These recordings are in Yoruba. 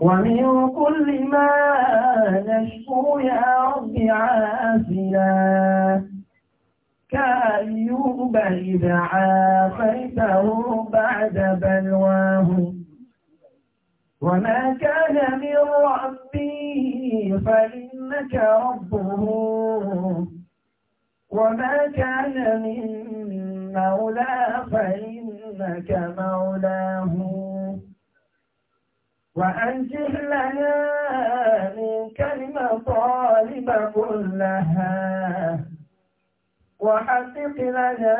ومن كل ما نشكو يا رب عافنا كأيوب إذا عافيته بعد بلواه وما كان من ربي فإنك ربه وما كان من مولى فإنك مولاه وأنجب لنا منك طالبة كلها وحقق لنا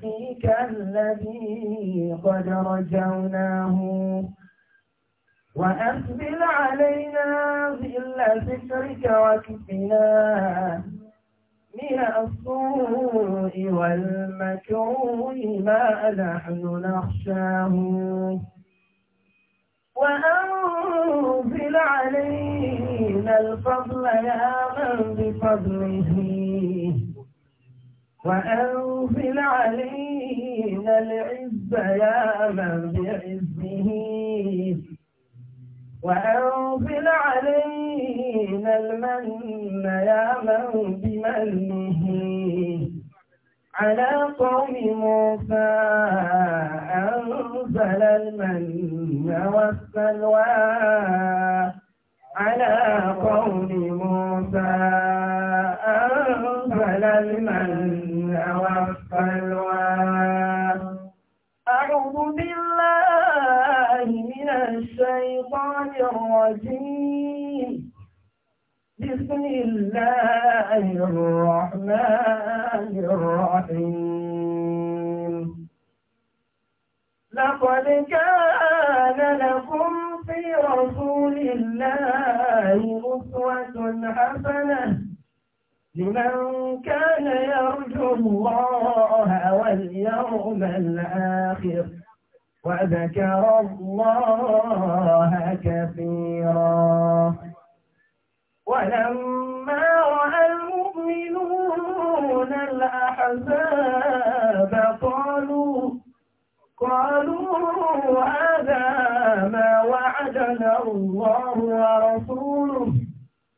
فيك الذي قد رجوناه وأقبل علينا ظل ذكرك وكفنا من السوء والمكروه ما نحن نخشاه وأنزل علينا الفضل يا من بفضله وأنزل علينا العز يا من بعزه وأنزل علينا المن يا من بمنه على قوم موسى أنزل المن والسلوى على قوم موسى أنزل المن والسلوى أعوذ بالله من الشيطان الرجيم بسم الله الرحمن الرحيم لقد كان لكم في رسول الله أسوة حسنة لمن كان يرجو الله واليوم الآخر وذكر الله كثيرا ولما رأى المؤمنون الأحزاب قالوا قالوا هذا ما وعدنا الله ورسوله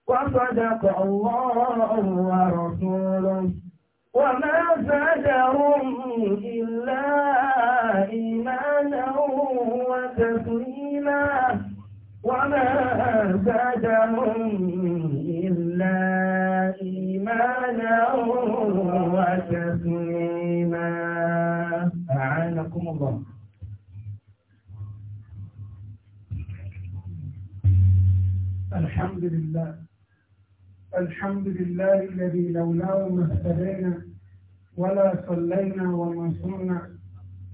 وصدق الله ورسوله وما زادهم إلا إيمانا وتسليما وما زادهم إلا إيمانا وتسليما أعانكم الله الحمد لله الحمد لله الذي لولاه ما اهتدينا ولا صلينا وما ان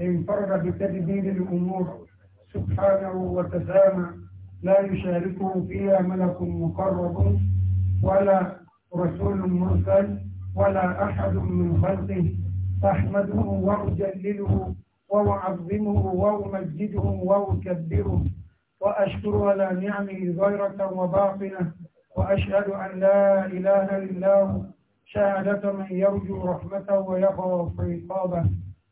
انفرد بتدبير الأمور سبحانه وتسامى لا يشاركه فيها ملك مقرب ولا رسول مرسل ولا أحد من خلقه أحمده وأجلله وأعظمه وأمجده وأكبره وأشكر على نعمه غيرة وباطنة وأشهد أن لا إله إلا هو شهادة من يرجو رحمته ويخاف عقابه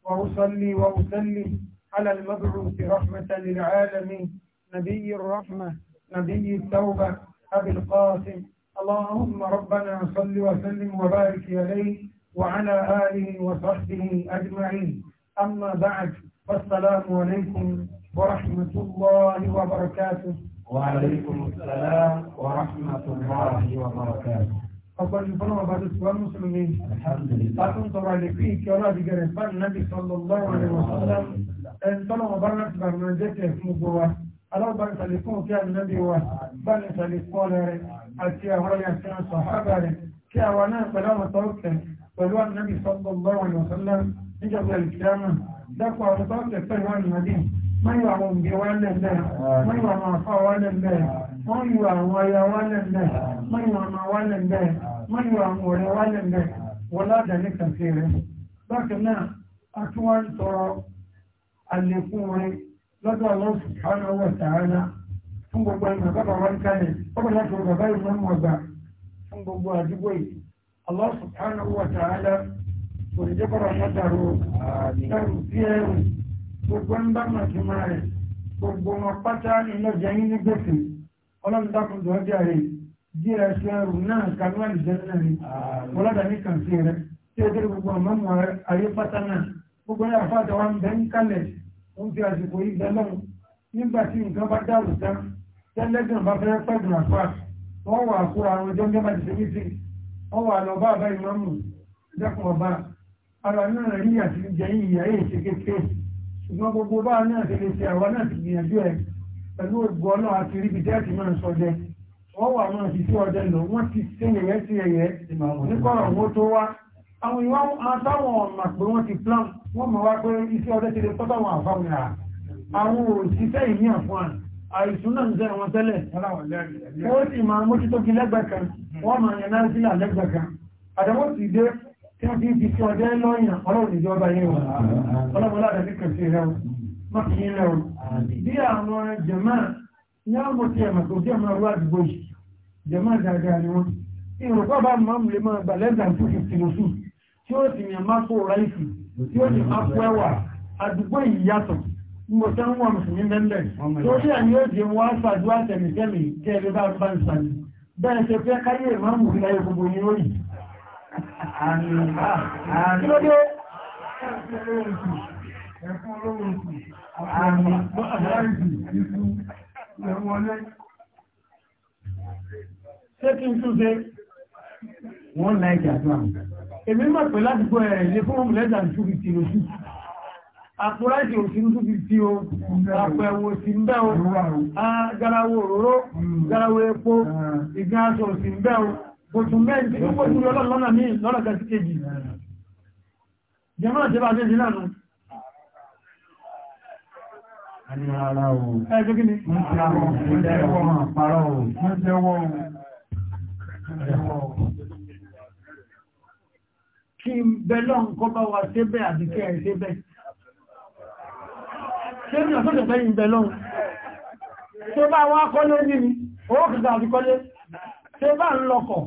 وأصلي وأسلم على المبعوث رحمة للعالمين نبي الرحمة نبي التوبة أبي القاسم اللهم ربنا صل وسلم وبارك عليه وعلى آله وصحبه أجمعين أما بعد فالسلام عليكم ورحمة الله وبركاته وعليكم السلام ورحمة الله وبركاته ọgbọ́n يقولون ان tó يقولون ان mùsùlùmí يقولون ان àlékún يقولون ان àdìgẹ̀rẹ̀ fún ànábì sọlọ́lọ́wọ́ ẹ̀wọ̀n ẹ̀ńtọ́nà ọba láti bàrùn alábàrin sàlẹ̀kún kí ànábì wa báni sàlẹ̀kún rẹ̀ àti àwọn ẹ̀yà tí wọ́n sọ̀hábà rẹ̀ kí àwọn náà pẹ̀lú àwọn tọ́ọ̀kẹ̀ pẹ̀lú ànábì sallallahu alaihi wasallam níjọba ìkìyàmù dápò àwọn tọ́ọ̀kẹ̀ pẹ̀lú ànábì wọ́n yọ àwọn òbí wa lẹ́lẹ̀ wọ́n yọ àwọn àfa wa lẹ́lẹ̀ wọ́n yọ àwọn aya wa lẹ́lẹ̀ wọ́n yọ àwọn wa lẹ́lẹ̀ wọ́n yọ àwọn ọ̀rẹ́ wa lẹ́lẹ̀ wọ́n ládàá ní kàfé rẹ̀ bákan náà a tún wá ń sọ̀rọ̀ àlékún rẹ̀ lọ́dọ̀ àwọn sùhánà wọ̀ sàánà fún gbogbo ẹni bàbá wọn kalẹ̀ ọmọ láti wọ bàbá ìmọ̀ mọ̀ gbà fún gbogbo àdúgbò yìí Allah subhanahu wa ta'ala kò ní jẹ́kọ̀rọ̀ mọ́tàrú ẹrù sí ẹrù gbogbo ń bá màtí ni ọlọ́dà ní kàn gbogbo ọmọ mọ̀ ayé pátá ń kalẹ̀ ó ń fi àsìkò yìí bẹ lọ́wọ́ nígbà tí nǹkan bá dàrú tán tẹ́lẹ́gàn bá fẹ́ pẹ̀lú àpá wọ́n wà kó àwọn ọjọ́ ń gẹ́bà ṣe méjì wọ́n wà lọ bá àbá ìmọ̀mù dẹ́kun ọba ara náà rí àti ìyá ṣe ṣùgbọ́n gbogbo bá náà ṣe lè ṣe àwa náà ti gbìyànjú ẹ̀ pẹ̀lú àti ríbi dẹ́ẹ̀tì wọ́n wà máa fi sí ọdẹ lọ wọ́n ti ṣe yẹ̀yẹ́ àwọn ìwà àtàwọn ọ̀nà pé wọ́n ti plan wọ́n mọ̀ wá pé iṣẹ́ ọdẹ́ ti lè tọ́tàwọn àfáwọn ìhà àwọn òṣìṣẹ́ ìní àfúnà àìsùn náà ń jẹ́ wọn tẹ́lẹ̀ ó sì máa mójútó kí lẹ́gbẹ̀ẹ́ kan wọ́n máa yẹn náà sílà lẹ́gbẹ̀ẹ́ kan àdàmọ́ sì dé tí wọ́n ti fi sí ọdẹ́ lọ́yìn ọlọ́run ìjọba yẹn wà ọlọ́run láti fi kẹsì rẹ o má fi yín rẹ o bí àwọn jẹ̀mọ́ ní àwọn mo ti ẹ̀mọ̀ tó jẹ́ ọmọ tí ó sì yàn máa kó ráìsì tí ó sì máa kó ẹwà àdúgbò ìyàtọ̀ mo ń wọ̀n sí nílẹ̀ tó ṣe àní ó di wọ́n aṣáájú àtẹ̀mìtẹ́mì kẹ́ ẹ̀rẹ́ bá bá ń sàlẹ̀ bẹ́ẹ̀ ṣe fẹ́ káyé ìmáàmù rí ayé gbogbo ní ó yìí. kí ló dé ẹ̀fún èmi mọ̀ pé láti gbọ́ ẹ̀ lè fún ọmọ lẹ́dà two fifty lójú àpòráìsì òsì two fifty o àpẹ̀wò òsì ń bẹ́ o garawo òróró hmm. garawo epo ah. ìgbìyànjọ òsì ń bẹ́ o bòtún mẹ́rin tí ó pọ̀jù lọ́nà mí lọ́nà kan sí kejì jẹ́mọ́ àjẹ́bà àjẹ́jì lánàá Àníwàlá ooo. Ẹgbẹ́ gíní? Mọ́ jẹ́wọ́ ooo. Mọ́ jẹ́wọ́ ooo kí n bẹ lọ́n kọ́ bá wa ṣébẹ̀ àbí kẹ́ ẹ̀ ṣébẹ̀ ṣé ní ọ̀sọ́dẹ̀ bẹ́ yìí bẹ lọ́n ṣé bá wá kọ́lé ní mi owó kìtà àbí kọ́lé ṣé bá ń lọkọ̀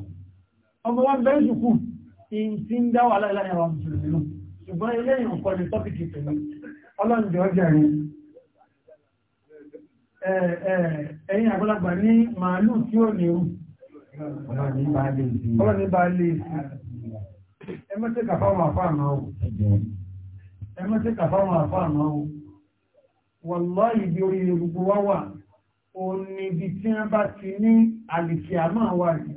ọmọ wa bẹ́ ṣùkú ìyìn ń dá wà láìláì àwọn mùsùlùmí lọ ṣùgbọ́n ilé ẹ mọ́ sí kàfáwọn àfáàmà o ẹ mọ́ sí kàfáwọn àfáàmà o wallahi ibi orí gbogbo wá wà ó ní ibi tí wọ́n bá ti ní àlìkí àmà wà rí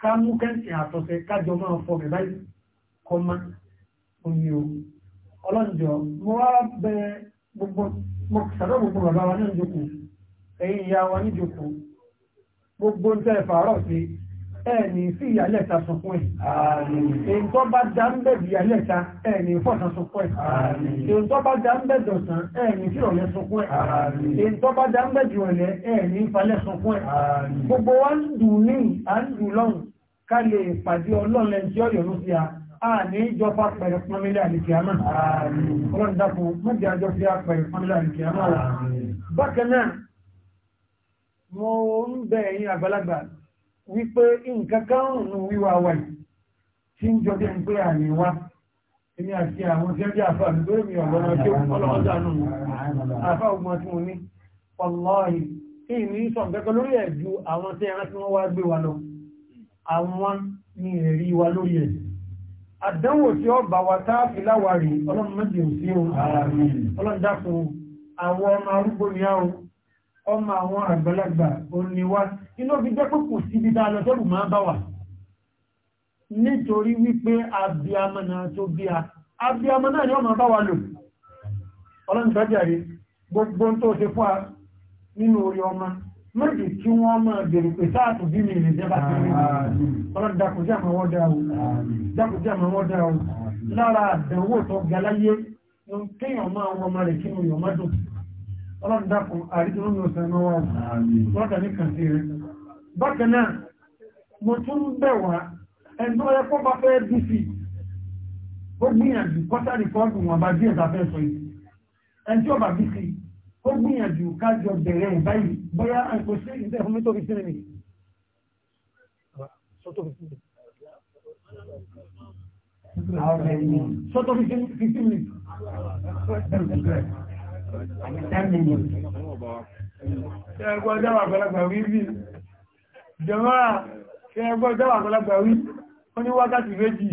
ká mú kẹ́ǹtì àtọ̀sẹ̀ kájọ máa fọ bẹ̀ báyìí kọ́ má omi o ọlọ́njọ́ mo wá bẹ gbogbo mo sàdọ̀ gbogbo bàbá wa ní ìjókòó ẹ̀yin ìyá wa ní ìjókòó gbogbo ń tẹ́ fàárọ̀ sí ẹni sí ìyàlẹ́ta sọpọ̀ ẹ̀ èyí tó bá dá ń bẹ̀ bí ìyàlẹ́ta ẹni fọ́sàn sọpọ̀ ẹ̀ èyí tó bá dá ń bẹ̀ dọ̀sán ẹni tí ọ̀lẹ́ sọpọ̀ ẹ̀ èyí tó bá dá ń bẹ̀ jù ọ̀lẹ́ ẹni falẹ̀ sọpọ̀ ẹ̀ gbogbo wa ń dùn ní à ń dùn lọ́hùn ká lè pàdé ọlọ́lẹ̀ tí ọ̀yọ̀ ló fi à ní ìjọba pẹ̀lú pọ́nmílẹ̀ àlìkìyàmá ọlọ́run dákun àjọ fi àpẹẹrẹ pọ́nmílẹ̀ àlìkìyàmá bákan mo ń bẹ̀ ẹ̀yin àgbàlagbà wípé nǹkan kan nù wíwá wa yìí tí ń jọ bí ẹni pé àmì wá èmi àti àwọn tí ó jẹ́ àfà mi lórí mi ọ̀gbọ́n náà tí ó ọlọ́wọ́ dànù àfà ogun tí mo ní ọlọ́ọ̀hì kí sọ nǹkan lórí ẹ̀ àwọn tí ẹran tí wọ́n wá gbé wa lọ àwọn ni ẹ̀rí wa lórí ẹ̀ àdánwò tí ó bá wa táàfi láwárí ọlọ́run méjì ò sí ohun ọlọ́run dákun àwọn inú fi jẹ́ pé kò síbi dáa lọ tẹ́rù máa bá wà nítorí wípé abiyamọ náà tó bí a abiyamọ náà ni wọ́n máa bá wà lò ọlọ́run tọ́jà rí gbogbo tó ṣe fún a nínú orí ọmọ méjì tí wọ́n máa bèèrè pé sáàtù bí mi lè jẹba tí wọ́n dákùjá ma wọ́n dá o dákùjá ma wọ́n dá o lára àdánwò tó galáyé kéèyàn máa wọ́n máa rẹ̀ kí mo yọ̀ mọ́dún ọlọ́run dákùn àrídùn ní ọ̀sán náà wọ́n dá ní kàn sí rẹ̀ bákan náà mo tún bẹ̀ wá ẹ̀dọ́ ẹ̀kọ́ bá fẹ́ bí sí ó gbìyànjú kọ́sàrí fọ́ọ̀dù wọn bá díẹ̀ tàfẹ́ sọ yìí ẹjọ́ bá bí sí ó gbìyànjú kájọ bẹ̀rẹ̀ báyìí bóyá àìkò sí ìdẹ́ fún mi tó fi sílẹ̀ mi sọ́tọ̀ fi sílẹ̀ mi ẹgbẹ́ ọjọ́ àgbàlagbà wíwí jẹmọ́ra ṣe ẹgbọ́ ìjọba àgbàlagbà wí ó ní wákàtí méjì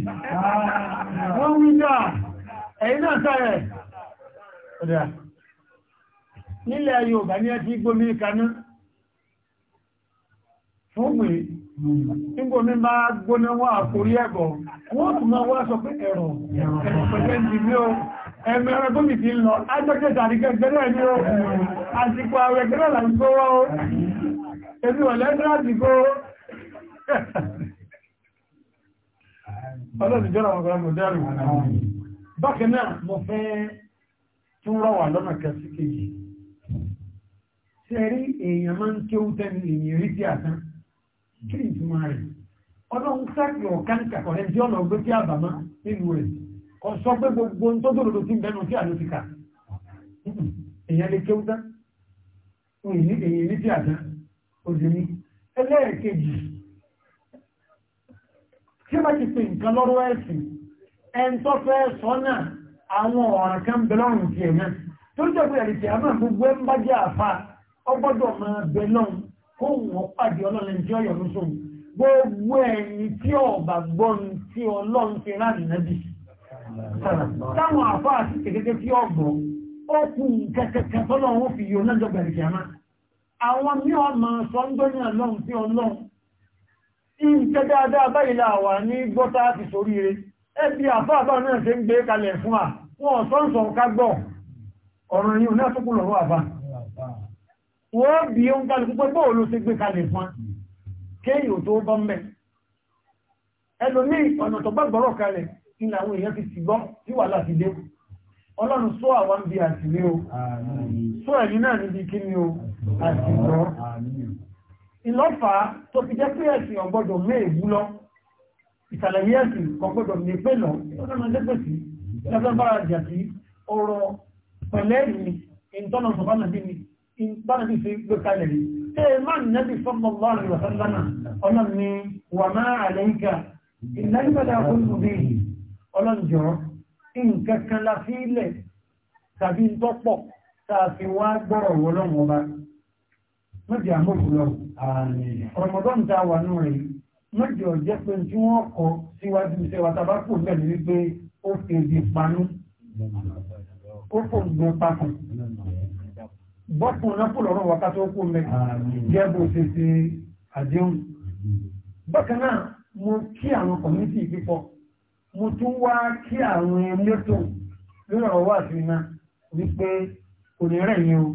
wọ́n wí náà ẹ̀yìn náà sáré ọ̀dá nílẹ̀ Yorùbá ní ẹ̀tí gbómi kaná fún pé nígbómi bá gbóná wọ́n àkórí ẹ̀bọ̀ wọ́n tún máa wá sọ pé ẹ̀rọ ẹ̀rọ pẹ̀lẹ́ ìdí ní o ẹ̀mẹ́ ẹ̀rọ gómìnà lọ ájọ́jẹ́ tàríkẹ́ gbẹ́rẹ́ ní o àsìkò àwẹ̀ gbẹ́rẹ́ làgbọ́wọ́ Èmi wà lẹ́gbẹ́ àdìgbò. Ọlọ́dún jọ́ra wọn gbọ́nà dárì wọn náà. Bákan náà, mo fẹ́ tún rọ̀ wà lọ́nà kẹsí kejì. Sẹ́rí èèyàn máa ń kéwú tẹ́ni èèyàn rí sí àtán. Kí ni ìtumọ̀ rẹ̀? Ọlọ́run sáàkì ọ̀kan kàkọ̀rẹ́ tí ọ̀nà ọgbẹ́ tí àbámá nínú rẹ̀. Ọ̀sọ́ pé gbogbo ohun tó dòdòdò ti bẹnu tí àlọ́ Èèyàn lè kéwú tán. Èèyàn ní tí àtán. obìnrin ẹlẹ́ẹ̀kejì tí wọ́n ti pè nǹkan lọ́rọ̀ ẹ̀sìn ẹn tó fẹ́ sọ́nà àwọn ọ̀ràn kan bẹ̀lọ́rùn ti ẹ̀yàn tó jẹ́ ẹ̀rìtì àmà gbogbo ẹ̀ ń bá jẹ́ àfà ọgbọ́dọ̀ máa bẹ̀lọ́run kó wọ́n pàdé ọlọ́run tí tí ó àwọn mí ọmọ sọ́ndọ́nì ọlọ́run sí ọlọ́run ìjẹ́ dáadáa báyìí láwà ní gbọ́ta ti sórí rẹ̀ ẹbí àfáàbá náà ṣe ń gbé kalẹ̀ fún à wọ́n sọ́nsọ̀ kágbọ́ ọ̀rọ̀ yìí náà tó kúrò wà bá wọ́n bí i ń kalẹ̀ púpọ̀ bóò ló ṣe gbé kalẹ̀ fún kéyò tó bọ́ mẹ́ ẹlòmí ọ̀nà tó bá gbọ́rọ̀ kalẹ̀ ìlàwọn èèyàn ti sì gbọ́ ọlọ́run sọ àwọn bí àtìlé o sọ ẹ̀yìn náà níbi kí ni o àtìlọ́ ìlọ́fà tó fi jẹ́ pé ẹ̀sìn ọgbọ́dọ̀ méèwú lọ ìsàlẹ̀ yẹ́ ẹ̀sìn ọgbọ́dọ̀ ní pé lọ ọlọ́run lẹ́gbẹ̀sí lẹ́gbẹ̀ bára jà sí ọ̀rọ̀ pẹ̀lẹ́ ni ìbánàbí fi gbé kalẹ̀ rí tẹ́ ẹ máa nẹ́bí ọlọ́run ni wà máa àlẹ́ ìkà nǹkan kan la fi ilẹ̀ tàbí tọ́pọ̀ tààfi wá gbọ́rọ̀ wọ́n lọ́wọ́ bá mẹ́jì àmójúlọ ọmọdún ta wà ní rẹ̀ mẹ́jì ọ̀jẹ́ pé tí wọ́n kọ síwájú iṣẹ́ wa tàbá kò bẹ̀ ní wípé ó fi di panú ó fò gbọ́ papọ̀ bọ́pùn lọ́pù lọ́rọ̀ wà ká tó kú mẹ́ jẹ́ bó ṣe ṣe àdéhùn bákan náà mo kí àwọn kọ̀mítì pípọ̀ mo tún wá kí àwọn elétò lórí ọ̀rọ̀ wà sí iná wípé kò ní rẹ̀ yín o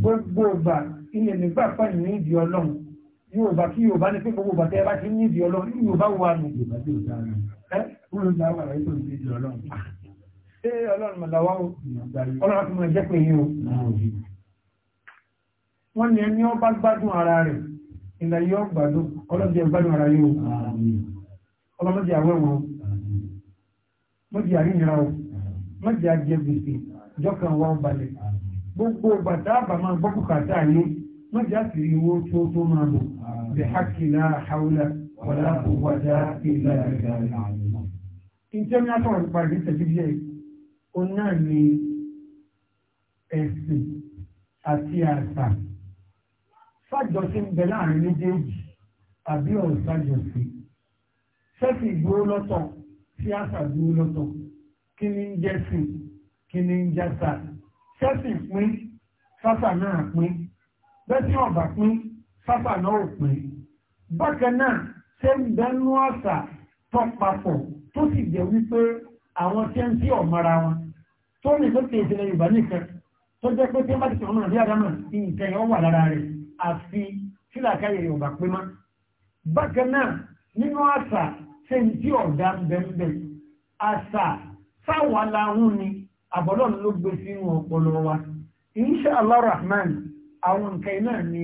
gbogbo ọba ilẹ̀ nígbà fáyìn ní ìdí ọlọ́run yóò bá kí yóò bá ní pé gbogbo ọba tẹ́ bá ti ní ìdí ọlọ́run yóò bá wà nù. Ah. ṣé ọlọ́run màláwá o ọlọ́run ti mọ̀ jẹ́ pé yín o. wọ́n ní ẹni ọba gbádùn ara rẹ̀ ìlà yóò gbádùn ọlọ́run gbádùn ara yóò ọlọ́run jẹ́ mọ́jì àríyàn o mọ́jì àjẹ gbèsè jọ́kan wá balẹ̀ gbogbo bàtà àbàmà gbọ́kùkàtà ayé mọ́jì àṣírí owó tó tó máa bò bẹ̀ hákìlá haúlá wàlá òwàdá ìlà ìgbà ìlànà. ìjẹ́mi àtọ̀rọ̀ nípa ìrìnsẹ̀ jíjẹ́ o náà ni ẹ̀sìn àti àṣà sájọsí ń bẹ láàrin méjèèjì àbí ọ̀sájọsí sẹ́sì ìgbó lọ́tọ̀ tí àṣà dúró lọ́tọ̀ kí ni ń jẹ́ sí kí ni ń jẹ́ sà ṣẹ́sì pín sáṣà náà pín bẹ́sí ọ̀bà pín sáṣà náà ò pín bákan náà ṣé ń bẹnu àṣà tó papọ̀ tó sì jẹ́ wípé àwọn tí ń tí ọ̀mọ́ra wọn tó ní tó kéèké lẹ́yìn ìgbà nìkan tó jẹ́ pé tí wọ́n bá ti sọ̀rọ̀ náà bí àdámà nǹkan yẹn wà lára rẹ̀ àfi sílàkàyè ọ̀bà pín mọ́ bákan náà nínú àṣà ṣe ń tí ọ̀dà ń bẹ̀m̀bẹ̀ àṣà sáwọn aláhùn ni àbọ̀lọ́ ló gbé sínú ọpọlọ wa insha Allah rahman àwọn nǹkan iná ni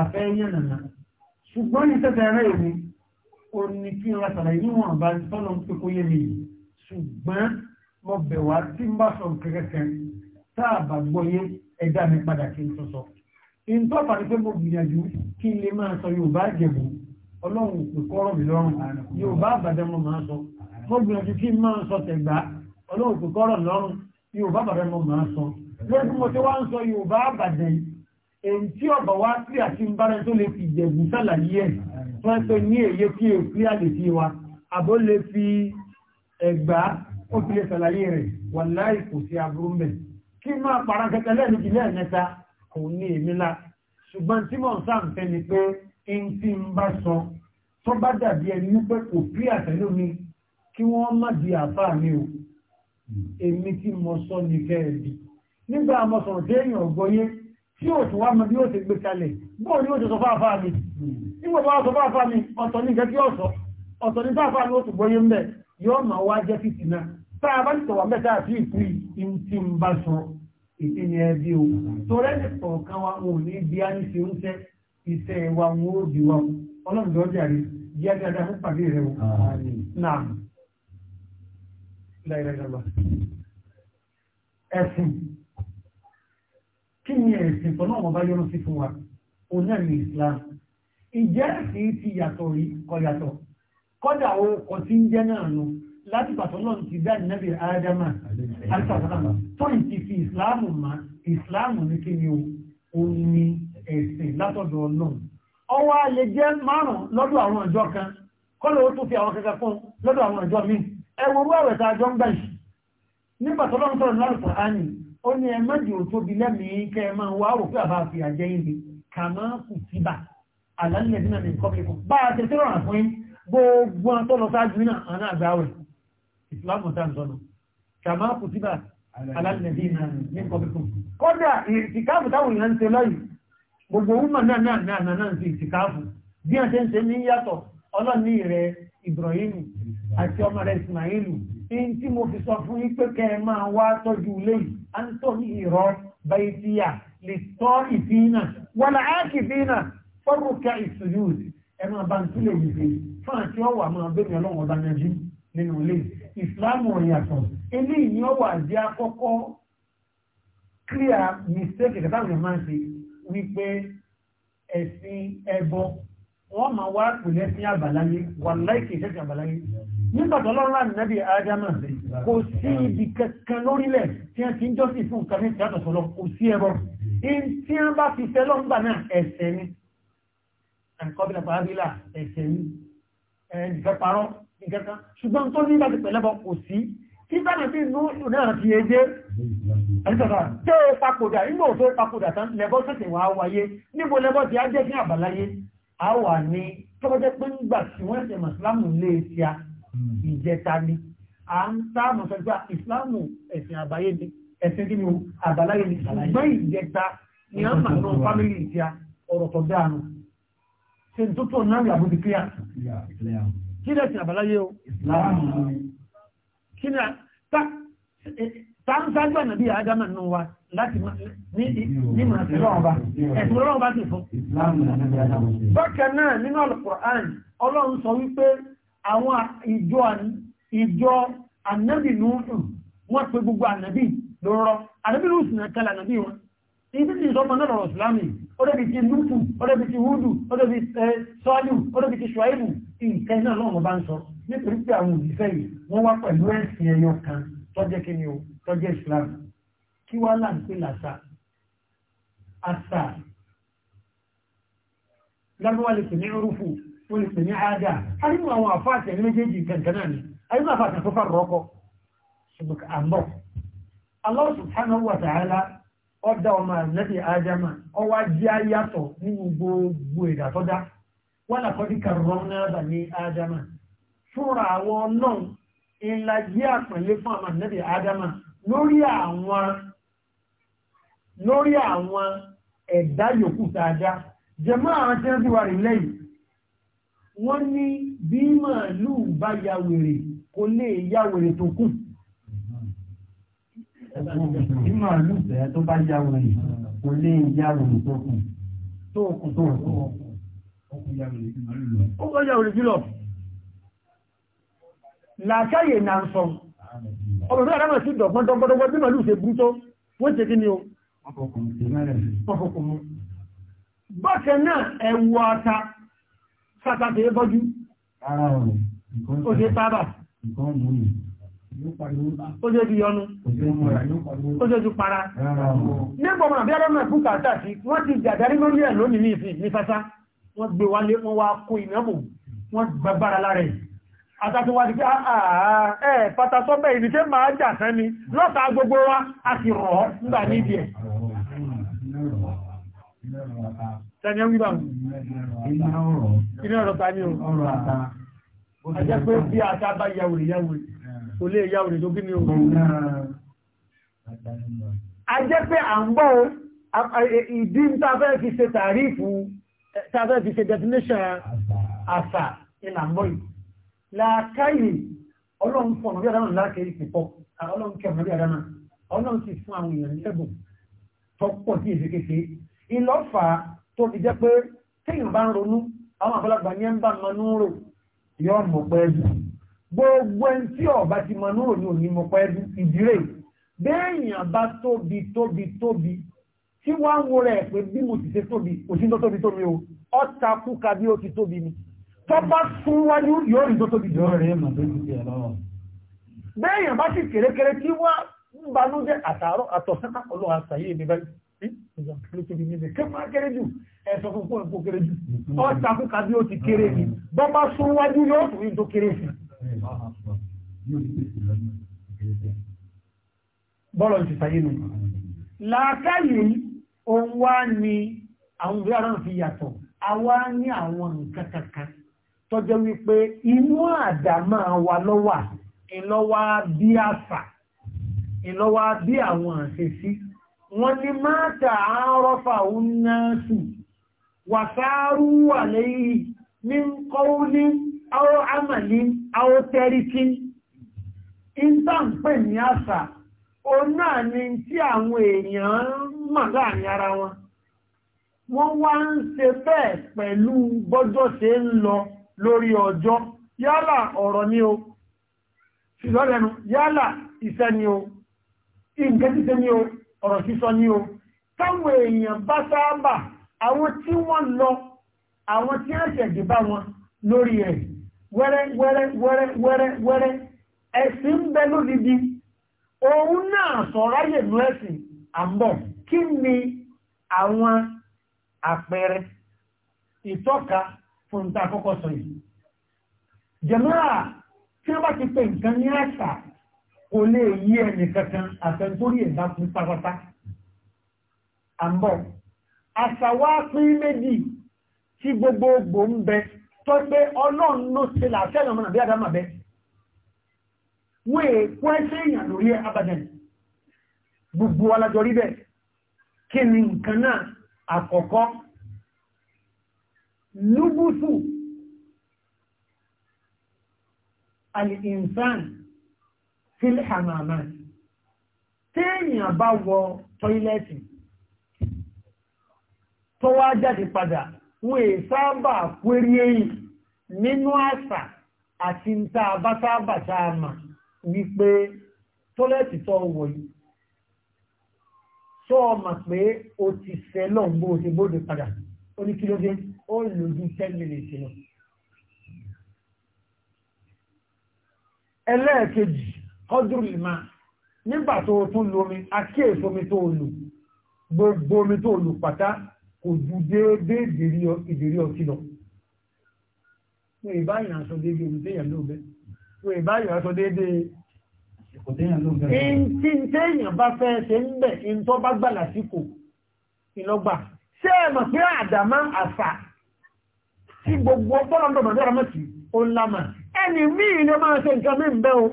àfẹ́ yẹn nàná ṣùgbọ́n ní tẹ́tẹ́ ẹ̀rẹ́ èmi ó ní kí n ra sàlàyé níwọ̀n bá tọ́lọ́ ń pé kó yé mi yìí ṣùgbọ́n mo bẹ̀ wá tí ń bá sọ kẹ́kẹ́kẹ́ tá a bá gbọ́yé ẹ̀dá mi padà kí n sọ sọ. ìǹtọ́ àpàdé pé mo gbìyànjú kí n lè máa sọ Yorùbá jẹ̀bù ọlọ́run òpè kọ́rọ̀ mi lọ́rùn yóò bá àbàdẹ́ mọ́ máa sọ mọ́ gbìyànjú kí n máa sọ tẹ̀gbá ọlọ́run òpè kọ́rọ̀ lọ́rùn yóò bá àbàdẹ́ mọ́ máa sọ lórí mo ti wá ń sọ yóò bá àbàdẹ́ èyí tí ọ̀bà wá sí àti ń bára tó lè fi ìjẹ̀bù sàlàyé ẹ̀ tó ń pè ní èyí tí ó fi àlè sí wa àbó lè fi ẹ̀gbá ó fi lè sàlàyé rẹ̀ wà láì kò sí kí ẹntì ń bá sọ tó bá dàbí ẹni wípé kò pí àtẹ́lú mi kí wọ́n má di àfá mi o èmi tí mo sọ ní kẹ́ẹ̀bì nígbà mo sọ̀rọ̀ tí èèyàn ọgbọ́yé tí ó tún wá mọ bí ó ti gbé ni ó ti sọ mi nígbà tó wá sọ mi ọ̀tọ̀ ní ìjẹ́ ọ̀sọ̀ ọ̀tọ̀ ní fáfá mi ó tún gbọ́yé mbẹ̀ yóò máa wá jẹ́ tá a bá ti sọ̀wọ́ mẹ́ta ìpín tí ń bá sọ o torẹ́ wa òun ní iṣẹ́ wa ń ó di wa ọlọ́run lọ jàre jẹ́ dáadáa fún pàdé rẹ̀ wọ́n náà láìláìláìlá ẹ̀sìn kí ni ẹ̀sìn tọ́nà wọn bá yọ́nú sí fún wa òun náà ní Islam ìjẹ́ ẹ̀sìn ti yàtọ̀ rí kọ yàtọ̀ kọ́dà ó kọ sí ń jẹ́ náà nù láti pàtó ti dá ìnábì ádámà àti àtàlámà tó ń ti fi ìsìláàmù ma ìsìláàmù ní kí ni ó ní èsì látọ̀dọ̀ ọlọ́run ọwọ́ ayé jẹ́ márùn-ún lọ́dọ̀ àwọn ọjọ́ kan kọ́lọ̀ ó tún fi àwọn kẹta fún lọ́dọ̀ àwọn ọjọ́ míì ẹwọ orú àwẹ̀ tá a jọ ń gbà yìí nígbà tó lọ́n sọ̀rọ̀ lọ́rùn Kùránì ó ní ẹ mẹ́jì ò tóbi lẹ́mìí kẹ́ ẹ máa wá rò pé àbá fi àjẹ́ yìí kà máa kù síbà àlálẹ̀ nínú àmì nǹkan bíkún bá a ti tí rọrùn fún yín gbogbo àwọn tó lọ sáájú náà àwọn náà gbà wẹ̀ ìsìlámù tá à ń sọnù kà máa kù síbà àlálẹ̀ nínú àmì nǹkan bíkún táwọn èèyàn ń gbogbo ọmọ náà náà náà náà náà sí ìsìkáàfù bí wọ́n ṣe ń ṣe ní yàtọ̀ ọlọ́ni rẹ̀ Ibrahimu àti ọmọ rẹ̀ Ismailu in tí mo fi sọ fún yín pé kẹ́ máa wá tọ́jú léyìí Anthony irọ́ baitiya lè tọ́ ìfínà wọlé áàkì fínà fọ́rùkà ìsújúd ẹ máa bá ń túlẹ̀ yìí fi fún àti ọwọ́ àmọ́ abẹ́mi ọlọ́run ọba yanjú nínú ilé ìsìláàmù ọ̀yàtọ̀ eléyìí ni ọwọ́ àjẹ́ akọ́kọ́ clear mistake kẹta àwọn èèyàn wípé ẹ̀sìn ẹbọ wọ́n máa wá pèlẹ́ sí àbàláyé wà láìkè ìṣẹ́sìn àbàláyé nígbàtọ̀ ọlọ́run láti nẹ́bí adama kò sí ibi kankan lórílẹ̀ tí wọ́n ti ń jọ́sìn fún nǹkan ní ìtìyàtọ̀ sọ́lọ́ kò sí ẹbọ tí wọ́n bá fi fẹ́ lọ́ngbà náà ẹ̀ṣẹ̀ ni ẹ̀kọ́bìnà pàábílà ẹ̀ṣẹ̀ ni ẹ̀ẹ́dìfẹ́ parọ́ nǹkan kan ṣùgbọ́n tó ní láti pẹ̀lẹ́bọ kò sí kí bẹ́ẹ̀ sí inú náà fi ẹjẹ́ ẹ̀sọ̀fà tó papòdà inú òfó papòdà tán lẹ́bọ́ sẹ̀sẹ̀ wọ́n á wáyé níbo lẹ́bọ́ ti á jẹ́ sí àbáláyé a wà ní tọ́kọ́jẹ́ pé nígbà tí wọ́n ṣe mọ̀sílámù lé e ti a ìjẹta ni a ń sáàmù sọ pé ìsìlámù ẹ̀sìn àbáyé ni ẹ̀sìn kí ni àbáláyé ni ṣùgbọ́n ìjẹta ni a mà náà fámìlì ti a ọ̀rọ̀ tó dáanu ṣe ń tó tó náà yàgò ti kíyà kí lẹ́sìn o. ìsìlámù kí ni sáńsájú ànàbí àádámà nù wa láti ní màá sí lọ́wọ́ bá ẹ̀sùn lọ́wọ́ bá sì fún. bákan quran ọlọ́run sọ wípé àwọn ìjọ ìjọ ànàbì nùsùn wọ́n pe gbogbo ànàbì lọ́rọ̀ ànàbì nùsùn náà kálà ànàbì wọn ibi tí ìsọmọ náà lọ́rọ̀ ìsìlámì ọdẹ́bi ti lúpù ọdẹ́bi ti húdù ọdẹ́bi sọ́ọ́lù ọdẹ́bi ti ṣùáìbù nítorí pé àwọn òbífẹ́ yìí wọ́n wá pẹ̀lú ẹ̀sìn ẹyọ kan tọ́jẹ́ kí ni o tọ́jẹ́ Islam kí wá là ń pè làṣà àṣà lágbàwá lè pè ní orúfù wọ́n lè pè ní àádá arínú àwọn àfáàtẹ̀ ní méjèèjì kankaná ni arínú àfáàtẹ̀ tó fàrọ̀ ọkọ̀ ṣùgbọ́n àmọ́ Allah subhanahu wa ta'ala ọ̀dà ọmọ àlẹ́bí ádámà ọwá jẹ́ ayàtọ̀ nínú gbogbo ìdàtọ́dá wọ́n làkọ́dí kàrọ̀ náà bà ní ádámà fúnra àwọn náà ìlàjí àpẹ̀lé fún àwọn ànẹ́bì adama lórí àwọn lórí àwọn ẹ̀dá yòókù tààdá jẹmọ́ àwọn tí wọ́n ti wà rí lẹ́yìn wọ́n ní bí màálù bá ya wèrè kò lè ya wèrè tó kù bí màálù bẹ̀rẹ̀ tó bá ya wèrè kò lè ya wèrè tó kù tó kù tó kù ó kọjá wèrè jùlọ làákàyè náà sọ ọmọ ìlú àdámọ̀ sí dọ̀gbọ́n dọ́gbọ́dọ́gbọ́ bí màlúù ṣe bú tó wọ́n ṣe kí ni o bákan náà ẹ̀wọ̀ ata sátàtì ẹbọ́jú ó ṣe tábà ó ṣe ti yọnu ó ṣe ti para nígbọ̀n mọ̀ bí ọlọ́mọ̀ ẹ̀kú kàtà sí wọ́n ti jàdárí lórí ẹ̀ lónìí ní ìfì ní sásá wọ́n gbé wálé wọ́n wá kó ìnáwó wọ́n gbàgbára lára ẹ̀ àtàtíwàdì pé àà pàtàsọ́bẹ̀ ìbí tẹ́ máa jà sẹ́ni lọ́ta gbogbo wa a ti rọ̀ nígbà níbi ẹ̀ tẹ́ni ẹ́ wíbà iná ọrụ ní ọ̀rọ̀ àta ajẹ́ pé bí àta bá yàwòrì yàwòrì kò lè yàwòrì tó gíní ohun ajẹ́ pé à ń bọ́ làákàyè ọlọ́run fún ọ̀nà bí àdánà làákàyè ti pọ̀ ọlọ́run kẹ́ ọ̀nà bí àdánà ọlọ́run sì fún àwọn èèyàn lẹ́bùn tó pọ̀ sí èsì kékeré ìlọ́fà tó fi jẹ́ pé téèyàn bá ń ronú àwọn àgbàlagbà ní ẹ̀ńbà manúrò yóò mọ̀ pẹ́ẹ́dù gbogbo ẹni tí ọba ti manúrò ní òní mọ̀ pẹ́ẹ́dù ìdírè béèyàn bá tóbi tóbi tóbi tí wọ́n ń wo rẹ̀ pé bí mo ti ṣe tóbi òsín tóbi tóbi o ọ̀ta kúka bí ó ti tóbi ni tó bá sún wájú yóò rí tó tóbi jùlọ rẹ̀ mọ̀ tó ti tẹ̀ lọ́wọ́ bẹ́ẹ̀yàn bá sì kèrékèré tí wá ń banú jẹ́ àtàárọ̀ àtọ̀sánà ọlọ́wà sàyé ìbí báyìí ló ti bí níbi kí máa kéré jù ẹ̀sọ́ fún fún ẹ̀kọ́ kéré jù ọ̀tà mm-hmm. fún ní tó ti sàyé nù. làákàyè òun wá ní àwọn ìwé fi yàtọ̀ àwa ní àwọn nǹkan kankan tọ́jọ́ wípé inú àdámà wa lọ́wà ìlọ́wà bí àṣà ìlọ́wà bí àwọn àṣẹ́sí wọ́n ní máta àárọ́fà ounnáṣù wàsáárù wà lẹ́yìn ní ní àwọn àmàlí àwọn tẹ́ríkí pè ní àṣà o náà ni tí àwọn èèyàn mọ̀ láàrin ara wọn wọ́n wá ń bẹ́ẹ̀ pẹ̀lú bọ́jọ́ ń lọ lórí ọjọ́ yálà ọ̀rọ̀ ni o ṣìṣọ́lẹ̀nu yálà iṣẹ́ ni o nǹkan títẹ́ ni o ọ̀rọ̀ sísọ ni o táwọn èèyàn bá sáábà àwọn tí wọ́n lọ àwọn tí ẹ̀ṣẹ̀ dé bá wọn lórí ẹ̀ wẹ́rẹ́ wẹ́rẹ́ wẹ́rẹ́ wẹ́rẹ́ wẹ́rẹ́ ẹ̀sìn ń bẹ lódìdí òun náà sọ̀rọ̀ ayè nú ẹ̀sìn àmbọ̀ kí ni àwọn àpẹẹrẹ ìtọ́ka fún ta kọ́kọ́ sọ yìí. jẹ̀mọ́ra tí wọ́n bá ti pè nǹkan ní àṣà kò lè yí ẹnì kankan àtẹ̀ntórí ẹ̀dá fún pátápátá. àmọ́ àṣà wa pín méjì tí gbogbogbò ń bẹ tó pé ọlọ́run ló ṣe làṣẹ ìyàmọ́ nàbí àdámà bẹ. wọ́n èkó ẹṣẹ́ èèyàn lórí abadan gbogbo alájọ rí bẹ́ẹ̀ kí ni nǹkan náà àkọ́kọ́ lúbùsù alìsàn fílhàmàmà téèyàn bá wọ tọ́ílẹ̀tì tó wá jáde padà wọ́n è sábà kwérí èyí nínú àṣà àti ìta àbátábàtà àmà wípé tọ́lẹ̀tì tó wọ̀ yìí sọ pé o ti sẹ́lọ̀ bó ti bóde padà ó ó lò ju ten minutes lọ. ẹlẹ́ẹ̀kejì kọ́dúrú lè máa nígbà tó o tún lomi akéèso omi tó o lò gbogbo omi tó o lò pátá kò ju déédéé ìdérí ọtí lọ. wọ́n ì báyìí aṣọ déédéé omi téèyàn ló bẹ́ wọ́n ì báyìí aṣọ déédéé ìkò téèyàn ló bẹ́. ìntì téèyàn bá fẹ́ ṣe ń bẹ̀ ìntọ́ bá gbà lásìkò ìlọ́gbà ṣé ẹ mọ̀ pé àdámá àṣà tí gbogbo bọ́lọ̀dọ̀ mọ̀lẹ́rọ mẹ́sì ó lámà ẹni míì lè máa ṣe nǹkan mí bẹ́ o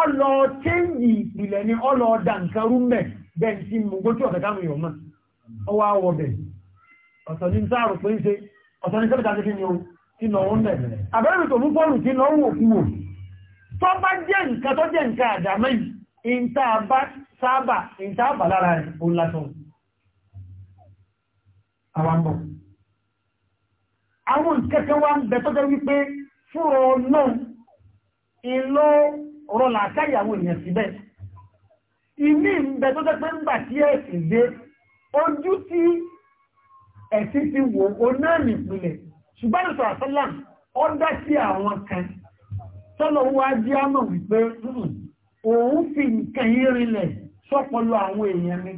ọlọ tẹ́yì ìpìlẹ̀ ni ọlọ ọ̀dà nǹkan rú mẹ́ bẹ́ẹ̀ sí mú gbójú ọ̀kẹ́ táwọn èèyàn mọ́ ọwọ́ àwọ̀ bẹ̀ ọ̀sọ̀ ní sáàrù pé ń ṣe ọ̀sọ̀ ní sẹ́bẹ̀ta ti fi ni o ti nà ó mẹ́ àbẹ́rẹ́ tó mú fọ́ọ̀rù ti nà ó wò kú wò àwọn ìkẹ́kẹ́ wá ń bẹ tó jẹ́ wípé fúnra náà ìlọ rọlà àkáyàwó èèyàn síbẹ̀ ìmí ń bẹ tó jẹ́ pé ń gbà tí ẹ̀sìn dé ojú tí ẹ̀sìn ti wò ó náà nìpìnlẹ̀ ṣùgbọ́n ìsọ̀ àṣọ́là ó dá sí àwọn kan tọ́lọ̀ wá jẹ́ àmọ̀ wípé hmm, òun fi nǹkan yí rinlẹ̀ sọ́pọlọ àwọn èèyàn ni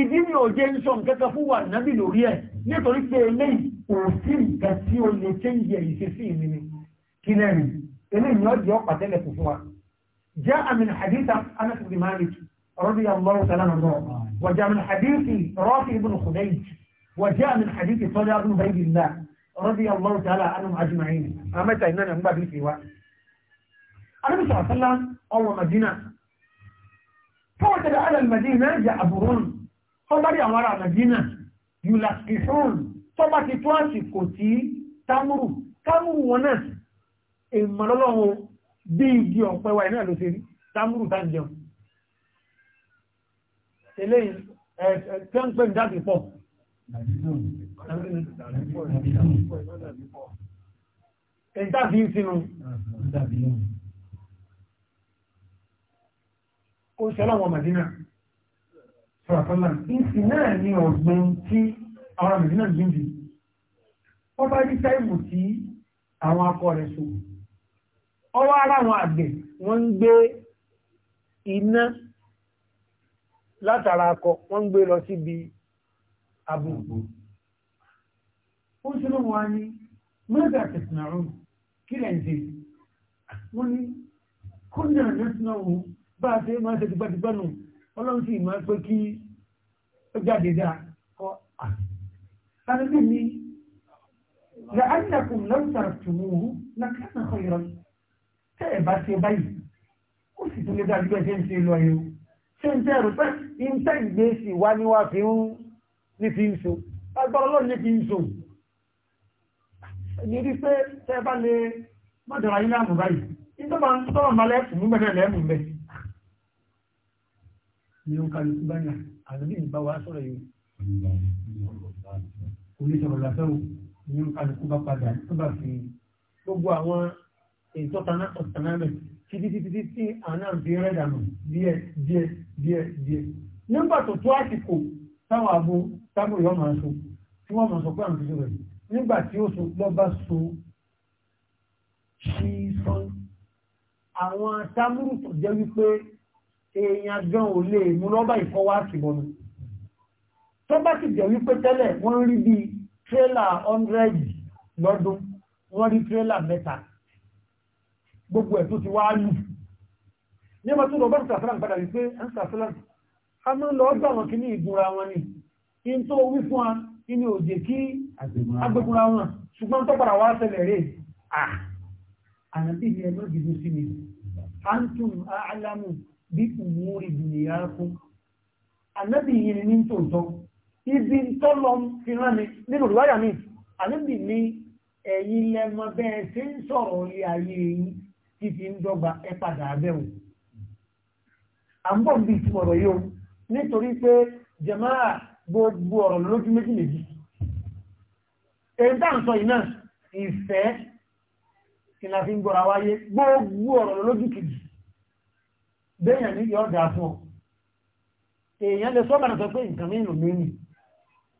ìdí ni òjé ń sọ nǹkan kan fún wà nábì lórí ẹ̀ nítorí pé eléyìí òsì nǹkan tí ó lè tẹ́yìn ẹ̀yìn ṣe sí ìmì ni kí lẹ́nu eléyìí náà jẹ́ ọ̀pá tẹ́lẹ̀ kò fún wa jẹ́ àmìn hadith anas ibn malik radiyallahu ta'ala anhu wa jẹ́ àmìn hadith rafi ibn khudayj wa jẹ́ àmìn hadith tọ́lá ibn ubaydillah radiyallahu ta'ala anhum ajma'in amẹ́ta iná ni gbàgbé fi wa. anabi sọ̀rọ̀ sọ́lá ọwọ́ madina fọwọ́ tẹ̀lé alẹ́ madina jẹ́ àbúrún kọ́ bá rí àwọn ará madina yulaskihun tọ́ba ti tó àsìkò tí támúrù támúrù wọn náà ìmọ̀lọ́lọ́run bí igi ọ̀pẹ wa ìnáà ló ṣe rí támúrù tá ń jẹun eléyìí ẹ̀ tí wọ́n ń pè ní dáàbì pọ̀ ìdáàbì sínú ó ṣẹlọ́wọ́ màdínà sọ̀rọ̀kọ́lá ìsìn náà ni ọ̀gbìn tí àwọn mẹ̀dínà ló ń bì wọ́n bá rí táìmù tí àwọn akọ rẹ̀ so ọwọ́ ara àwọn àgbẹ̀ wọ́n ń gbé iná látara akọ wọ́n ń gbé lọ síbi abúgbò ó sì ló wọ́n ní mẹ́ta tẹ̀sánàrún kí lẹ́ǹdẹ̀ bá a ṣe máa ṣe tipẹ́tipẹ́ nù ọlọ́run sì máa pé kí ó jáde dáa kọ́ àti قال مني لأنكم لو تركتموه لكان خيرا تأبى سيبي وسيتم لذلك بسين سيلو أيو سنتر بس إنتاج بيسي واني وافيون نفينسو أكبر الله نفينسو Ìdí pé tẹ́ bá lè mọ́dọ̀rọ̀ ayé láàmù báyìí, ìjọba ń tọ́rọ̀ máa lẹ́ẹ̀kùn mú bẹ̀rẹ̀ lẹ́ẹ̀mù bẹ̀. Ni ó ń kàlùkù báyìí, àlùbí kò ní sọ̀rọ̀ lásán ní kálukú bá padà tó bá fi gbogbo àwọn ètò tananámẹ̀ títí títí tí àná fi rẹ̀ dànù díẹ̀ díẹ̀ díẹ̀ díẹ̀. nígbà tó tó àsìkò táwọn abo tábìlì ọmọ aṣọ tí wọ́n mọ̀ sọ pé àǹtí rẹ̀ nígbà tí ó so lọ́ba so ṣí sán àwọn tábìlì tó jẹ́ wípé èèyàn gan ò lè mú lọ́ba ìfọwọ́ àtìbọnù tó bá sì jẹ́ wípé tẹ́lẹ̀ wọ́n rí bí tírélà 100 lọ́dún wọ́n rí tírélà mẹ́ta gbogbo ẹ̀ tó ti wá lù ní ọmọ tó lọ bá ń sàfẹ́lá padà wípé ń sàfẹ́lá a ní ìgúnra wọn ni in tó wí fún wa inú òjè kí agbègbúnra wọn ṣùgbọ́n ah ànàbí ni ẹgbẹ́ ìdìbò sí mi antum a'lamu bí umuri dùnìyà fún ànàbí yìí ni ní tòótọ́ ibi tọ́lọ fi rán mi nínú ìwáyà mi àníbì ní ẹ̀yìn lẹ́mọ bẹ́ẹ̀ tí ń sọ̀rọ̀ orí ayé yìí tí fi ń dọ́gba ẹ padà abẹ́wò à ń bọ̀ bí ìtumọ̀rọ̀ yìí o nítorí pé jẹ̀máà gbogbo ọ̀rọ̀ lójú méjì méjì èyí tá ń sọ yìí náà ìfẹ́ kí la fi ń gbọ́ra wáyé gbogbo ọ̀rọ̀ lójú kejì bẹ́ẹ̀yàn ní yọ̀ọ́ dà fún ọ èèyàn lè sọ́gbà náà sọ pé nǹkan mìíràn mìíràn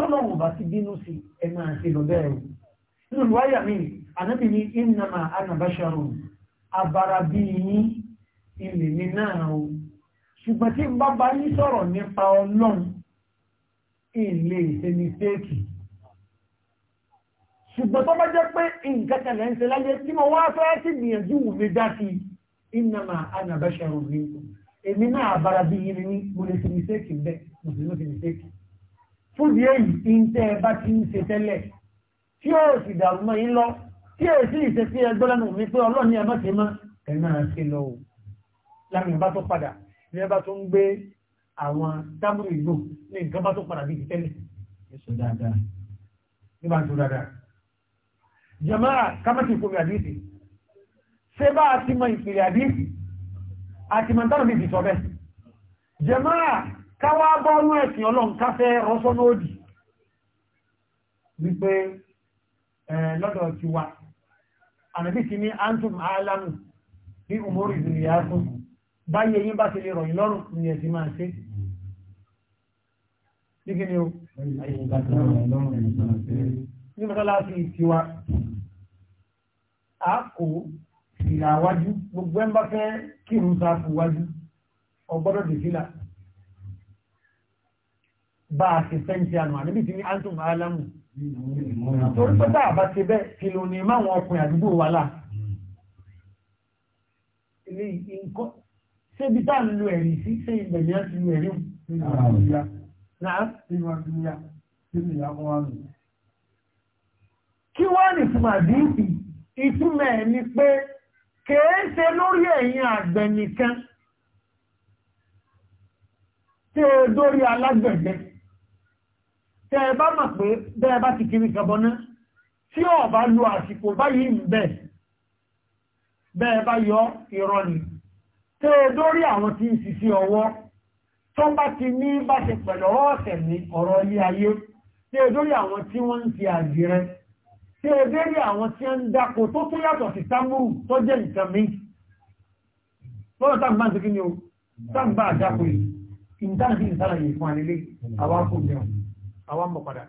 tọ́lọ́run bá ti bínú sí ẹ máa ṣe lọ bẹ́ẹ̀ o nínú ìwáyà mi ànábì ní ìnàmà ànàbáṣàrùn abara bí yín ilè mi náà o ṣùgbọ́n tí bá bá yín sọ̀rọ̀ nípa ọlọ́run ilé ìsinmi fẹ́ẹ̀kì ṣùgbọ́n tó bá jẹ́ pé nǹkan kan lẹ́ ń ṣe láyé tí mo wá fẹ́ sí gbìyànjú mi dá sí ìnàmà ànàbáṣàrùn mi èmi náà abara bí yín ni mo lè ṣe mi fẹ́ẹ̀kì bẹ́ẹ̀ mo sì ló fúdí èyí ìntẹ́ bá ti ń ṣe tẹ́lẹ̀ tí ó sì dàrú mọ́ yín lọ tí ó sì ṣe sí ẹgbẹ́ lẹ́nu mi pé ọlọ́ni ẹ má ṣe mọ́ ẹ náà ṣe lọ o lámì bá tó padà ní ẹ bá tó ń gbé àwọn tábùrù ìlú ní nǹkan bá tó padà bí ti tẹ́lẹ̀ èso dáadáa ní bá ń tó dáadáa jàmáà kámẹ́tì ìkómi àdìsí ṣé bá a ti mọ ìpìlẹ̀ àdìsí àti mọ̀ntánà káwà bọ́ọ̀lú ẹ̀sìn ọlọ́run káfẹ́ rọ́sọ́nà òdì wípé lọ́dọ̀ ti wà ànàbí ti ní antum alamu ní umori ìzìnìyà fún báyé yí bá ti lè rọ̀yìn lọ́rùn ní ẹ̀sì máa ṣe nígbì ni ó ní mọ́sálásí tiwa a kò ìràwájú gbogbo ẹ̀ fẹ́ kírun sáfù wájú ọgbọ́dọ̀ dèfìlà bá a ti fẹ́ ti ànà àníbí ti ní antum alamu torí pé tá a bá ti bẹ́ kí ló ní máwọn ọkùnrin àdúgbò wa là ilé nǹkan ṣébi tá à ń lo ẹ̀rí sí ṣé ibẹ̀ ni a ti lo ẹ̀rí hùn. kí wá ní ìtumọ̀ àdínkù ìtumọ̀ ẹ̀ ni pé kèé ṣe lórí ẹ̀yìn àgbẹ̀ nìkan tí ó dórí alágbẹ̀dẹ tẹ́ bá mọ̀ pé bẹ́ẹ̀ bá ti kiri kàbọná tí ọ bá lo àsìkò báyìí ń bẹ̀ bẹ́ẹ̀ bá yọ irọ́ ni tẹ́ dórí àwọn tí ń sisi ọwọ́ tó bá ti ní bá ṣe pẹ̀lú ọwọ́ ọ̀sẹ̀ ní ọ̀rọ̀ ilé ayé tẹ́ dórí àwọn tí wọ́n ń ti àdìrẹ tẹ́ dórí tó kí ni o táǹbà àdáko yìí ìdáǹdì ìsára yìí fún àlélé àwọn akóbìnrin àwọn mọ̀ padà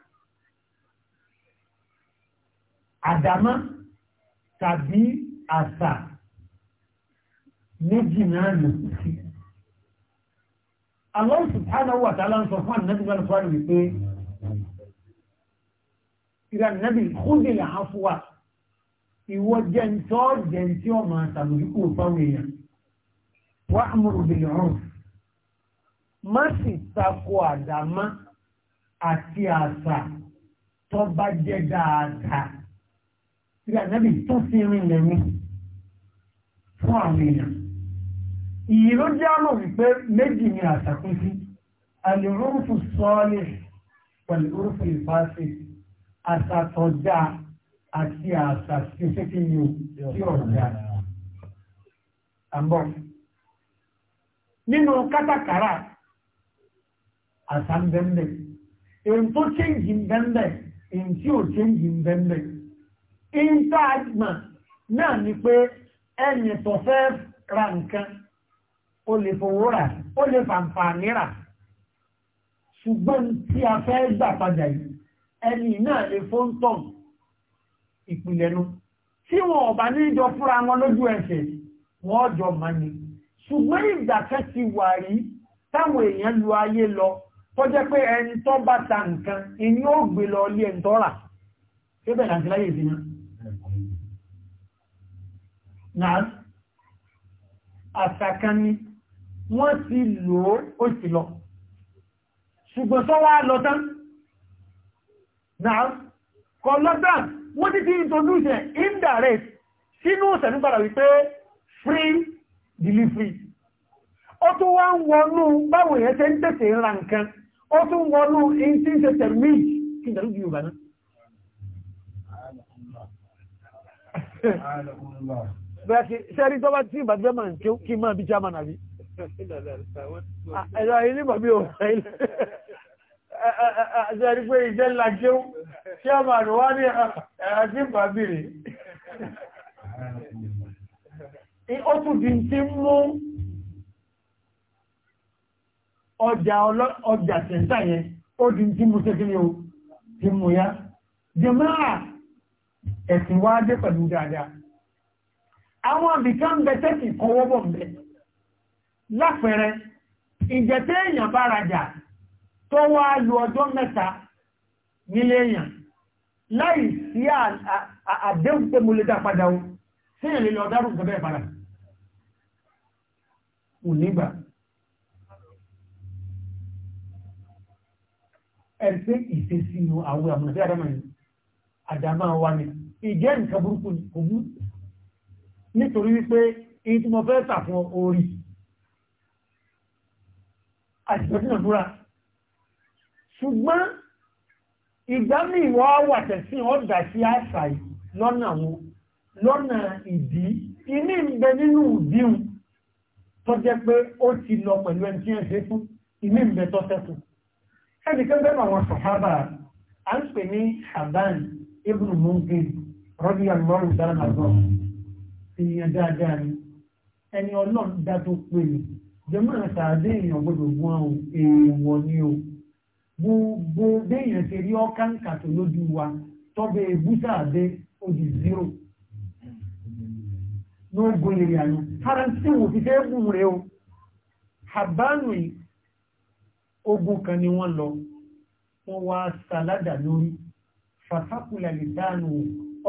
àdámá tàbí àṣà méjì náà nù sí Allah subhanahu wa ta'ala ń sọ fún ànábì wọn fún àrùn wípé ìrànnábì kúndì làáfúwà ìwọ jẹ́ntọ́ jẹ́ntí ọmọ àtàlùkù fáwọn èèyàn wa'muru bil 'urf má sì takò àdámá àti àṣà tó bá jẹ́ dáadáa tí ànábì tó fi rin lẹ́nu fún àwọn èèyàn. Ìyí ló jẹ́ àmọ̀ wípé méjì ni àṣà kún sí. Àlùrúfù sọ́ọ́lì pẹ̀lú orúfù ìfàṣẹ àṣà tó dáa àti àṣà tí ó ṣe kí ni o tí ọ̀rọ̀ dáa. Àbọ̀ nínú kátàkárà àṣà ń bẹ́ẹ̀ In tó ṣéǹjì ń bẹ́ńbẹ́ èyí tí ò ṣéǹjì ń bẹ́ńbẹ́ èyí tá a gbọ̀n náà ni pé ẹni tó fẹ́ ra nǹkan ó lè fowó rà ó lè fàǹfààní rà ṣùgbọ́n tí a fẹ́ gbà padà yìí ẹni náà lè fóńtọ̀n ìpìlẹ̀nu tí wọn ọ̀bá ní ìjọ wọn lójú ẹsẹ̀ wọn jọ mọ́ ni ṣùgbọ́n ìgbà kan ti wà rí táwọn èèyàn lu ayé lọ tó jẹ́ pé ẹni tó bá ta nǹkan inú ó gbé lọ ilé ẹni tó rà ṣé bẹ̀rẹ̀ àti láyé ìsinmi náà àṣàkan ni wọ́n ti lò ó ó sì lọ ṣùgbọ́n tó wá lọ tán náà kọ lọ́tàn wọ́n ti ti introduce indirect sínú ìṣẹ̀lú padà wípé free delivery ó tó wá ń wọnú báwọn èèyàn tẹ́ ń tẹ̀sẹ̀ ra nǹkan ó tún wọnú in tí ń ṣe tẹ̀míj kí n dàrújú yorùbá náà bẹ́ẹ̀kì sẹ́rí tó bá tí ìbàgbẹ́ máa ń kí máa bí german àbí ẹ̀rọ ilé bàbí o sẹ́rí pé ìjẹ́ ńlá kéw german wá ní ẹ̀rọ tí bàbí rẹ̀ ó tún di ti mú ọjà tẹ̀ntà yẹn ó di tí mo ṣe kíni o ti mú ya jẹmáà ẹ̀sìn wá dé pẹ̀lú dáadáa àwọn àbíká ń bẹ tẹ́sì kọwọ́ bọ̀ bẹ lápẹẹrẹ ìjẹ̀tẹ́ èèyàn bá rajà tó wá lu ọjọ́ mẹ́ta nílé èèyàn láì sí àdéhùn pé mo lè dá padà o sí ìrìnlẹ̀ ọ̀dárùn-ún gẹ́gẹ́ padà nígbà ẹ̀fẹ́ ìṣesí àwọn àmọ̀tí àdámà ni àdámà wa ni ìjẹ́ nǹkan burúkú kò mú nítorí wípé èyí tí mo fẹ́ tàfún orí àṣìṣẹ́dúnàdúrà ṣùgbọ́n ìgbà míì wọ́n wà tẹ̀sí ọ̀dà sí àṣà lọ́nà wọn lọ́nà ìdí iní ń bẹ nínú ìdíhun tó jẹ́ pé ó ti lọ pẹ̀lú ẹni tí ẹ̀ fún iní ń bẹ ẹni kan bẹ́ẹ̀ àwọn sọ̀hábà à ń pè ní haban ibn mungir rọ́bì àlọ́rù dáná àgọ́ èèyàn dáadáa ni ẹni ọlọ́run dá tó pè ní jẹ́mọ́ àtàdé èèyàn gbọ́dọ̀ wọ́n o èèwọ̀ ni o gbogbo béèyàn ṣe rí ọ́kàǹkà tó lójú wa tọ́bẹ̀ ebúsàdé ó di zero ní ó gbóyè àná ara tí wò fi gùn rẹ o habanu yìí ogun kan ni wọ́n lọ wọ́n wá sàládà lórí fàtàkùlà lè dáànù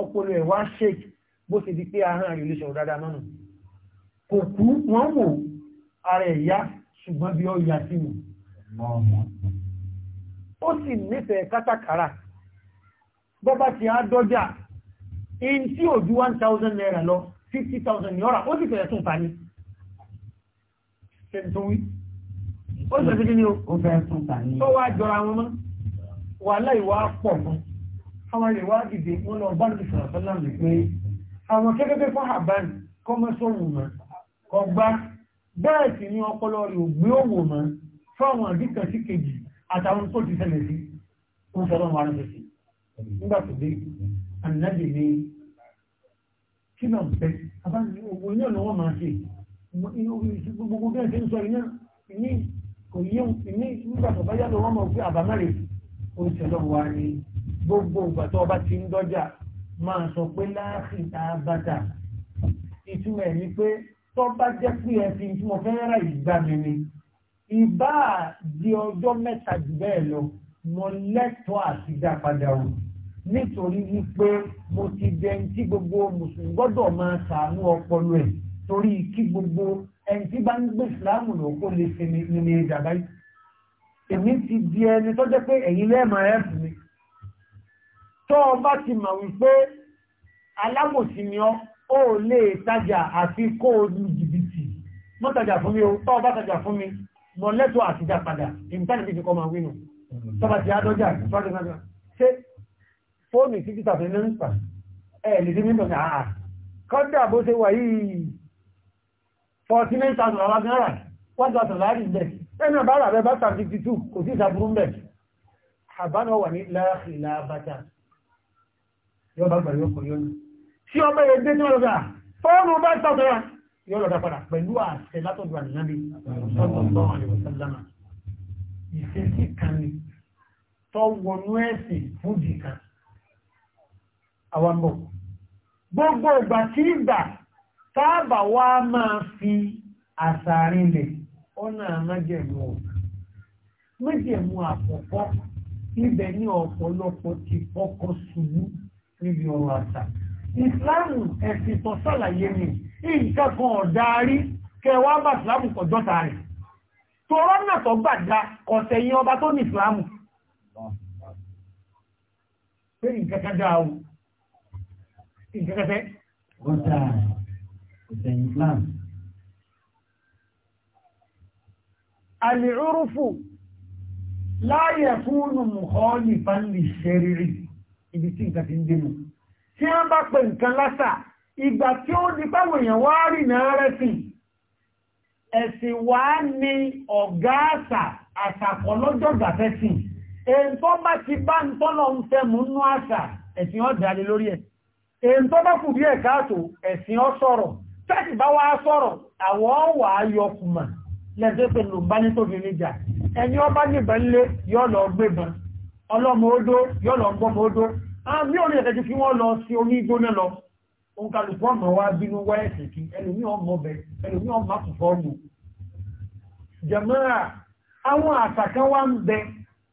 ọpọlọ ẹ̀ wá ṣèkì bó ti di pé ahọ́n rẹ̀ lè sọ̀rọ̀ dáadáa mọ́nà kò kú wọ́n wò ara ẹ̀ yá ṣùgbọ́n bí ó yá sí mi ó sì nífẹ̀ẹ́ kátàkárà bọ́ ti á dọ́jà in tí ò ju one thousand naira lọ fifty thousand naira ó sì fẹ̀ẹ́ tún ta ní ṣe tó wí ó sì fi kíni o fẹ́ tún tà ní. ó wá jọra wọn mọ́ wàhálà ìwà pọ̀ fún àwọn ilé wa dìde wọn lọ bá ní sọ̀rọ̀ sọ́lá mi pé àwọn kékeré fún àbáyé kọ́ mọ́ sóhun mọ́ kọ́ gbá bẹ́ẹ̀ sì ni ọpọlọ rẹ̀ ò gbé òwò mọ́ fún àwọn àdìkan sí kejì àtàwọn tó ti ṣẹlẹ̀ sí wọn sọ lọ́wọ́ ara sí nígbà tó dé ànábì ni kí náà bẹ abáyé owó iná ni wọ́n máa ṣe gbogbo bẹ́ẹ̀ ṣe ń sọ iná ní kò yí ìmí nígbà tó bá yàtọ̀ wọ́n mọ̀ pé àbámẹ́rẹ̀ ó ti lọ wá ní gbogbo ìgbà tó ọba ti ń dọ́jà máa sọ pé láàfìtà bàtà ìtumọ̀ ẹ̀ ni pé tó bá jẹ́ pé ẹ fi tí mo fẹ́ ìgbà mi ni ìbá di ọjọ́ mẹ́ta jù bẹ́ẹ̀ lọ mo lẹ́tọ̀ọ́ àti dá padà o nítorí wípé mo ti dẹni tí gbogbo mùsùlùmí gbọ́dọ̀ máa sàánú ọpọlọ ẹ̀ torí kí gbogbo ẹni tí bá ń gbé ìsìláàmù ló kó lè fi ní ní ìjàmbá yìí èmi ti di ẹni tó jẹ́ pé ẹ̀yin lẹ́ẹ̀mọ̀ ẹ̀ mi tó o bá ti mọ̀ wípé alámòsí ni ọ́ ó lè tajà àfi kó o lu jìbìtì mọ́ tajà fún mi o tó o bá tajà fún mi mọ̀ lẹ́tọ̀ àtijá padà ìmùtánì fi kọ́ máa wí tọ́ba ti adọ́jà ìfọ́dún náà fóònù títí tàbí ní ń pa ẹ̀ lè dín nítorí àà kọ́dà bó ṣe wà yìí 49,000 àwọn náírà 1,000 láàrin bẹ̀ ẹni àbára rẹ̀ bá 52 kò sí ìsàbúrú mẹ́ àbánà wà ní láàrínlá bàtà yóò bá gbàrí ọkọ̀ yóò ní tí ọmọ ẹgbẹ́ tí wọ́n lọ́gbà fọ́ọ̀nù bá sọ̀tọ̀ra yóò lọ́dá padà pẹ̀lú àṣẹ látọ̀dọ̀ ànínábí sallallahu alaihi wasallam ìfẹ́sí kan ni tọ́wọ́nú ẹ̀sìn fún jìkan àwọn gbogbo ìgbà tí ìgbà táàbà wá máa fi àsàrin lẹ̀ ọ̀nà májẹ̀mú ọ̀gá májẹ̀mú àkọ́kọ́ ibẹ̀ ní ọ̀pọ̀lọpọ̀ ti fọ́kọ́ ṣubú níbi ọ̀rọ̀ àṣà ìsìláàmù ẹ̀sìn tó sàlàyé mi nǹkan kan ọ̀darí kẹwàá bá ìsìláàmù kọjọ́ta rẹ̀ tọrọ náà tó gbàgbà ọ̀sẹ̀ yìí ọba tó ní ìsìláàmù pé nǹkan kan dáa o nǹkan kan fẹ́ ìsẹ̀yìn Islam. Àlìrúrúfù láyé fún mùkọ́ọ̀lì fánlì ṣẹ́rìrì ibi tí nǹkan ti ń dénú. Tí wọ́n bá pè nǹkan lásà, ìgbà tí ó di báwọn èèyàn wá rì náà rẹ́sìn, ẹ̀sìn wá ní ọ̀gá àṣà àṣàkọ́ lọ́jọ́gbà fẹ́sìn. Èyí tó bá ti bá ń tọ́lọ ń fẹ́ mú nú àṣà, ẹ̀sìn ọ̀dà ẹ̀. Èyí tó bá kù bí ẹ̀ káàtó, ẹ̀sìn ọ̀ sọ̀rọ̀ tẹ́sì bá wá sọ̀rọ̀ àwọn wà á yọ fùmà lẹ́sẹ̀ pẹ̀lú bá ní tó fi ní jà ẹni ọba níbẹ̀ ń lé yọ́ lọ gbébọn ọlọ́mọ odó yọ́ lọ gbọ́mọ odó àmì ah, orí ẹ̀kẹ́jú kí wọ́n lọ sí omi gbóná lọ òǹkàlùkù ọmọ wa bínú wá ẹ̀sìn kí ẹlòmí ọmọ ọbẹ̀ ẹlòmí ọmọ àkùkọ ọmọ jẹ̀mọ́ra àwọn àtàkà wa ń bẹ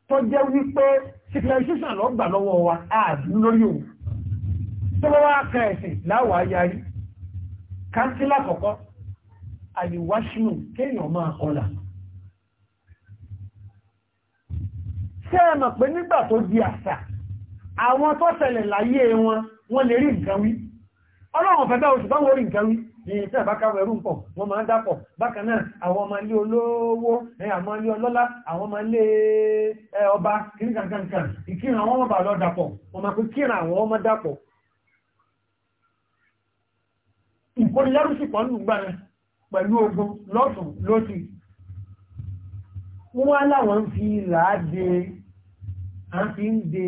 tó jẹ́ wípé civilization lọ gbà lọ́wọ́ wa ààbí lórí òun tó wá kan ẹ̀sìn láwàá yarí kánsílà kọ̀kọ́ àyíwáṣínú kéèyàn máa kọlà ṣé ẹ mọ̀ pé nígbà tó di àṣà àwọn tó ṣẹlẹ̀ láyé wọn wọ́n lè rí nǹkan wí ọlọ́run fẹ́ bá oṣù báwọn orí nǹkan wí ìyìn tí àbáká ẹrù ń pọ̀ wọ́n máa ń dápọ̀ bákan náà àwọn ọmọ ilé olówó àwọn ilé ọlọ́lá àwọn ọmọ ilé ọba kìrìkàkàkà ìkíràn àwọn ọmọ bà lọ dàpọ̀ wọ́n máa pín kíràn àwọn ọmọ dàpọ̀ orí lẹ́rùsì pọ̀ nù gbára pẹ̀lú ogun lọ́tún lóti wọ́n láwọn fi ràáde a fi ń de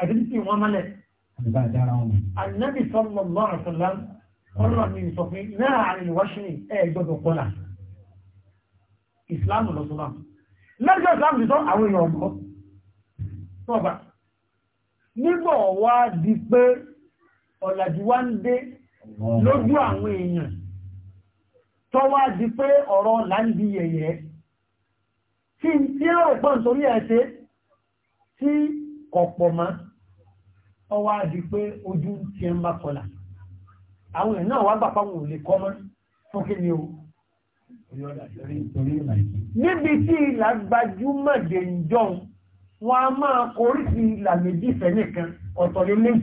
àdínsì wọn mọ́lẹ̀ annabi sallallahu alaihi wasallam ọlọ́rọ̀ mi sọ pé náà àríwáṣí ẹ̀ gbọ́dọ̀ kọ́lá ìsìláàmù lọ́sọ́lá lẹ́jọ́ ìsìláàmù ti sọ àwọn èèyàn ọ̀gbọ́ nígbọ̀ wá di pé ọ̀làjú wá ń dé lójú àwọn èèyàn tọ́wá di pé ọ̀rọ̀ láńdí yẹ̀yẹ́ tí n tí ó pọ̀ nítorí ẹ̀ṣẹ́ tí kọ̀pọ̀ mọ́ ọwá di pé ojú ti ń bá kọlà àwọn èèyàn náà wá gbà fáwọn òlè kọ́mọ́ fún kí ni o níbi tí ìlà gbajúmọ̀ wọn a máa korí sí ìlà fẹ́ nìkan ọ̀tọ̀ lélẹ́yìn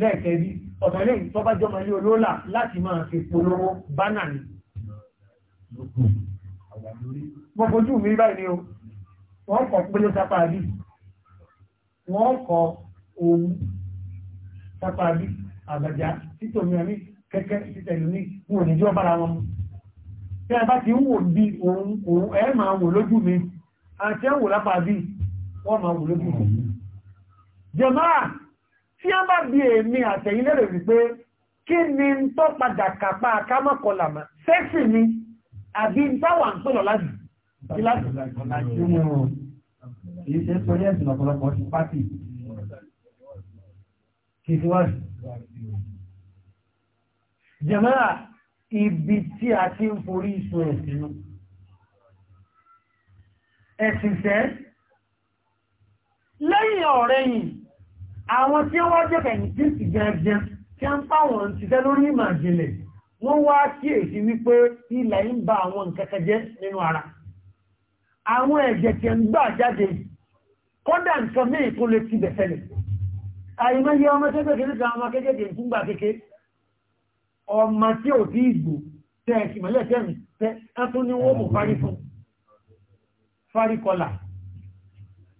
lẹ́ẹ̀kẹ́ ọ̀nà ilé ìtọ́bájọ́mọ ilé olóòlà láti máa fi polówó bánà ni wọ́n fojú mi báyìí ni o wọ́n kọ pélé sápáàbí wọ́n kọ ohun sápáàbí àgbàjá títòmí àmì kẹ́kẹ́ títẹ̀lú ní wọn ò ní jọ bára wọn tí a bá ti ń wò bí òun òun ẹ máa wò lójú mi àti ẹ wò lápáàbí wọ́n máa wò lójú mi tí a bá bí èmi àtẹ̀yìn lérè wípé kí ni ń tọ́ padà kàpá akámọ́kọlà mọ́ sẹ́sì ni àbí ń táwà ń pèlọ láti láti kìí ṣe sórí ẹ̀sìn ọ̀pọ̀lọpọ̀ sí pátì kìí sí wáṣì jẹ̀mọ́ra ibi tí a ti ń forí ìṣò ẹ̀sìn ẹ̀sìn sẹ́ lẹ́yìn ọ̀rẹ́yìn àwọn tí wọ́n jẹ́ kẹ̀yìn sí gẹ́gẹ́ tí a ń pàwọn ti tẹ́ lórí ìmọ̀ ìjìnlẹ̀ wọ́n wá kíyèsí wípé ilẹ̀ ń ba àwọn nǹkan jẹ́ nínú ara àwọn ẹ̀jẹ̀ tí ń gbà jáde kódà nǹkan mí tó lè ti bẹ̀fẹ́lẹ̀ àìmọye ọmọ tó kékeré kan ọmọ kékeré tó ń gbà kéke ọmọ tí ò tí ìgbò tẹ́ ẹ̀sì mọ́lẹ̀ tẹ́mì tẹ́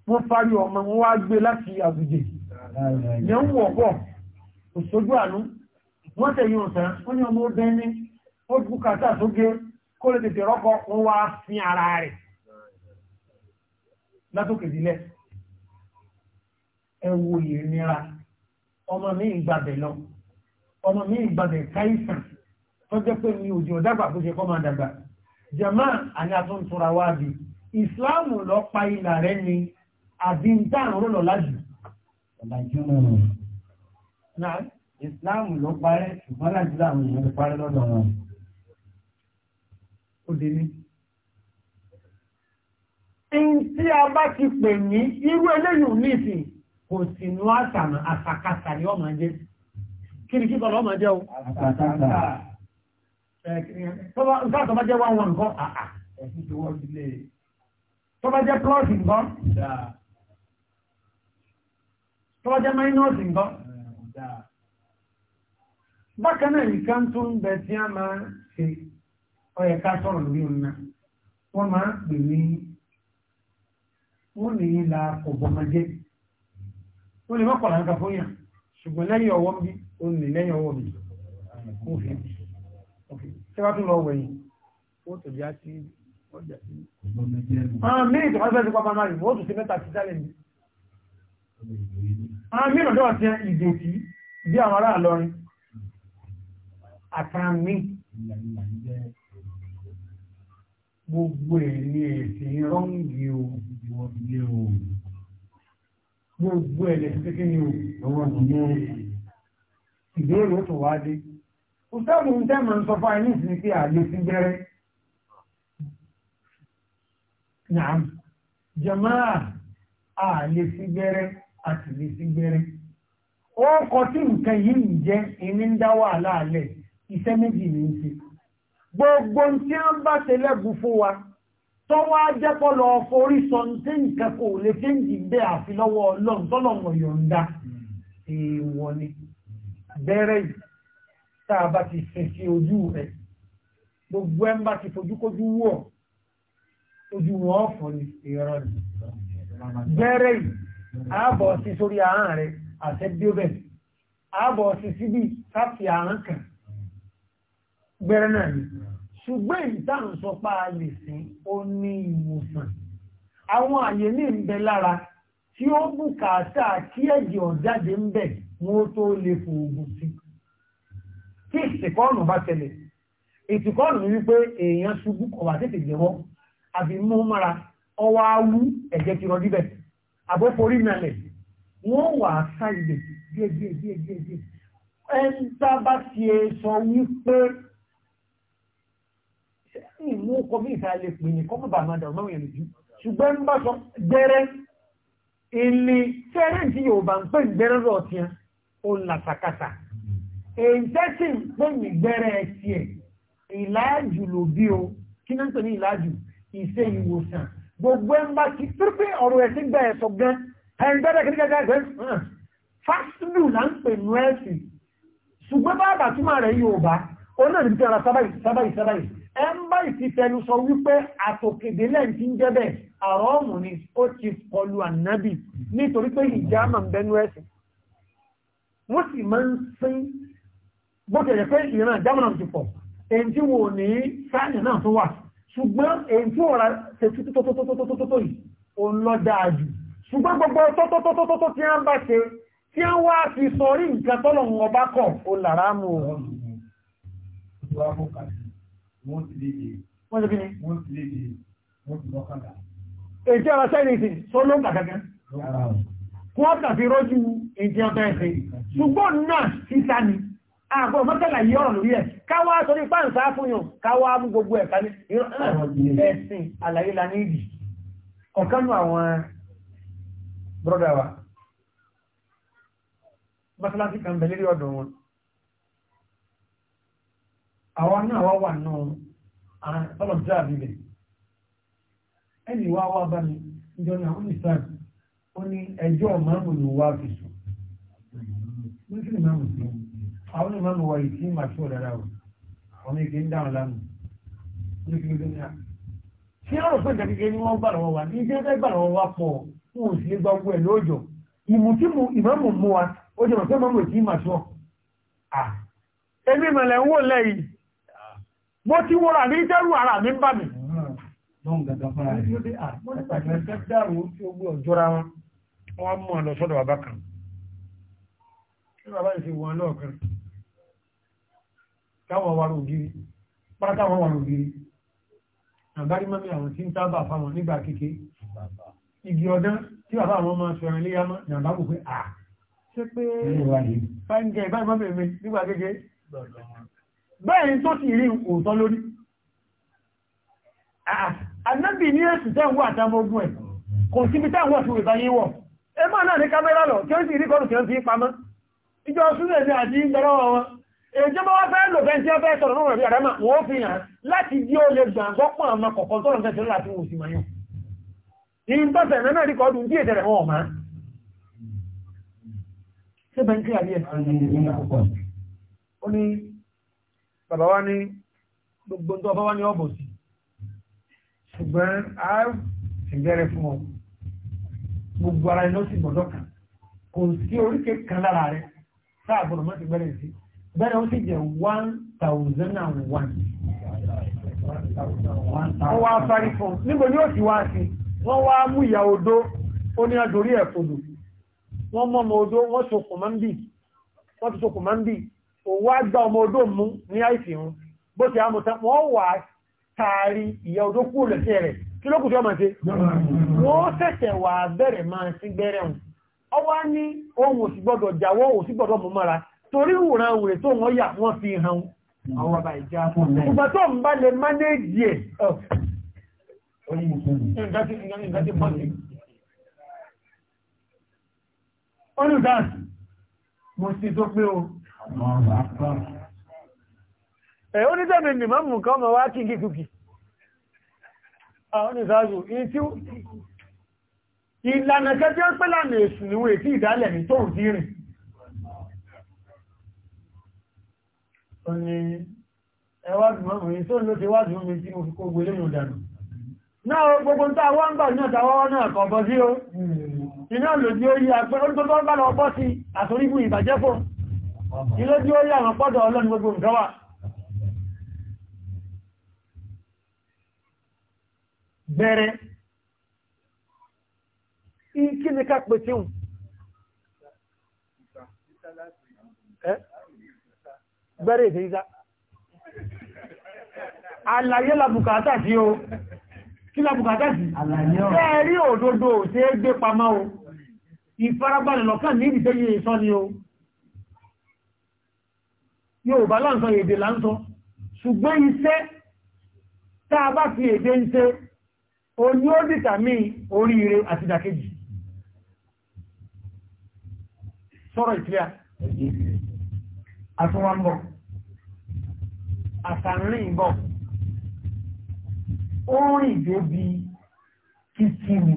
wọn wá gbé láti àbújẹ́ yẹn ń wọ̀ bọ̀ kò sójú àánú wọ́n tẹ̀yìn ọ̀sán wọ́n ní ọmọ obìnrin ní ó bùkátà tó gé kó lè tètè rọ́kọ wọn wá fi ara rẹ̀ látòkè dílẹ̀ ẹ wo ìnira ọmọ mi ìgbàbẹ̀ lọ ọmọ mi ìgbàbẹ̀ káìsàn tó jẹ́ pé mi òjò dàgbà tó ṣe kọ́ máa dàgbà jama àní àtúntúra wá bí ìsìláàmù lọ pa ìlà rẹ ni àbí ń tàn rọ́lọ̀ lájú ọ̀làjú náà. náà ìsìláàmù ló parẹ́ ṣùgbọ́n nàìjíríà àwọn èèyàn ló parẹ́ lọ́dọ̀ wọn. ó lè ní. ẹni tí a bá ti pè ní irú eléyìí ò ní ìsìn kò sì ní àṣàmì àṣàkáṣà ni ọmọ jẹ kí ni kíkọ lọmọ jẹ o. àṣàkáṣà. nǹkan tó bá jẹ́ wá wọn nǹkan àà. ẹ̀sìn tó wọ́n sílé. tó bá jẹ́ plọ́ọ̀sì nǹkan tọ́wọ́ jẹ́ mínọ́sì nǹkan bákan nìkan tó ń bẹ tí a máa ṣe ọyẹ ká sọ̀rọ̀ lórí ọ̀nà wọ́n máa ń pè ní wọ́n ní ìlà ọ̀bọ̀mọjẹ́ wọ́n lè mọ́kànlá nǹkan fún yàn ṣùgbọ́n lẹ́yìn ọwọ́ bí o ní lẹ́yìn ọwọ́ mi kó fi ṣé wàá tún lọ wẹ̀yìn ó tòbi á sí ọjà sí ọ̀bọ̀mọjẹ́ mi. àmì ìtọ́jú ẹ̀sìn pápá máa rí wọ́n tún ṣe mẹ́ta sí àwọn mìíràn dọ́wọ́ tí ìdòtí bí àwọn ará àlọrin àtàmì gbogbo ẹ̀ ní ẹ̀sìn rọ́ǹgì o gbogbo ẹ̀ lẹ́sìn kékeré ni o ìbéèrè tó wá dé Òtẹ́bù ń tẹ́ mọ̀ ń sọ fáyé nísìnyí pé àlè sí jẹ́rẹ́. a a àlè a sì lè sí gbẹ́rẹ́. ó kọ tí nǹkan yìí ń jẹ́ ìní ń dá wàhálà alẹ̀ iṣẹ́ méjì ní í ṣe. gbogbo tí wọ́n bá ṣe lẹ́gùn fún wa tọ́wọ́ ajẹ́pọ̀ lọ forí sọ tí nǹkan kò lè fi ń dìgbẹ́ àfi lọ́wọ́ ọlọ́run tọ́lọ̀ wọ̀ bẹ́rẹ̀ yìí ààbọ̀ sí sórí ahọ́n rẹ̀ àṣẹ bíọ́bẹ̀ ààbọ̀ sí síbí sáfì ahọ́n kan gbẹ̀rẹ̀ náà ni ṣùgbọ́n ìta ń sọ pa lè sí ó ní ìwòsàn àwọn àyè ní ìbẹ̀ lára tí ó bùkátà kí ẹ̀jẹ̀ ọ̀jáde ń bẹ̀ wọ́n tó lè fòògùn sí kí ìsìnkọ́ọ̀nù bá tẹ̀lẹ̀ ìsìnkọ́ọ̀nù ni wípé èèyàn ṣubú kọ̀wà tètè jẹ́wọ́ àbí mú mọ́ra ọwọ́ awú ẹ̀jẹ̀ ti rọ díbẹ̀ àbóforí nalẹ̀ wọ́n wà á sá ilẹ̀ díẹ̀díẹ̀díẹ̀díẹ̀ ẹni tá a bá ti ẹ sọ wípé ìmú ọkọ̀ bí ìta lè pè ní kọ́kọ́ bá máa dàrú mọ́wìn ẹ̀lẹ́jú ṣùgbọ́n ń bá sọ gbẹ́rẹ́ ilé tẹ́rẹ́ tí yóò bá ń pè gbẹ́rẹ́ lọ tiẹ́ ó ń la sàkàtà èyí tẹ́sí ń pè ní gbẹ́rẹ́ tiẹ̀ ìlàjù ló bí o kí náà ń pè ní ìlàjù ìṣe ìwòsàn gbogbo ẹ̀ ń bá ti pípín ọ̀rọ̀ ẹ̀ sí gbẹ̀ ẹ̀sọ̀ gan ẹ̀yìn gbẹ́dẹ̀ kìí gẹ́gẹ́ gẹ́ fásitì là ń pè nú ẹ̀sì ṣùgbọ́n bá àbà túmọ̀ rẹ̀ yóò bá ó náà níbi tí ara sábàyì sábàyì sábàyì ẹ̀ ń bá ìfi tẹnu sọ wípé àtòkèdè lẹ́yìn tí ń jẹ́ bẹ́ẹ̀ àrọ́ ọ̀mù ni ó ti kọlu ànábì nítorí pé ìjà mà ń bẹnu ẹ̀sì wọ́n sì máa ń sin bó tẹ̀lé ṣùgbọ́n èyí tí òun ra ṣe tú tótótótótótótó yìí ó ń lọ dáa jù ṣùgbọ́n gbogbo tótótótótótó tí wọ́n bá ṣe tí wọ́n wá fi sọrí nǹkan tọ́lọ̀ ń ọba kọ̀ ó làrá mu òun. wọ́n ti lè dè wọ́n ti lè dè wọ́n ti lè dè wọ́n ti lọ́kàdà. èyí tí ara sẹ́yìn ìsìn tó ló ń bà gángan. kó wọ́n kà fi rọ́jú èyí tí wọ́n fẹ́ àbọ̀ mọ́tàlá yìí ọ̀rọ̀ lórí ẹ̀ káwá torí páǹsá fún yàn káwá mú gbogbo ẹ̀ka ní ẹ̀sìn àlàyé la ní ìdì ọ̀kánú àwọn brọ́dà wa mọ́tàlásí kan bẹ̀ lérí ọ̀dọ̀ wọn àwọn náà wá wà náà ọlọ́ jẹ́ àbílẹ̀ ẹni wá wá bá mi ìjọ náà ó ní sáà ó ní ẹjọ́ màmù ló wá fi sùn mọ́tàlá màmù sí àwọn ní mọ́mù wọ ìtí màtí ò dára o àwọn èké ń dáhùn lánàá ní kí ló dé náà tí wọ́n fún ìjà kékeré ni wọ́n bá lọ́wọ́ wa ní ìjẹ́ bẹ́ẹ̀ bá lọ́wọ́ wa pọ̀ wọn ò sì lè gba owó ẹ̀ lóòjọ́ ìmù tí mu ìmọ̀mù mú wa ó jẹ́ mọ̀ pé mọ́mù ìtí màtí ọ̀ ẹbí mẹ̀lẹ̀ ń wò lẹ́yìn bó tí wọ́n rà ní dẹ́rù ara mi ń bà mí. Wọ́n mú ọ lọ sọ́dọ̀ bàbá kan. Kí bàbá yìí ti wọ́n lọ́ọ̀kan káwọn wà lògiri pátá wọn wà lògiri àbárí mọ́mí àwọn tí ń tábà fáwọn nígbà kéke igi ọdán tí bàbá àwọn ọmọ sọ̀rọ̀ ilé yámọ́ ní àbá kò pé à ṣe pé fáńgẹ̀ báyìí mọ́mí mi nígbà kéke bẹ́ẹ̀ tó sì rí òótọ́ lórí ànábì ní ẹ̀sùn tẹ́ ń wà àtàwọn ogun ẹ̀ kò síbi tẹ́ ń wọ̀ sí ìbáyé wọ̀ ẹ máa náà ní kámẹ́rà lọ kí ó sì rí kọ́rù kí ó sì pamọ́ ìjọ súnlẹ̀ èjọba wá fẹ́ lò bẹ́ntí ọfẹ́ sọ̀rọ̀ náà rẹ̀ àdámà wọ́n fi hàn láti jí ó lè gbàgbọ́pọ̀ àmà kọ̀kọ́ tọ́rọ̀ fẹ́ tẹ́lá tí wọ́n sì máa yàn ní tọ́sẹ̀ náà rí kọ́dù tí ètẹ̀rẹ̀ wọn ọ̀má ṣe bẹ́ntí àríẹ̀ ó ní bàbá wá ní gbogbo tó ọba wá ní ọ̀bọ̀ sí ṣùgbọ́n a sì bẹ̀rẹ̀ bẹ́ẹ̀ ó sì jẹ́ one thousand and one. wọ́n wá sáré fún un níbo ni ó ti wá sí wọ́n wá mú ìyá odó ó ní adorí ẹ̀ fòdò wọ́n mọ́ ọmọ odó wọ́n sokùn máa ń bì wọ́n ti sokùn máa ń bì òun á gba ọmọ odó mú ní àìsíhun bó ti àmọ̀ta wọ́n wà taari ìyá odó kúrò lẹ́sẹ̀ rẹ̀ kí ló kù tí ọmọ ṣe wọ́n ṣẹ̀ṣẹ̀ wà bẹ̀rẹ̀ máa sí gbẹ́rẹ̀ hùn ọwá ní ohun òsì gbọ́dọ̀ jáwọ́ òsì gbọ́dọ̀ mú mọ́ra torí ìwòrán òwèrè tó wọ́n yà wọ́n fi hàn àwọn ọba ìjà fún ọ̀lẹ́ ìgbà tó ń bá lè mánéjì ẹ̀ olùdáàsì ẹ̀ onídẹ̀mì ìlànà kẹjọ́ pẹ́lànà èsù níwò èkí ìdálẹ̀ ní tóòdí rìn ó ní ẹwádùn mọ́mù yìí tó ló ti wádùn mi tí mo fi kó gbélé mú dànù náà gbogbo tá wọ́n ń bà náà tàwọ́ náà kọ̀ bọ́ sí o iná lòdí ó yí agbẹ́ olùgbogbo bá lọ bọ́ sí àtorígbù ìbàjẹ́ fò ìlójú ó yí àwọn pọ́dọ̀ ọlọ́run gbogbo nǹkan wà bẹ́rẹ̀ ìfẹ́ ìsá àlàyé làbùkátà sí o kí làbùkátà sí ẹ̀rí òdodo tí é gbé pamọ́ o ìfarabalẹ̀ lọ́kàn ní ìdíṣẹ́ yìí sọ ni o Yorùbá láǹsọ èdè láǹsọ ṣùgbọ́n iṣẹ́ tá a bá fi èdè ń ṣe o ní ó dìtàmí oríire àti ìdàkejì sọ́rọ̀ ìtìlẹ̀ àtúnwàmọ́ àtàrin ìbọ̀ ó rìn débi títí mi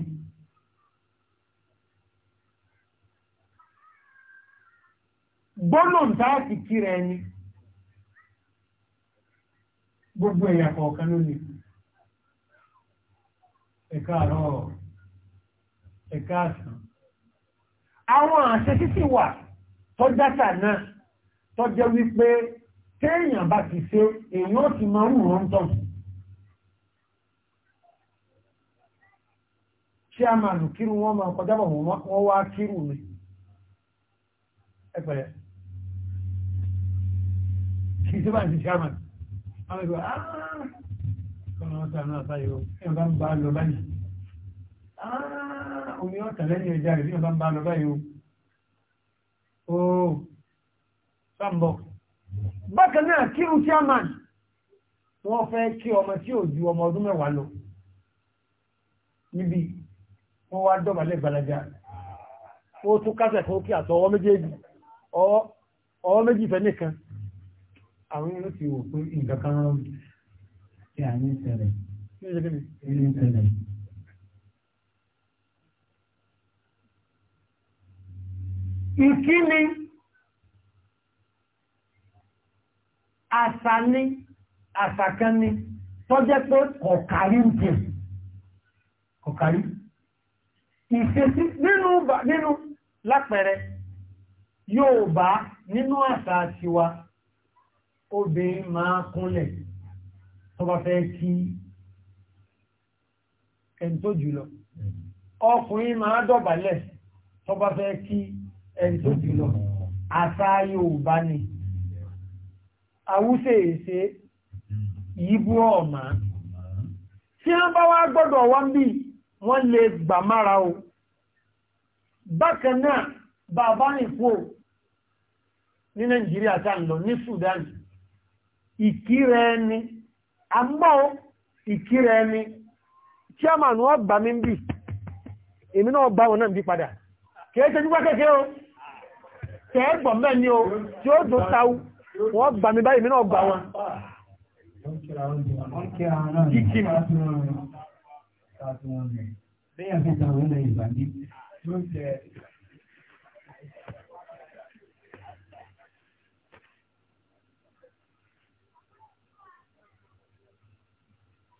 gbólóǹtà àti kíra ẹni gbogbo ẹ̀yà kọ̀ọ̀kan ló ní ẹ̀ka àárọ̀ ẹ̀ka àsán àwọn àṣẹ títí wà tọ́játà náà tọ́jẹ́ wípé téèyàn bá ti ṣe èèyàn ti máa ń rán tán tí a máa lù kírù wọn máa kọjá bọ̀ wọ́n wá kírù mi ẹgbẹ̀rẹ̀ kí tí bá ti ṣe àmà àwọn ìgbà ààrùn ah, ọ̀tà náà sáyé o èèyàn bá ń bá lọ báyìí ààrùn omi ọ̀tà lẹ́yìn ẹja rẹ̀ èèyàn bá ń bá lọ báyìí o ó oh, sáǹbọ̀ bákan náà kírù chairman wọ́n fẹ́ kí ọmọ tí ò ju ọmọ ọdún mẹ́wàá lọ níbi wọ́n wá dọ̀bálẹ̀ gbalaja ó tún kásẹ̀ fún kí àtọ ọwọ́ méjèèjì ọwọ́ méjì fẹ́ nìkan àwọn yóò ti wò pé nǹkan kan rán ní àárín ní ìṣẹ̀lẹ̀ ìkíni àṣà ní àṣà kan ní tó jẹ́ pé ọ̀kàrí ń jẹ ọ̀kàrí ìṣesí nínú nínú lápẹẹrẹ yóò bá nínú àṣà tiwa obìnrin máa kúnlẹ̀ tó bá fẹ́ kí ẹni tó jùlọ ọkùnrin máa dọ̀bálẹ̀ tó bá fẹ́ kí ẹni tó jùlọ àṣà Yorùbá ni àwúṣe èṣe yíbú hmm. ọ̀mà hmm. tí wọ́n bá wá gbọ́dọ̀ wọ́n bí wọ́n lè gbà mára o bákan náà bàbá nìfò ní Nàìjíríà tá ń lọ ní Sudan ìkírẹ ẹni àmọ́ ìkírẹ ẹni chairman wọ́n bá mi bí èmi náà bá wọn náà bí padà kẹ́ẹ̀ẹ́ tẹ́jú pẹ́kẹ́kẹ́ o kẹ́ẹ̀ẹ́gbọ̀n mẹ́ ni o tí ó tó táwù wọ́n gbà mí báyìí mínà gbà wọn kíkí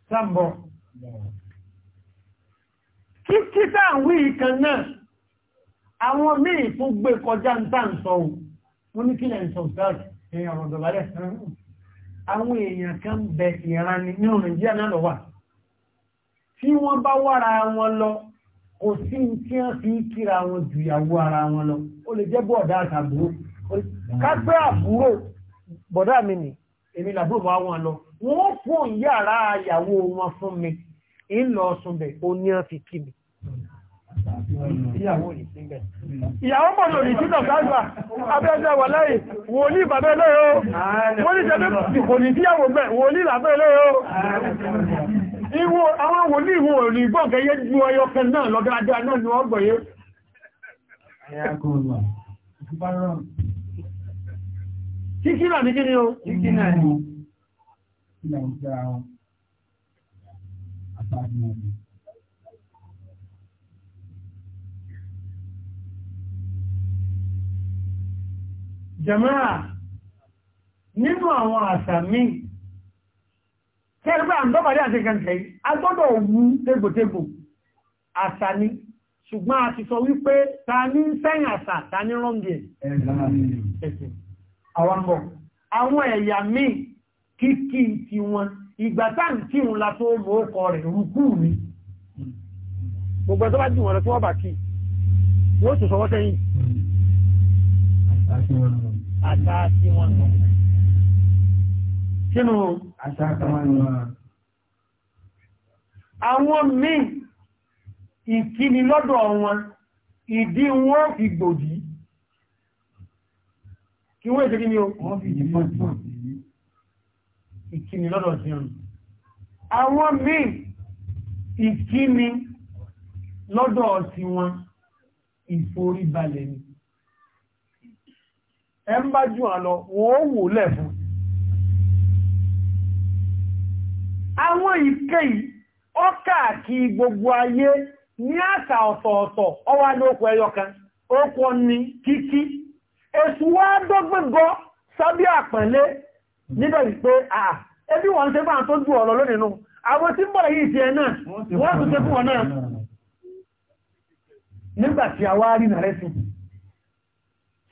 Sáàbọ̀. Kíkí táà ń wí ìkan náà, àwọn míì fún gbé kọjá ń tàà ń sọ ohun, wọ́n ní èèyàn ọ̀dọ̀bálẹ̀ àwọn èèyàn kan bẹ ìran ní ní Nàìjíríà náà lọ wà tí wọ́n bá wára wọn lọ kò sí tí wọ́n fi kíra wọn ju ìyàwó ara wọn lọ ó lè jẹ́ bọ́ọ̀dá àtàbúrò kápẹ́ àbúrò bọ̀dá mi nì èmi làbúrò bá wọn lọ wọ́n fún yàrá ìyàwó wọn fún mi ń lọ sùn bẹ̀ ó ní wọ́n fi kí mi Hmm. ìyàwó mọ̀ lòdì tí dọ̀tà àgbà abẹ́ẹ̀dẹ́ wà láyé wòlíì bàbẹ́ lóyó wòlíì tẹ́lẹ̀ kò ní tíyàwó bẹ́ wòlíì làbẹ́ lóyó àwọn wòlíì ìwò òní gbọ́gẹ̀yẹ́ ju ọyọ kan náà lọ́dáadáa jàmáà nínú àwọn àṣà míì kẹrìbá àndọ́bàdé àti kẹ̀kẹ́ agbọ́dọ̀ wú tégbòtégbò àṣà ni ṣùgbọ́n a ti sọ wípé ta ní sẹ́yìn àṣà ta ní rọ́ǹgì àwọ̀mọ̀ àwọn ẹ̀yà míì kíkí ti wọn ìgbà táǹkì ń la tó mọ́ ọkọ̀ rẹ̀ rúkú mi gbogbo ẹ̀tọ́ bá jù wọn lọ tí wọ́n bà kí wọ́n sì sọ wọ́n sẹ́yìn àṣà tí wọ́n nù. sínú àṣà àtàwọn nù. àwọn míì ìkíni lọ́dọ̀ wọn ìdí wọn fi gbòdì kí wọ́n èsè kí ni o wọ́n fi ìdí wọn fún ìkíni lọ́dọ̀ sí ọ̀nà àwọn míì ìkíni lọ́dọ̀ sí wọn ìforíbalẹ̀ ni ẹ ń bá jù àlọ wọ́n ó wò lẹ̀ àwọn ìkẹ́ gbogbo ayé ní àṣà ọ̀tọ̀ọ̀tọ̀ ọwa ní okùn ẹyọ kan okùn ní kíkí èsù wá dọ́gbẹ́gọ́ sábí àpẹ̀lẹ́ níbẹ̀ wípé àà ẹbí wọ́n tẹ́ fún àtọ́jú ọ̀rọ̀ lónìí nù àwọn tí bọ̀rọ̀ yìí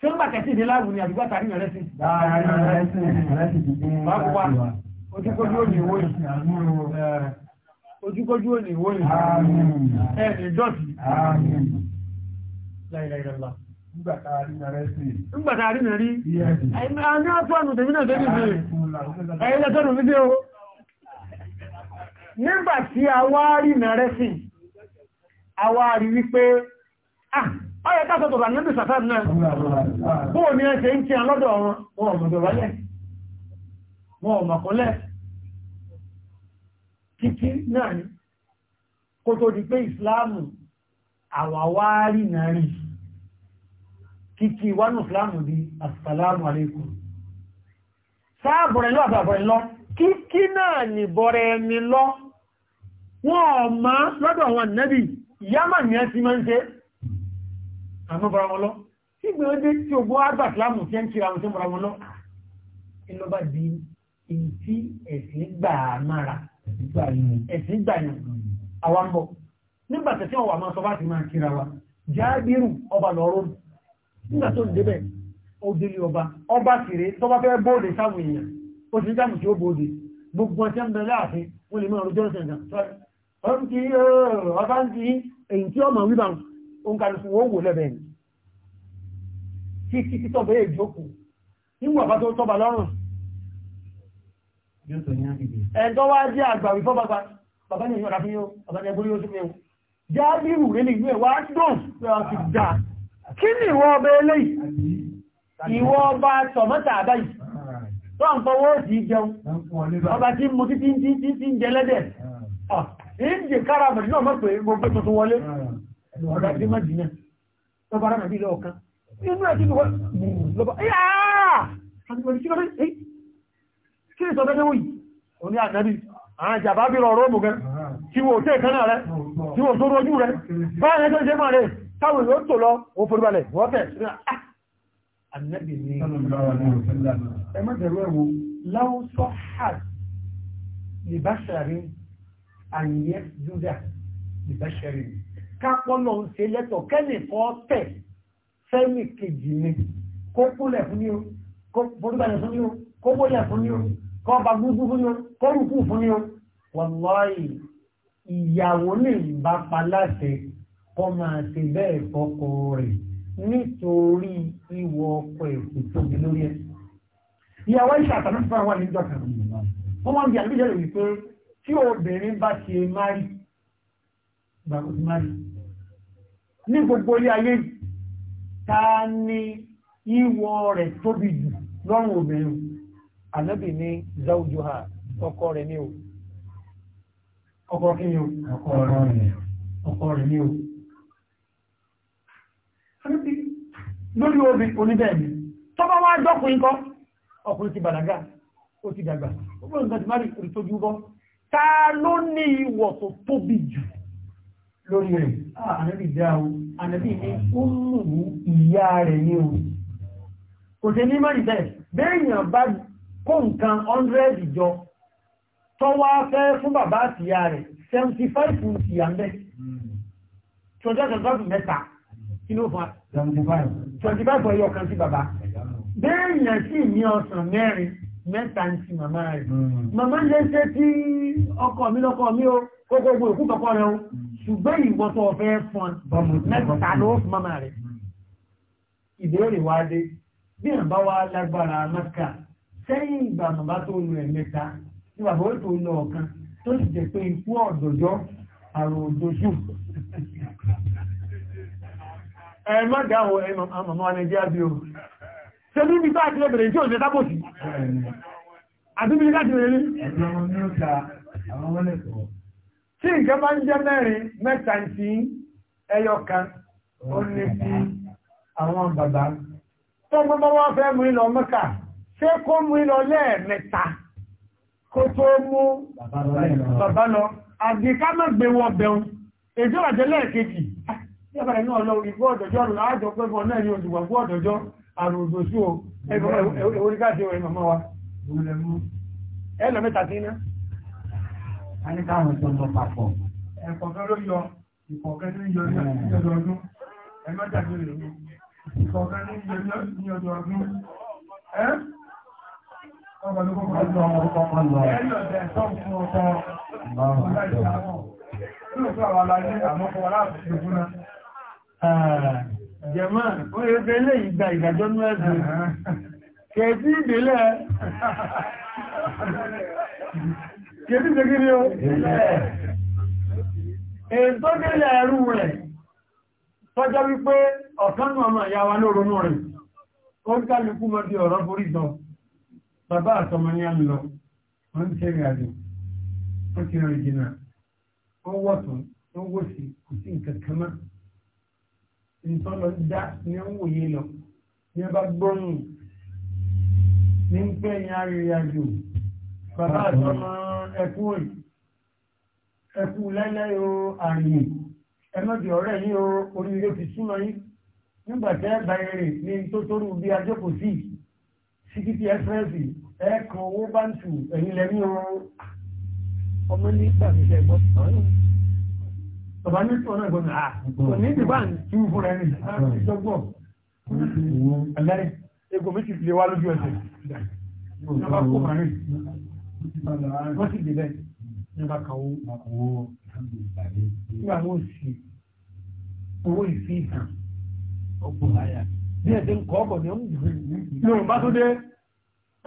ṣé ń gbàtẹ́ sí ìdí láàrú ni àdúgbò àtàrí yàn lẹ́sìn. ojúkójú òní ìwó yìí ojúkójú òní ìwó yìí ẹni dọ́tí. Nígbàtà àrínà rí, àmì àtúwànù tèmi náà tẹ́lú ìbéèrè, ẹ̀yìn lẹ́tọ́nù fídíò. Nígbàtí a wá rí nà rẹ́sìn, a wá rí wípé, ah, Ọyẹ káṣọ tọ̀rọ̀ àníbì sàfẹ́ náà. Bóò ni ẹ̀ṣẹ̀ ń kí a lọ́dọ̀ wọn, wọn ò mọ̀dọ̀ wálẹ̀. Wọn ò mọ̀kúnlẹ̀. Kíkí náà ni. Kó tó di pé Ìsìláàmù àwàwárí náà rí. Kíkí wánú Ìsìláàmù di Àsàlámù Alékùn. Sáàbọ̀rẹ̀ lọ àbàbọ̀rẹ̀ lọ. Kíkí náà ni bọ̀rẹ̀ ẹni lọ. Wọ́n ò lọ́dọ̀ wọn nẹ́bì. Yámà ni ẹ àwọn bọ̀rọ̀ wọn lọ tí gbé ó dé tí ogun àgbà sílámù tí ń tira wọn tí ń bọ̀rọ̀ wọn lọ ìlọba di èyí tí ẹ̀sìn gbà mára ẹ̀sìn gbà yàn àwa ń bọ̀ nígbà tẹ̀sí ọ̀wà máa sọ bá ti máa kira wa jáàbírù ọba lọ́rọ́ nígbà tó ń débẹ̀ ó délé ọba ọba kéré tọ́ba fẹ́ bóde sáwọn èèyàn ó ti dáàmù tí ó bóde gbogbo ọtí ń bẹ láàfin wọn lè máa rojọ́ ọ̀sẹ̀ nǹkan ọ̀rọ̀ ti ọba ń ti èyí tí ọmọ wíwá òǹkàlùkù wọ́n wò lẹ́bẹ̀ẹ́ ni títí títọ́ bẹ́ẹ̀ jókù nígbà bá tó tọ́ba lọ́rùn ẹ̀ntọ́ wá jẹ́ àgbà wípọ́ bàbá bàbá ní ìyọ́ra fi yóò bàbá ní ẹgbórí oṣù mẹ́wọ́ já rírù rẹ̀ nìgbé wá dùn pé wọ́n ti dà kí ni ìwọ ọba eléyìí ìwọ ọba tọ̀mọ́tà àbáyìí tó ń fọwọ́ sí jẹun ọba tí mo ti ti ń jẹ lẹ́dẹ̀ ìjẹ káràmù náà mọ̀ pé mo gbé tuntun wọlé ọ̀dà ìdí má jìnnà lọ́ba ara nàbí lọ́ọ̀kan nínú ìbáṣẹ̀rin àyẹ̀ júdà ìbáṣẹ̀rin kápọ́nà ń ṣe lẹ́tọ̀ kẹ́nìkan tẹ̀ fẹ́mi kejì ni kó kúlẹ̀ fún ní o kó foríbalẹ̀ fún ní o kó wọlé fún ní o kó ọba gbúgbú fún ní o kó rúkú fún ní o wàláì ìyàwó lè bá pa láṣẹ kó máa ṣe bẹ́ẹ̀ fọkọ rẹ̀ nítorí ìwọ ọkọ ẹ̀kú tóbi lórí ẹ̀. ìyàwó iṣẹ́ àtàlù fún àwọn àlejò kan wọ́n wá ń bí ìgbàkùnmárì ní gbogbo ilé ayé ta ni ìwọ rẹ̀ tóbi jù lọ́rùn obìnrin ànábì ní zawjuha ọkọ rẹ̀ ní o ọkọ kí ni o ọkọ rẹ̀ ní o lórí obì oníbẹ̀ẹ̀mí tó wá dọ́kùnrin kọ́ ọkùnrin ti ó ti dàgbà ó bọ́ lórí rẹ̀ ànábì dá o ànábì ní ó mú ìyá rẹ̀ ní o kò tẹ́ ní mọ́rin bẹ́ẹ̀ bẹ́ẹ̀yàn bá kó nǹkan 100 jọ tó wá fẹ́ fún bàbá àtìyá rẹ̀ 75 fún ìyá mẹ́ 25 mẹ́ta kí ló fún 25 fún ẹyọ kan sí bàbá bẹ́ẹ̀yàn sì ní ọ̀sán mẹ́rin mẹ́ta ń ti màmá rẹ̀ hmm. màmá ń lé tí ọkọ mi lọ́kọ mi o kókó gbogbo òkú kọ̀kọ́ rẹ̀ o hmm ṣùgbọ́n ìwọ́n tó fẹ́ fún mẹ́ta ló fún mọ́mà rẹ̀ ìbéèrè wá dé bí ẹ̀ bá wá lágbára mẹ́ta sẹ́yìn ìgbà bàbá tó lu ẹ̀mẹ́ta ní bàbá ó tó lọ ọ̀kan tó sì jẹ́ pé ikú ọ̀dọ̀jọ́ àrùn òdòṣù ẹ má dáhùn ẹ màmá wa nàìjíríà bí o ṣe bí bí bá àti lẹ́bẹ̀rẹ̀ tí ò ṣe sábòsì àbí bí láti rẹ̀ rí. ẹ̀sán ọmọ ní ó ta àwọn ọmọ lẹ́kọ̀ọ́ tí nǹkan bá ń jẹ́ mẹ́rin mẹ́ta ti ẹyọ kan ó ní sí àwọn bàbá tọ́mọ bá wá fẹ́ mú ilọ̀ mẹ́ka ṣé kó mú ilọ̀ lẹ́ẹ̀mẹ́ta kó tó mú bàbá lọ àbí ká má gbé wọ bẹun èdè ọ̀jẹ́ lẹ́ẹ̀kejì yàrá iná lọ ìgbó ọ̀dọ̀jọ́ rẹ̀ àjọ pé bọ́ náà ní olùgbà fún ọ̀dọ̀jọ́ àrùn òṣòṣù o ẹgbẹ́ orí káàkiri ọ̀rẹ́ màmá wa ẹlọ mẹ́ta sí náà a ní káwọn tó lọ papọ̀. ẹ̀kọ̀kan ló yọ ìkọ̀kan ní yọ ní ọdọọdún ẹ má dàbí rẹ̀ ní ìkọ̀kan ní yọ ní ọdọọdún ẹ́ ọgbà ló kọ́kọ́ lọ orúkọ kan lọ ẹ lọ bẹ̀ tọ́ fún ọkọ ọ̀gá ìṣàmọ̀ lóòótọ́ àwọn aláyé àmọ́kọ̀ aláàbò ìfúnná. jẹ̀mọ́ ó yẹ fẹ́ lè gba ìdájọ́ ní ẹ̀sìn kẹ̀sí ìdílé kìí ṣe kí ni ó ètò délẹ̀ ẹ̀rù rẹ̀ tọ́jọ́ wípé ọ̀kánù ọmọ ìyá wa ló ronú rẹ̀ ó ń kálukú mọ́ bí ọ̀rọ̀ borí jọ bàbá àtọmọ ní àmì lọ wọ́n ti rìn àjò ó ti rìn jìnnà ó wọ̀tún ó wòsì kò sí nǹkan kan mọ́ nǹkan lọ dá ní ń wòye lọ ní ẹ bá gbóhùn ní pẹ́ yín arìnrìn àjò bàbá àtọmọ ẹkú òyì ẹkú lẹ́lẹ́ o àyè ẹmọ́dì ọ̀rẹ́ yìí o oríire fi súnmọ́ yìí nígbà tẹ́ ẹ bá eré ní tó tóru bí ajẹ́kù sí síkítì ẹfẹ́ẹ̀sì ẹ̀ẹ̀kan owó báńtù ẹ̀yìn lẹ́ní o ọmọ ní gbàgbẹ́ gbọ́ bàbá ní tí wọn náà gbọ́dọ̀ àà ah, kò ní ìdìbò àǹtí tún fúnra ẹni ìjọgbọ́ ẹgbẹ́ mi ti fi lé wá lójú ẹsẹ̀ ìjọba kó màrí wọ́n sì débẹ̀ nípa kàwó nígbà wọ́n sì owó ìfín ìtàn ọgbọ̀n àyà bí ẹ̀sẹ̀ ń kọ́ ọkọ̀ ní ọmọ ìfín ìlú bá tó dé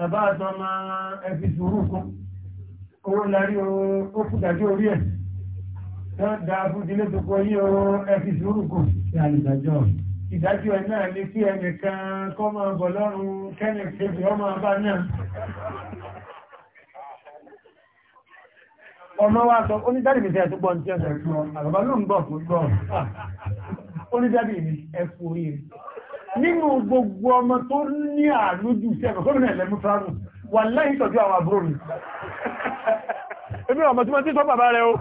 ẹ̀bá àtọ́ máa ẹ̀fí sùúrù kún owó larí ó kú dájú orí ẹ̀ wọ́n da fúdílé tó kọ yí o ẹ̀fí sùúrù kún ìdájọ́ ìdájọ́ ẹ̀ náà ní kí ẹnìkan kọ́ máa bọ̀ lọ́rùn kẹ́nìkan ọmọ àbá náà ọmọ wa sọ onídàbí mi tẹ́ tó gbọ́n tí ẹ̀sọ̀ ìṣúná àgbàbá ló ń gbọ́ fún gbọ́ onídàbí ah, mi ẹ̀fù oríire nínú gbogbo ọmọ tó ní àlójú sí ẹ̀kọ́ gómìnà ẹ̀lẹ́mú fáàrùn wà láì tọ́jú àwọn àbúrò mi ebi ọmọ tí wọ́n ti sọ bàbá rẹ̀ o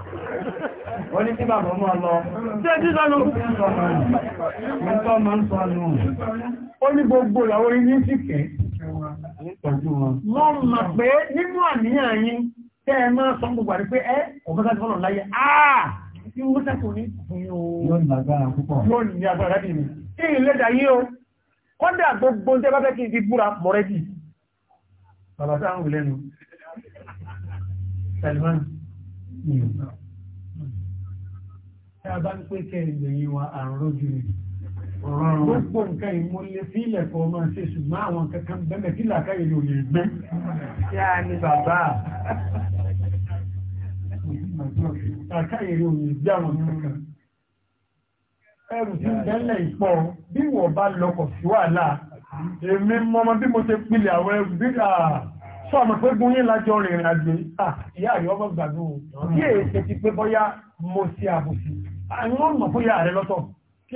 wọ́n ní tí bàbá mọ́ lọ tí ẹ ti sọ́nù ó ní gbogbo ìyàwó yín ní síkẹ́ lọ́mọ pé nínú àníyàn yín tẹ́ ẹ máa sọ gbogbo àrí pé ẹ́ ọ̀gọ́gá ti fọ́lọ̀ láyé àà tí ó sẹ́kù ní yóò ní agbára púpọ̀ yóò ní agbára rábì mi kí n lẹ́dà yí o kọ́dà gbogbo ń tẹ́bá fẹ́ kí n fi búra mọ̀rẹ́dì bàbá sáà ń wù lẹ́nu Salman yìí tá a bá ń pé kẹ́ ìgbẹ̀yìn wa àrùn ni gbogbo ọmọ ṣe ṣùgbọ́n àwọn kankan bẹ́ẹ̀ tí làákàyè ló yẹ gbẹ́ kí á ní bàbá làkàyèrè òyìn àwọn mímú náà ẹrù tí ń tẹ́lẹ̀ ìpọ̀ bí wọ́n bá lọ́kọ̀ sí wàhálà èmi mọ́mọ́ bí mo ṣe pilẹ̀ àwọn ẹrù bí i sọ àmọ́ pé gun yín lájọ rìnrìn àjò ìyá àyọ̀ ọmọ kí ti pé bọ́yá mo ṣe àwọn ọmọ rẹ lọ́tọ̀ kí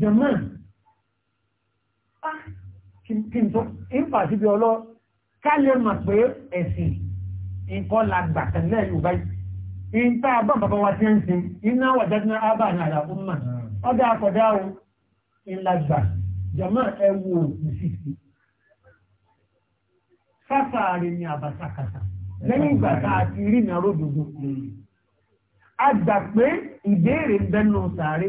jẹ̀mọ́ ah, kí n tó ìfà síbi ọlọ́ ká lè mọ̀ pé ẹ̀sìn nǹkan la gbà tẹ̀lé yorùbá yìí ń tá a bá bàbá wa ti ń sin iná wà dájúná ábà ní àlà fún mà ọdá akọ̀dá o ńlá gbà jẹ̀mọ́ ẹ wo ìsìsì sáfàárì ni àbàsàkàsà lẹ́yìn ìgbà tá a ti rí ìnáró dodo mm. a gbà pé ìbéèrè bẹnu sàárè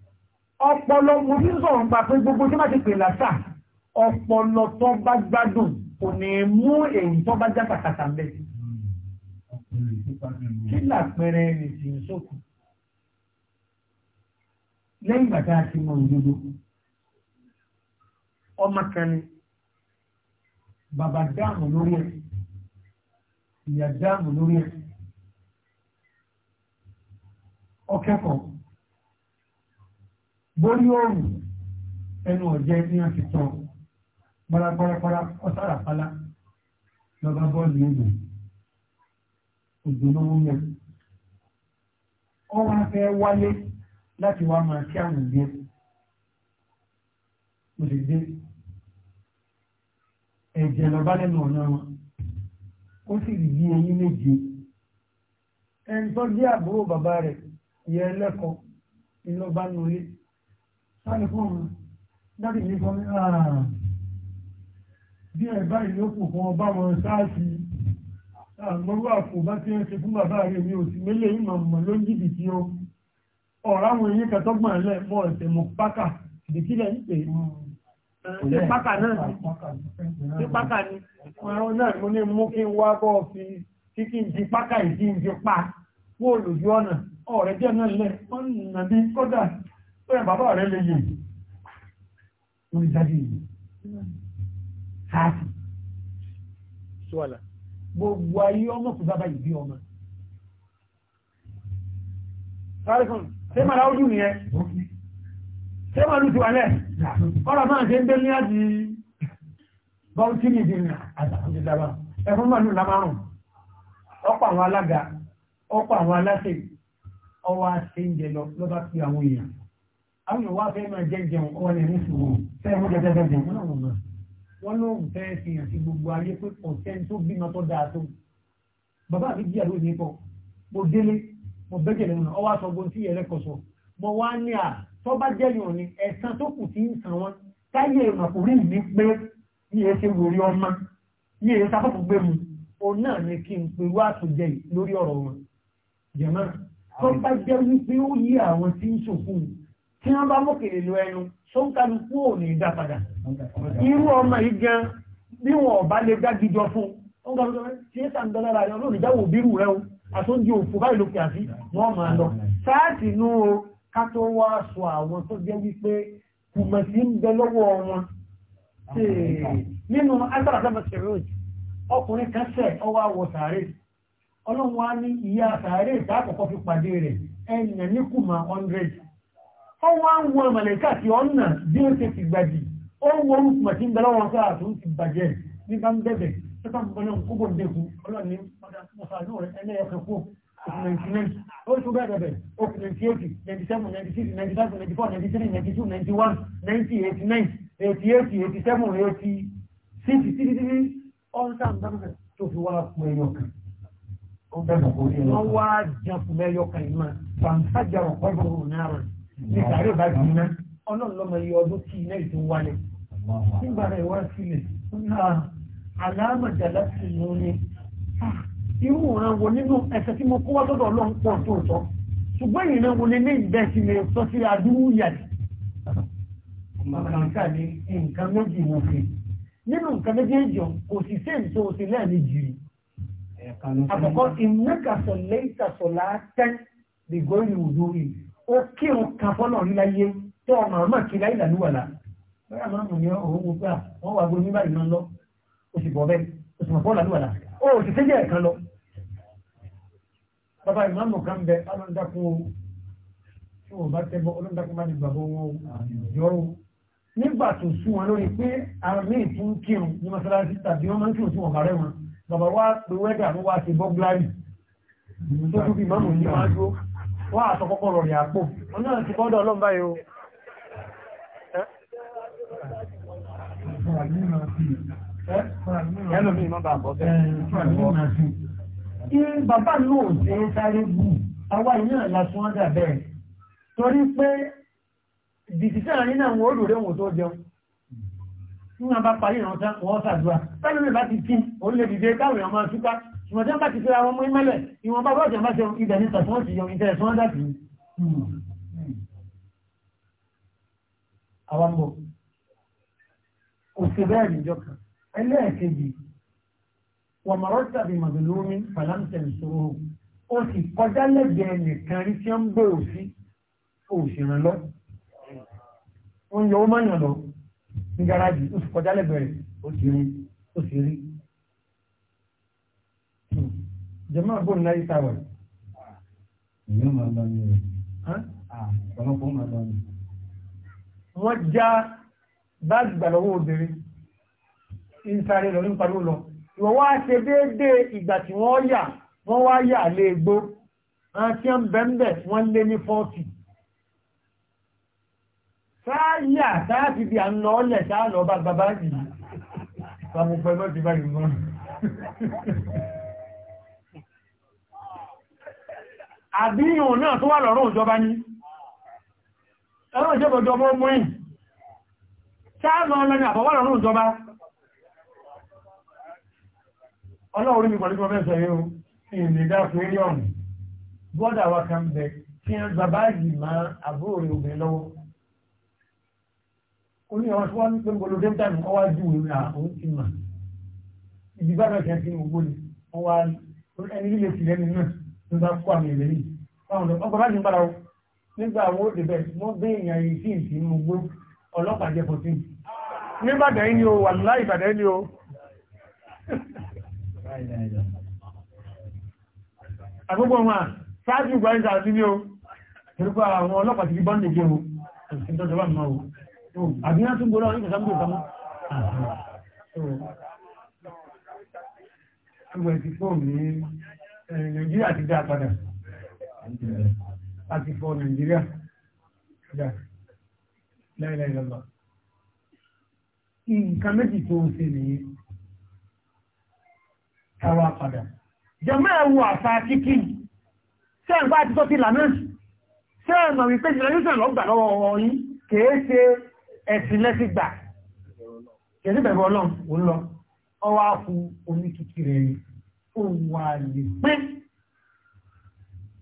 ọpọlọ mo ní sọ̀rọ̀ nípa pé gbogbo tí má ti pè lásà ọpọlọ tó bá gbádùn kò ní mú èyí tó bá já kàkàtà ń bẹ sí. kí làpẹrẹ rẹ̀ sì sókù lẹ́yìn ìgbà tá a òdodo ọmọ kan bàbá dáàmù lórí ẹ̀ ìyá dáàmù lórí ẹ̀ ọkẹ́kọ̀ọ́ borí oòrùn ẹnu ọ̀jẹ́ ní wọ́n ti tọ́ gbọ́lágbọ́lágbọ́lá ọ̀sáràpálá lọ́ba bọ́ọ̀lù ìlú ògbóná wọn yẹn ọwọ́ afẹ́ wáyé láti wá máa kí àwọn ìgbé mo sì dé ẹ̀jẹ̀ lọ́ba lẹ́nu ọ̀nà wọn ó sì rí bí eyín méje ẹni tó jẹ́ àbúrò bàbá rẹ̀ yẹ ẹlẹ́kọ̀ọ́ ìlọ́ba nulẹ̀ sáàlì fún mi ní fún ah, bí ẹ báyìí ló fún ọba wọn sáàsì àgbọrú ah, àpò bá ti ń ṣe fún bàbá rẹ mi ò sì mélé ìmọ̀ ló ń jìbìtì o ọ̀rọ̀ àwọn eyín kẹtọ́gbọ̀n ẹ̀lẹ́ mọ́ ẹ̀sẹ̀ mọ́ pákà ìdíkílẹ̀ ń pè ṣe pákà náà ṣe pákà ni ọ̀rọ̀ náà mo ní mú kí n wá bọ́ fi kí ẹ̀ bàbá rẹ̀ lè yè wọ́n ìdájí yìí sáàtì ṣọ́ọ̀lá gbogbo ayé ọmọ kò bàbá yìí ọmọ sáré kan ṣé màá láwùjú nìyẹn ní ẹ̀fún àwọn alága àwọn ọwọ́ lọ àwọn ìwà fẹ́ máa jẹ́ jẹun kọ́ ni ní ṣòro fẹ́ mú jẹ́ jẹ́ jẹun náà wọ̀n wọ́n ló ń fẹ́ fi hàn sí gbogbo ayé pé ọ̀sẹ̀ tó bímọ tó dáa tó bàbá mi jí àlóyè nípọ̀ mo délé mo bẹ́jẹ̀ lẹ́nu náà ọwọ́ aṣọ ogun tí ẹlẹ́kọ̀ọ́ sọ mo wá ní à tó bá jẹ́ yàn ni ẹ̀sán tó kù tí ń sàn wọn táyé ìmọ̀kùnrin mi pé ní ẹsẹ̀ wòrí ọmọ ní ẹsẹ̀ afọ́fù gbé mu òun náà ni kí n pe wá àtúnjẹ lórí ọ̀rọ̀ wọn jẹ̀mọ́ tó bá jẹ́ wípé ó yí àwọn tí ń ṣòfò yìí tí wọ́n bá mọ́kèrè lọ ẹnu tó ń kájú kú ò ní dá padà irú ọmọ yìí gan bí wọn ọba lè dágijọ fún wọn gbọ́dọ̀ tó ṣe é sàǹdọ́lára rẹ olóòrùn ìjáwó bírù rẹ o àtúndì òfò báyìí ló kìí àfi wọn máa lọ sáàtì inú o ká tó wá sọ àwọn tó jẹ́ wípé kùmọ̀ sí ń bẹ lọ́wọ́ wọn nínú agbára sábà tẹ̀rọ̀jì ọkùnrin kan ọwọ́ ó wá ń wọn mọ̀lẹ́kà tí ó nà bí ó ṣe ti gbàjì ó ń wọn oṣù màtí ń bẹ lọ́wọ́ sáà tó ń ti bàjẹ́ ní bá ń bẹ̀bẹ̀ sọ́tà bọ́ náà kó bọ̀ ń dẹ́kun ọlọ́run ní mọ̀tà ẹlẹ́yọ̀kẹ́ kú oṣù ninety nine oṣù bẹ́ẹ̀ bẹ̀bẹ̀ oṣù ninety eight ninety seven ninety six ninety five ninety four ninety three ninety two ninety one ninety eighty nine eighty eight eighty seven eighty six three three ọ̀nsá ń dábẹ̀ tó fi wá pọ̀ ẹ̀yọ̀kan ó bẹ̀rẹ̀ kó rí ẹ̀yọ̀kan wọ́n wá jẹun mẹ́yọ̀kan yìí máa fàǹfàjà ọ̀pọ̀ ìbòrò náà rẹ̀ lè sáré bá jiná ọlọ́run lọ́mọ iye ọdún tí iná ètò wálẹ̀ nígbà rẹ̀ wá sílẹ̀ aláàmọ̀jàlá sì ló ní ah, ah, irú ìran wo nínú ẹsẹ̀ tí mo kó wá lọ́dọ̀ ọlọ́run pọ̀ tó tọ́ ṣùgbọ́n ìran wo lè ní ìbẹ́ sí mi sọ sí adúrú yàtì màkàǹkà ní nǹkan méjì mo fi nínú nǹkan méjèèjì kò sì sí èso òsì lẹ́ẹ̀mejì rí àkọ́kọ́ ìmúkàsọ̀ lẹ́ìtàsọ̀ láátẹ́ lè gbọ́ ìrìn òdòrí ó kírun kan fọ́nà níláyé tó ọmọ àmọ́ kí láì làlúwàlà bẹ́ẹ̀ máa mú ní òun gbogbo à wọ́n wá gbogbo nígbà ìná lọ ó sì bọ̀ bẹ́ẹ̀ ó sì mọ̀ fọ́nà làlúwàlà ó sì séjẹ́ ẹ̀kan lọ. bàbá ìmáàmù kan bẹ alóńdàkùn o tí wọn bá tẹ́bọ̀ olóńdàkùn bá ní gbàgbọ́ wọn yọ o nígbà tó sún wọn lórí pé àmì ìtún kírun ní mọ́sálásí tàbí wọ́n máa ń kírun tí wọ́n bá rẹ̀ wọn bàbá wa pé wẹ́dà ló wá ti bọ́ gláì tó tún fi máàmù yìí wá wọ́n àtọ́ kọ́kọ́ rọ̀ ní àpò wọ́n náà ti bọ́dọ̀ ọlọ́mbà yóò ẹlòmí ma bá bọ́ bẹ́ẹ̀ náà ṣe é sáré bù àwa iná lásán ọ́dà bẹ́ẹ̀ torí pé dìtìtà nínú àwọn olùrẹ́ òun tó jẹun ní wọn bá parí ìrántá wọn ṣàdúrà tẹ́lẹ̀ mi bá ti kí òun lè dìde káwọn èèyàn máa ìwọ̀n tí wọ́n bá ti fẹ́ra wọn mú mẹ́lẹ̀ ìwọ̀n bá bọ́ọ̀tẹ̀ máa ṣe ibẹ̀ ní tàbí wọ́n ti yọ ìtẹ́ ẹ̀sùn ọ́dá sí àwọn mọ̀ kò sí bẹ́ẹ̀ ẹlẹ́ẹ̀kejì wọ́n mọ̀rọ̀ tàbí màbìlómi pàlámsẹ̀ ìṣòro ó sì kọjá lẹ́gbẹ̀ẹ́ nìkan rí tí ó ń gbòòrò sí jẹ́mọ́ àbò ńlá yìí sáwẹ̀. ìyá máa ń bá mi rẹ̀. ọ̀pọ̀lọpọ̀ máa bá mi. wọ́n já báàgì gbà lọ́wọ́ obìnrin ń sáré lọ ní pariwo lọ ìwọ̀n wá ṣe déédéé ìgbà tí wọ́n yà wọ́n wá yà lé egbó àti ń wọ́n lé ní fọ́ọ̀tì sáyà sáàfi bí a ọlẹ̀ sáà lọ bá bàbá yìí àbíyàn náà tó wà lọ́rọ̀ ìjọba ní ẹ̀rọ ìjọba ìjọba ọmọ yìí sáàmà ọlọ́ni àbọ̀wà lọ́rọ̀ ìjọba ọlọ́orí mi pọ̀lú mọ́fẹ́sẹ̀ yóò ìrìnlẹ̀dá fún mílíọ̀nù bọ́dà wa kan bẹ kí ẹ gbà báyìí máa àbúrò obìnrin lọ́wọ́ ó ní ọ̀rọ̀ tí wọ́n ń pè gbogbo dẹ́mtà ní ọwá ju ìwé ti mà ìdìbàdàn kẹ́kẹ́ ní gbogbo ni wọ́n wá ẹni líle sílẹ̀ nínú nígbà kó àmì ìrẹ́lẹ̀ ọkọ̀ bá ti ń bára o nígbà owó dìbẹ̀ wọ́n gbé èèyàn yìí sí ìsì inú gbó ọlọ́pàá jẹ́ fourteen nígbàdàn yìí ni o wà láì ìbàdàn yìí ni o. àgbogbo wọn ṣáájú ìgbà ìjà sí ni o torípa àwọn ọlọ́pàá ti fi bọ́ǹdì gbé o ìtọ́jọ́ bá mọ́ o àbí wọ́n tún gbọ́dọ̀ nígbà sábà gbọ́dọ̀ mọ́. Àwọn ẹ̀sìn fóònù ní Nàìjíríà ti dá padà àti fọ nàìjíríà láìláìlọ́lọ́ nǹkan méjì tó ń ṣe nìyí káwà padà jẹ́mọ́ ẹ̀wọ̀ àṣà kíkí ṣe ń bá ti tọ́ ti lànà ṣe ń mọ̀ wípé jìnà yóò sẹ̀lọ́ gbà lọ́wọ́ ọ̀yí kèé ṣe ẹ̀sìn lẹ́sì gbà kèé bẹ̀rẹ̀ ọlọ́run ó lọ ọwá fún omi kíkí rẹ̀ ó wà lè pín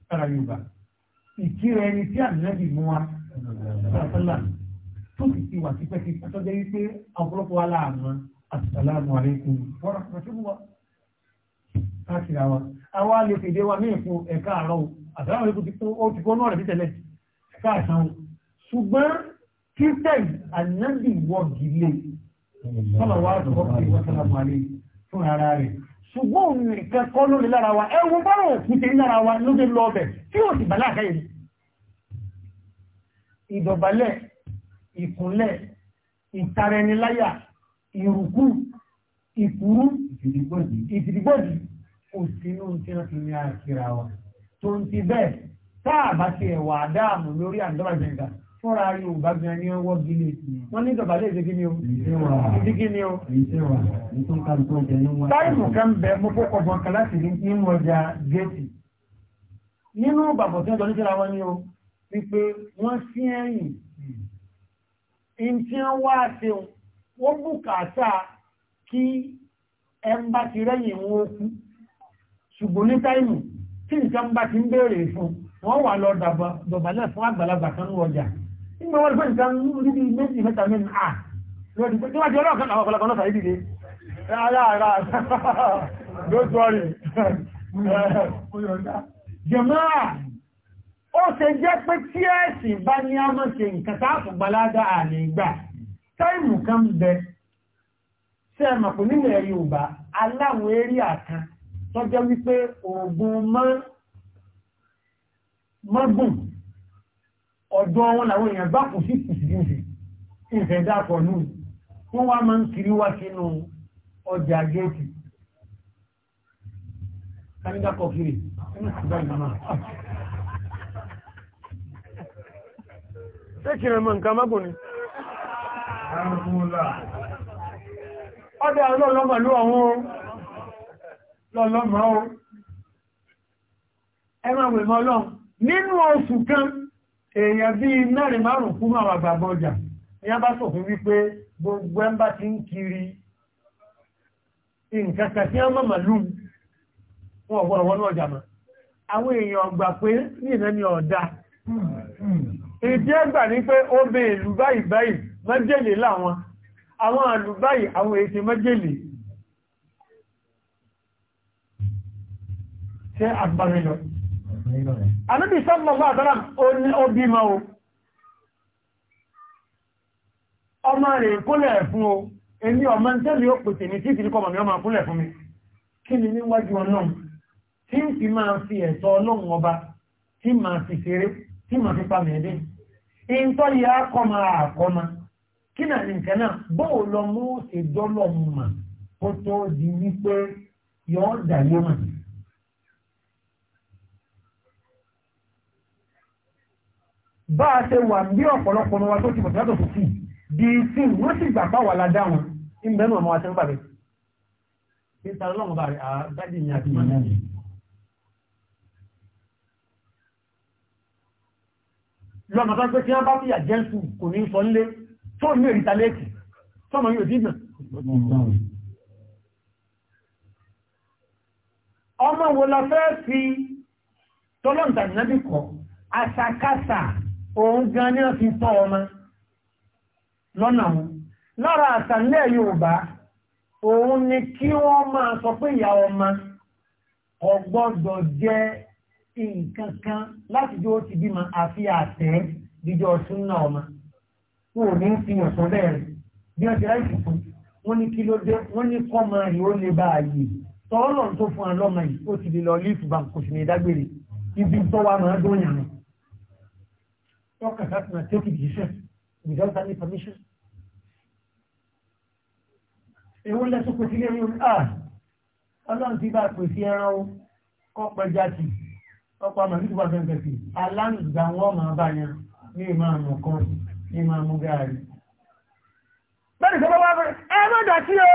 sára yorùbá ìkírẹ ẹni tí ànábì mú wa sàlá tó sì ti wà tipẹ́tì àtọ́jẹ́ wípé ọ̀pọ̀lọpọ̀ wa láàmú asàlámù àlékún fọ́nà pàṣẹ́wò wa káàkiri àwa àwa lè fèdè wa ní ìfún ẹ̀ka àárọ̀ o àsàlámù àlékún ti kó ó ti kó náà rẹ̀ títẹ̀lẹ̀ káàsán ṣùgbọ́n kíntẹ́ì ànábì wọ gílé sọ́nà wa àtọ́kọ́ ṣùgbọ́n nìkan kọ́ lórí lára wa ẹwọ bọ́rọ̀ òkúté lára wa lóde lọ ọbẹ̀ tí ó sì bà láàkẹ́ yìí ìdọ̀bálẹ̀ ìkúnlẹ̀ ìtaraẹniláyà ìrùkú ìkúrú ìtìdígbòdì kò sínú tí wọ́n ti ní àkíra wa tó ń ti bẹ́ẹ̀ táàbá ti ẹ̀wà dáàmù lórí àdọ́bàjẹ́gbà fúnra rí òǹgbà gan ni wọ́n gílé wọ́n ní ìjọba léèṣe kí ni o ìdí kí ni o. táìmù kan bẹ mo kó kọ̀ọ̀kan kan láti rí nínú ọjà géètì nínú bàbọ̀ tí wọ́n jọ ní síra wọn ni o wípé wọ́n sí ẹ̀yìn ìntí wá ṣe wọ́n bùkátà kí ẹ ń bá ti rẹ́yìn wọn okú ṣùgbọ́n ní táìmù tí nǹkan bá ti ń béèrè fún wọ́n wà lọ dọ̀bálẹ̀ fún àgbàlagbà kan ní ọjà nígbà wọ́n gbọ́n nǹkan ní bí méjì mẹ́ta mẹ́rin à lọ́dí pé tí wọ́n jẹ́ ọlọ́ọ̀kan àwọn ọ̀pọ̀lọpọ̀ lọ́sàá ìdílé rárá rárá ló sọ́rí jẹ̀máà ó ṣe jẹ́ pé tí ẹ̀sìn bá ní a mọ́ ṣe nǹkan táàfù gbalága àlè ìgbà táìmù kan bẹ ṣe é mọ̀ pé nílẹ̀ Yorùbá aláwọ̀ eré àkan tó jẹ́ wípé oògùn mọ́gùn ọ̀dọ́ wọn làwọn èèyàn bá kù sí kùsìkùsì ìfẹ́ dákọ̀ nù wọ́n wá máa ń kiri wá sínú ọjà géètì kánídàkọ̀ kiri ṣé kí ẹ̀mọ̀ nǹkan mọ́gùn ni ọdá ọlọ́lọ́mọ̀ ló ọ̀hún lọ́lọ́mọ̀ ó ẹmọ̀ ìwẹ̀mọ̀ ọlọ́run nínú oṣù kan èèyàn bí mẹ́rin márùn kú máa gbàgbọ́ ọjà èèyàn bá sòfin wípé gbogbo ẹmbá ti ń kiri nǹkankan tí wọ́n mọ̀mọ̀ lù wọ́n ọ̀gbọ́n ọjà mọ́ àwọn èèyàn gbà pé ní ìlẹ́ ni ọ̀dà ìdí ẹgbà ní pé ó bẹ ìlú báyìí báyìí májèlé láwọn àwọn ìlú báyìí àwọn èsì Ànábì sallallahu alaihi wasallam o. Ọmọ rẹ̀ kúnlẹ̀ o, èmi ọmọ tẹ́lì ó pèsè ní tí ìtìrí kọmọ̀ mi ọmọ kúnlẹ̀ fún mi. Kí ni níwájú ọlọ́run? Tí ń fi máa fi ẹ̀tọ́ ọlọ́run ọba, tí máa fi ṣeré, tí máa fi pàmì ẹ̀dẹ́. Ìntọ́ yà á kọmọ àkọmọ. Kí náà ní nǹkan náà, bóò lọ mú ìdọ́lọ́mù mà kó tó di bá a ṣe wà bí ọ̀pọ̀lọpọ̀ wọn tó ti pọ̀tàtọ̀ tó sì di sí wọ́n sì gbà bá wà ládá wọn ń bẹ́nu ọmọ àti nígbà rẹ̀ ní sàrọ̀ lọ́wọ́ bá rẹ̀ àgbájì ní àti màmá rẹ̀ lọ́nà tó pé tí wọ́n bá fìyà jẹ́ǹsù kò ní sọ nílé tó ní èrìta lẹ́ẹ̀kì tọ́mọ yóò dìgbà ọmọ wo la fẹ́ fi tọ́lọ́ǹtà nábì kọ́ àṣàkáṣà òun gan ní ọ̀fí tọ́ ọmọ lọ́nà mú lára àtàlẹ́ Yorùbá òun ni kí wọ́n máa sọ pé ìyá ọmọ ọgbọ́dọ̀ jẹ́ nǹkan kan láti jọ ti bímọ àfi àtẹ́ jíjọ ọmọ wọn ò ní fi hàn bẹ́ẹ̀rẹ̀ bí wọ́n fún wọn ní kí ló dé ní kọ́ máa rí ó lè a ibi máa Только как на тёке бежишь, without any permission. Èwo lẹ tó pèsè lérí orí àà, ọlọ́run ti bá pèsè ẹran o, kọ́ pẹ́ jáde, ọ̀pọ̀ àmọ̀ nígbà bẹ̀rẹ̀ sí, aláǹgbà wọn máa bá yẹn ní ìmọ̀ àmọ̀ kan ní ìmọ̀ àmú gáàrí. Bẹ́ẹ̀ni sọ bá fẹ́, ẹ má dà sí o,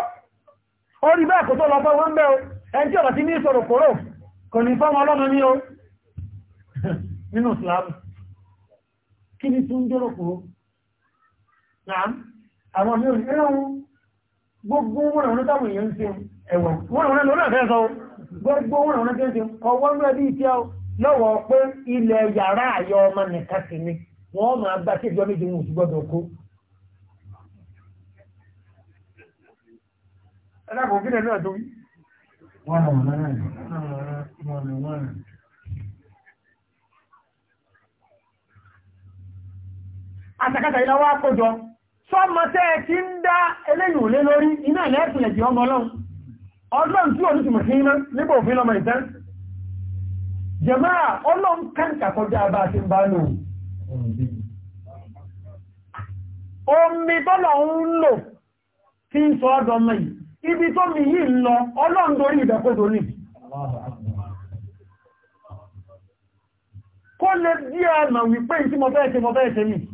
orí bẹ́ẹ̀ kò tó lọ fún wọn bẹ́ẹ̀ o, ẹni tí ọ̀rọ̀ ti ní ìṣòro kòrò, kò ní fọ́mọ ọlọ́run ní o, nínú Ìsìlámù kí ni tún jọ́rọ̀ kó àwọn mi ò gbogbo wọn àwọn táwọn èèyàn ṣe ẹ̀wọ̀n wọn àwọn ọmọ nìkan wọ́n máa gbá sí ìjọ méjì wọn ò kó ẹlẹ́kọ̀ọ́ kí lẹ́nu ẹ̀ wọ́n rẹ̀ wọ́n wọ́n rẹ̀ wọ́n àtàkàtà ilẹ̀ wá kójọ sọ́mọ tẹ́ ẹ ti ń dá eléyìn òlé lórí iná ẹ̀lẹ́ẹ̀tìlẹ̀ jẹ́ ọmọ ọlọ́run ọdún tí òní tìmọ̀ sí iná nígbà òfin lọmọ ìtẹ́ jẹ̀máà ọlọ́run kẹ́ǹkà kọjá bá ti ń bá lò omi tọ́lọ̀ ń lò tí ń sọ ọdọ mọ̀ yìí ibi tó mi yìí lọ ọlọ́run dorí ìdẹ́kódò ní kó lè díẹ̀ mà wípé ìtí mo fẹ́ ṣe mo fẹ́ ṣe nìí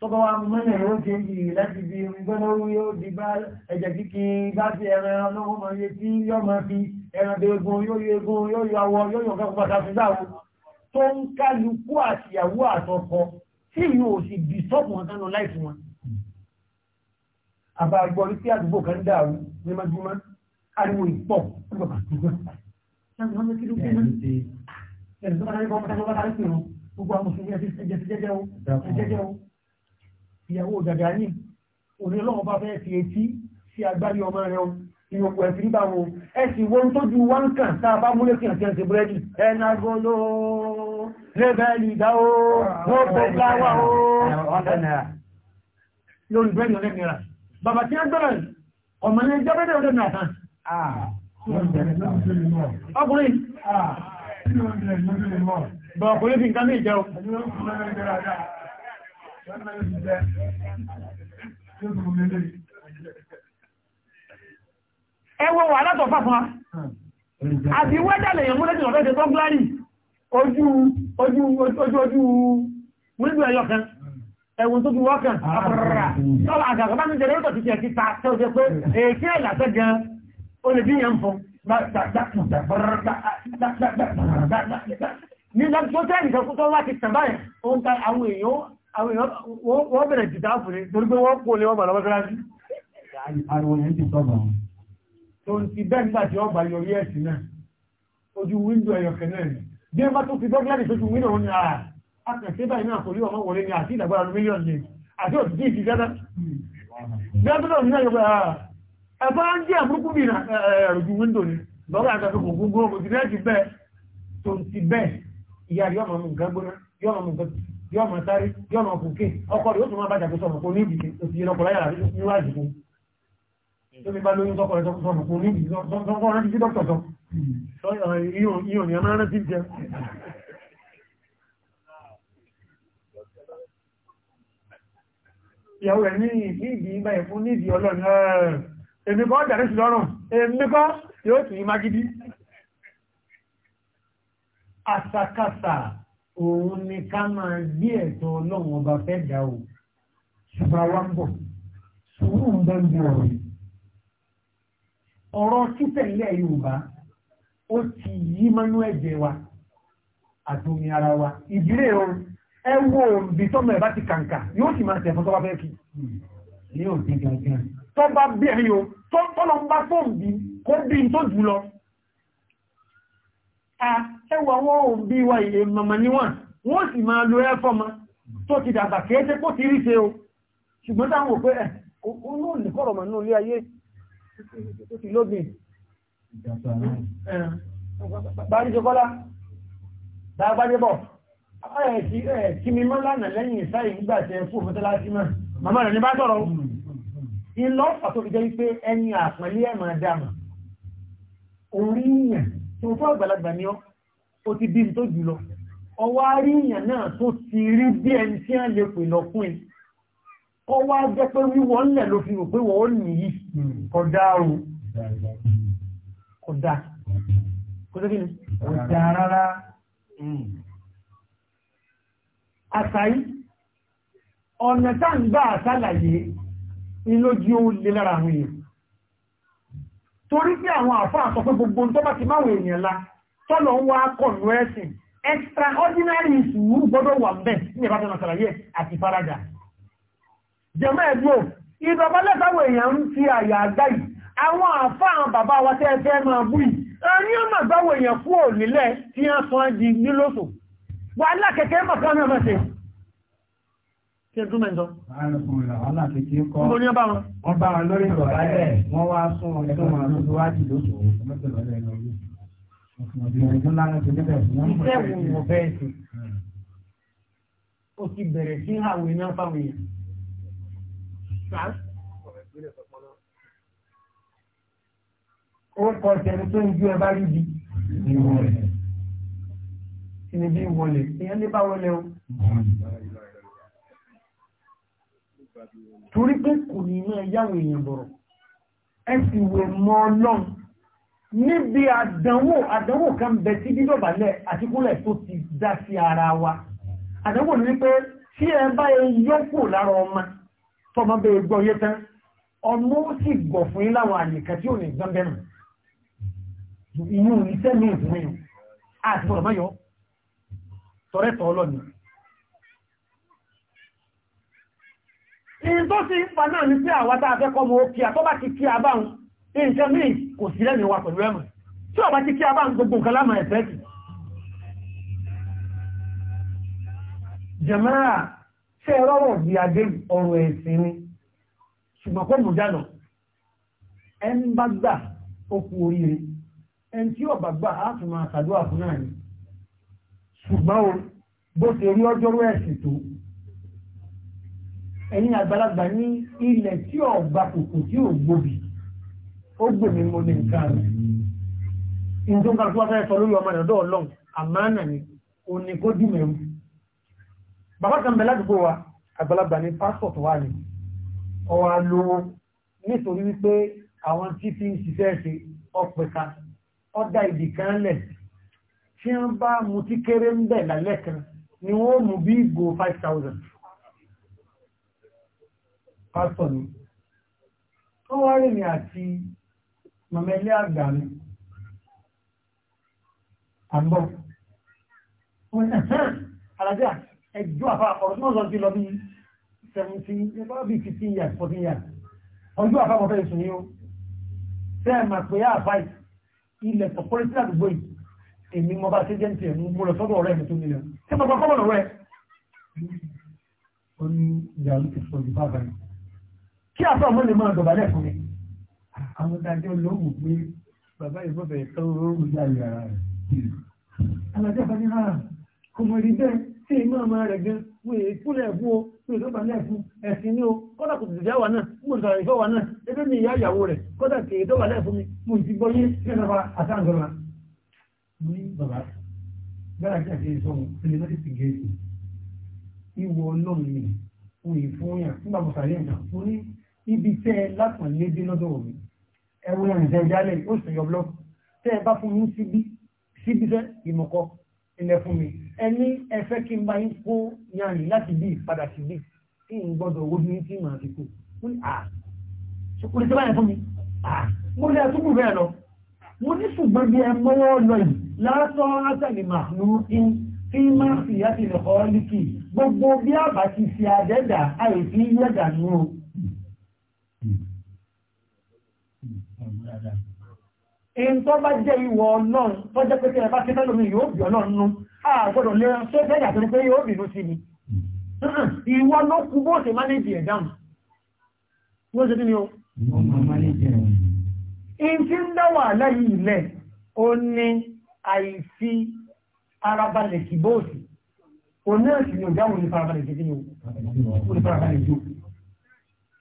tọ́kọ́ wa mọ́lẹ̀ ó jẹ́ yìí láti bí gbọ́nàwó yóò di bá ẹ̀jẹ̀ kíkí bá fi ẹran ọlọ́wọ́ mọ̀ yé tí yọ́ mọ̀ fi ẹran bẹ egun yóò yọ egun yóò yọ awọ yóò yọ kẹ́kọ̀ọ́ pàtàkì sáwọn tó ń kálukú àtìyàwó àtọkọ tí yóò sì di sọ́ọ̀pù wọn sánú láìsí wọn. àbá gbọ́ wípé àdúgbò kan dàrú ní mọ́júmọ́ ariwo ìpọ̀ gbogbo àwọn mùsùlùmí ẹjẹ jẹjẹ o ẹjẹ jẹjẹ o ìyàwó dàdà ní òní lọ́wọ́ bá fẹ́ fi etí sí agbárí ọmọ rẹ̀ o ìyòkù ẹ̀fì nígbà wọn ẹ sì wo ń tójú kàn tá bá múlé kí ẹ̀sẹ̀ ẹ̀sẹ̀ búrẹ́dì ẹ̀nà gọ́lọ́ lẹ́bẹ̀ẹ́lì ìdá o wọ́n bọ̀ o lórí búrẹ́dì ọ̀rẹ́ bàbá tí wọ́n gbọ́dọ̀ ọmọ Ẹwọ́ wà látọ̀ fáfá. Àti wẹ́dẹ̀lẹ̀ èèyàn múlẹ́jì lọ́fẹ́ ṣe tọ́gbláàrí ojú ojú ojú múlẹ́jì ẹ̀yọ kan. Ẹwọ́n tó ti wọ́kàn, Sọ́lá àgàgbà bá ní jẹ́rẹ́ ìtọ̀ títí ẹ̀kí ta tẹ́ òjẹ́ pé èkí ẹ̀lá fẹ́ gan o lè bí yẹn fún. Ní lọ́pọ̀ tẹ́lì àwọn èèyàn wọ́n bẹ̀rẹ̀ jìdá fún ní torí pé wọ́n kó lé wọ́n bà lọ́wọ́ kíláàsì ariwo yẹn ti sọ́bà wọn tó ń ti bẹ́ẹ̀ nígbà tí ọgbà yọrí ẹ̀sìn náà ojú wíńdò ẹ̀yọ̀kẹ́ náà ni bí ẹ bá tó fi bọ́gílárì sójú wíńdò wọn ni a akẹ̀sẹ̀ báyìí náà kò rí ọmọ wọlé ni àti ìdàgbára mílíọ̀nù ni àti òtítì ìdí gẹ́gẹ́ gbẹ́gbẹ́ náà yóò gbẹ́ ẹ̀fọ́ ń jẹ́ àmúrúkú bí na ẹ̀rùjú wíńdò ni lọ́wọ́ àgbàdo kò gbogbo ọmọ ti bẹ́ẹ̀ yóò máa sáré yóò máa kùnkè ọkọ rẹ̀ yóò tún máa bá jàpé sọ̀rọ̀ kó ní ìdíje òsì yẹn lọ́kọ̀ọ́ yàrá níwájú fún tóbi bá lóyún sọ́kọ̀ rẹ̀ sọ̀rọ̀ kó ní ìdíje sọ́kọ̀ rẹ̀ sí dókítà sọ ìyọ̀n ni a máa rántí jẹ. ìyàwó rẹ̀ ní ìdí ìgbà ẹ̀fún ní ìdí ọlọ́run èmi kọ́ jàrí sí lọ́rùn èmi kọ́ yóò tún yí magidi àsàkàsà òun ni ká máa gbé ẹ̀tọ́ ọlọ́run ọba fẹ́ dà o ṣùgbọ́n wa ń bọ̀ sùúrù ń bẹ́ ń bí ọ̀rọ̀ yìí ọ̀rọ̀ títẹ̀lé yorùbá ó ti yí mọ́nú ẹ̀jẹ̀ wa àtòmí ara wa ìdílé o ẹ wo òǹbí tọ́mọ ẹ̀ bá ti kàǹkà yóò sì máa tẹ̀fọ́ tọ́ba fẹ́ kí ní òǹbí gangan tọ́ba bí o tọ́lọ́ ń bá fóònù bí kó bí tó jù lọ ẹwà wọn ò bí wa ìyè mọ̀mọ̀ níwọ̀n wọ́n sì máa lo ẹ́fọ́ ma tó ti dàgbà kéése kó ti rí ṣe o ṣùgbọ́n táwọn wò pé ẹ̀ olóò ní kọ̀rọ̀ màá nílé ayé tó ti lóbìn báríjọkọ́lá dágbádébọ̀ ẹ̀ẹ̀kí mi mọ́ lánàá lẹ́yìn ìsáyì nígbà tẹ fún òfin tẹ́lá sí máa màmá rẹ̀ ní bá sọ̀rọ̀ ìlọ́pàá tó fi jẹ́ wípé ẹni àpẹẹlẹ́ ẹ̀mà dáàmà orí yàn tó fún àgbàlagbà ní ọ́ ó ti bí tó jù lọ ọwọ́ aríyàn náà tó ti rí bí ẹni tí a lè pè lọ fún ẹ ọwọ́ ajẹ́ pé wíwọ́ ńlẹ̀ ló fi rò pé wọ́n nìyí kọ̀dá o kọ̀dá kò sí kí ni kọ̀dá rárá àṣàyí ọ̀nà tá ń gbà àṣàlàyé ni lójú ó lé lára àwọn èèyàn torí pé àwọn àfáà sọ pé gbogbo tó bá ti máwọn èèyàn la tọ́lọ ń wá kọ̀nù ẹ̀sìn extraordinary ìṣúrù gbọ́dọ̀ wà bẹ́ẹ̀ ní ìbátan àṣàlàyé àti faraja jẹ́mọ́ ẹ̀dùn ìjọba lẹ́sàwọ̀ èèyàn ń fi àyà àgbá yìí àwọn àfáà bàbá wa tẹ́ fẹ́ máa bú yìí ẹni ọmọ àgbáwọ̀ èèyàn kú òlélẹ̀ tí wọ́n sọ di nílòsò wà lákẹ̀kẹ́ mọ̀kánná mọ̀sẹ̀ kí ẹ túnmẹ̀ sọ. Gbogbo ní ọba wọn. Wọ́n bá wọn lórí ìrọ̀lá ẹ̀ wọ́n wá sún ẹ̀tọ́ wọn lóṣù wájú lóṣù. Iṣẹ́ wo mo fẹ́ sí? O ti bẹ̀rẹ̀ sí àwọ̀ iná fáwọn èèyàn. Ó kọ ṣẹ̀ni tó ń ju ẹ bá rí bi. Ìwọ̀lẹ̀. Ìníbí ìwọ̀lẹ̀. Ìyẹn lé bá wọlé o torí pé kò ní mọ́ yáwọn èèyàn bọ̀rọ̀ ẹ sì wẹ̀ mọ́ ọlọ́run níbi àdánwò àdánwò kan bẹ tí dídọ̀bálẹ̀ àti kúnlẹ̀ tó ti dá sí ara wa àdánwò ní pé tí ẹ bá ẹ yọ́pò lára ọmọ tọmọ bẹ gbọ́ yé tán ọmọ ó sì gbọ̀ fún yín láwọn àyíká tí ò ní gbọ́n bẹ́nu inú iṣẹ́ mi ìfún yìí àti bọ̀rọ̀ mọ́ yọ tọrẹ́tọ̀ ọlọ́ni in tó sì ń pa náà ní pé àwa tá a fẹ́ kọmọ òkè àtọ́bá ti kí a bá ń nǹkan míì kò sí lẹ́nu wa pẹ̀lú ẹ̀mọ̀ tí ọba ti kí a bá ń gbogbo nǹkan lámà ẹ̀fẹ́ kì jẹ̀mẹ́rà ṣe rọ́rọ̀ bí adé ọrọ̀ ẹ̀sìn ni ṣùgbọ́n kó mú ẹ ń bá gbà ó kú oríire ẹni tí ọba gbà á tún máa ṣàdúrà fún náà ni ṣùgbọ́n bó ṣe rí ọjọ́rú ẹ̀sìn tó ẹ̀yin àgbàlagbà ní ilẹ̀ tí ò gba kòkò tí ò gbòbì ó gbòmí mo ní nǹkan rẹ̀ nítorí kan tó wá fẹ́ sọ lórí ọmọ ìrọ̀dọ́ ọlọ́run àmánà ni ò ní kó dùn mẹ́rin bàbá kan bẹ ládùúgbò wa àgbàlagbà ní pásítọ̀tù wa ni ọwọ́ alówó nítorí wípé àwọn tí fi ń ṣiṣẹ́ ṣe ọ̀pẹ̀ka ọ̀dà ìdì kan lẹ̀ tí wọ́n bá mutí kéré ń bẹ̀ lálẹ́ kan ni wọ́n mú bí ìgò five thousand pásọ̀ ni wọ́n wá rìn àti mọ̀mẹ́lẹ́ àgbà mi àbọ̀ wọ́n alájá ẹjọ́ àfà ọ̀rọ̀ tí wọ́n lọ sí lọ bí 17 bí 15 years 14 years ọjọ́ àfà mọ̀fẹ́ ìsùn yíó sẹ́ẹ̀mà pé àfà ilẹ̀ tọ̀pọ̀lẹ́ sí àdúgbò yìí èmi mọ́ bá ṣe jẹ́ ti ẹ̀mú mo sọ́dọ̀ ọ̀rẹ́ mi tó nílẹ̀ tí mo gbọ́ kọ́mọ̀ lọ́rẹ́ ó ní ìyàwó ti sọ ìbá báyìí kí àfà mọ́ lè máa dọ̀bálẹ̀ fún mi àwọn ìdájọ́ lóòwò pé bàbá ìbọ̀bẹ̀ tán oòrùn jáde ara rẹ̀ alájọ́ fani náà kò mọ̀ rí bẹ́ẹ̀ tí ìmọ̀ ọmọ rẹ̀ gan wọ́n èyí kúlẹ̀ fún o wọ́n èyí dọ̀bálẹ̀ fún ẹ̀sìn ní o kọ́dà kò tìjà wà náà mo sọ̀rọ̀ ìfọ́ wà náà ebí mi ìyá ìyàwó rẹ̀ kọ́dà kì í dọ̀bálẹ̀ fún mi mo ti gbọ́ yé kẹ́nàfà àtàǹgọ̀rọ̀ ní bàbá gbára kí àti ìsọ̀rọ̀ ẹni lọ́sí ti gẹ̀ẹ́sì ìwọ ọlọ́run ni òye fún yàn nígbà mọ̀sàlẹ́ yàn fún níbi tẹ́ ẹ lápọ̀ lédè lọ́dọ̀ mi ẹ̀wọ̀n ìrìnsẹ̀ ìjálẹ̀ ó sì yọ blọ́ọ̀kù tẹ́ ẹ bá fún mi síbí síbí tẹ́ ìmọ̀kọ ilẹ̀ fún mi ẹni ẹ fẹ́ kí n bá yín kó yanrìn láti bí padà sí bí kí n gbọ́dọ̀ owó ní tí màá fi kú mo ní àá mo ní sábàyàn fún mi àá mo ní àtúkù bẹ́ẹ̀ lọ mo ní ṣùgbọ́n bí ẹ mọ́wọ́ lọ yìí látọ́ látàlì màánú tí máa fi yá ti líkì gbogbo bí àbá ti fi àdẹ́dà àìsí yẹ̀dà nù Èyí tó bá jẹ́ ìwọ̀ ọlọ́run tó jẹ́ pé ẹ̀bá tí mẹ́lòmí yóò bí ọlọ́run nú, àgbọ́dọ̀ lè rán ṣé bẹ́ẹ̀ àtúrí pé yóò bínú sí ni. Ìwọ ló kú bó ṣe mánéjì ẹ̀ dáhùn. Wọ́n ṣe kí ni ó? Èyí tí ń dáwà lẹ́yìn ilẹ̀, ó ní àìfi arabalẹ̀ kìbóòsì, òní ẹ̀sìn ìdáhùn ní farabalẹ̀ kìbóòsì.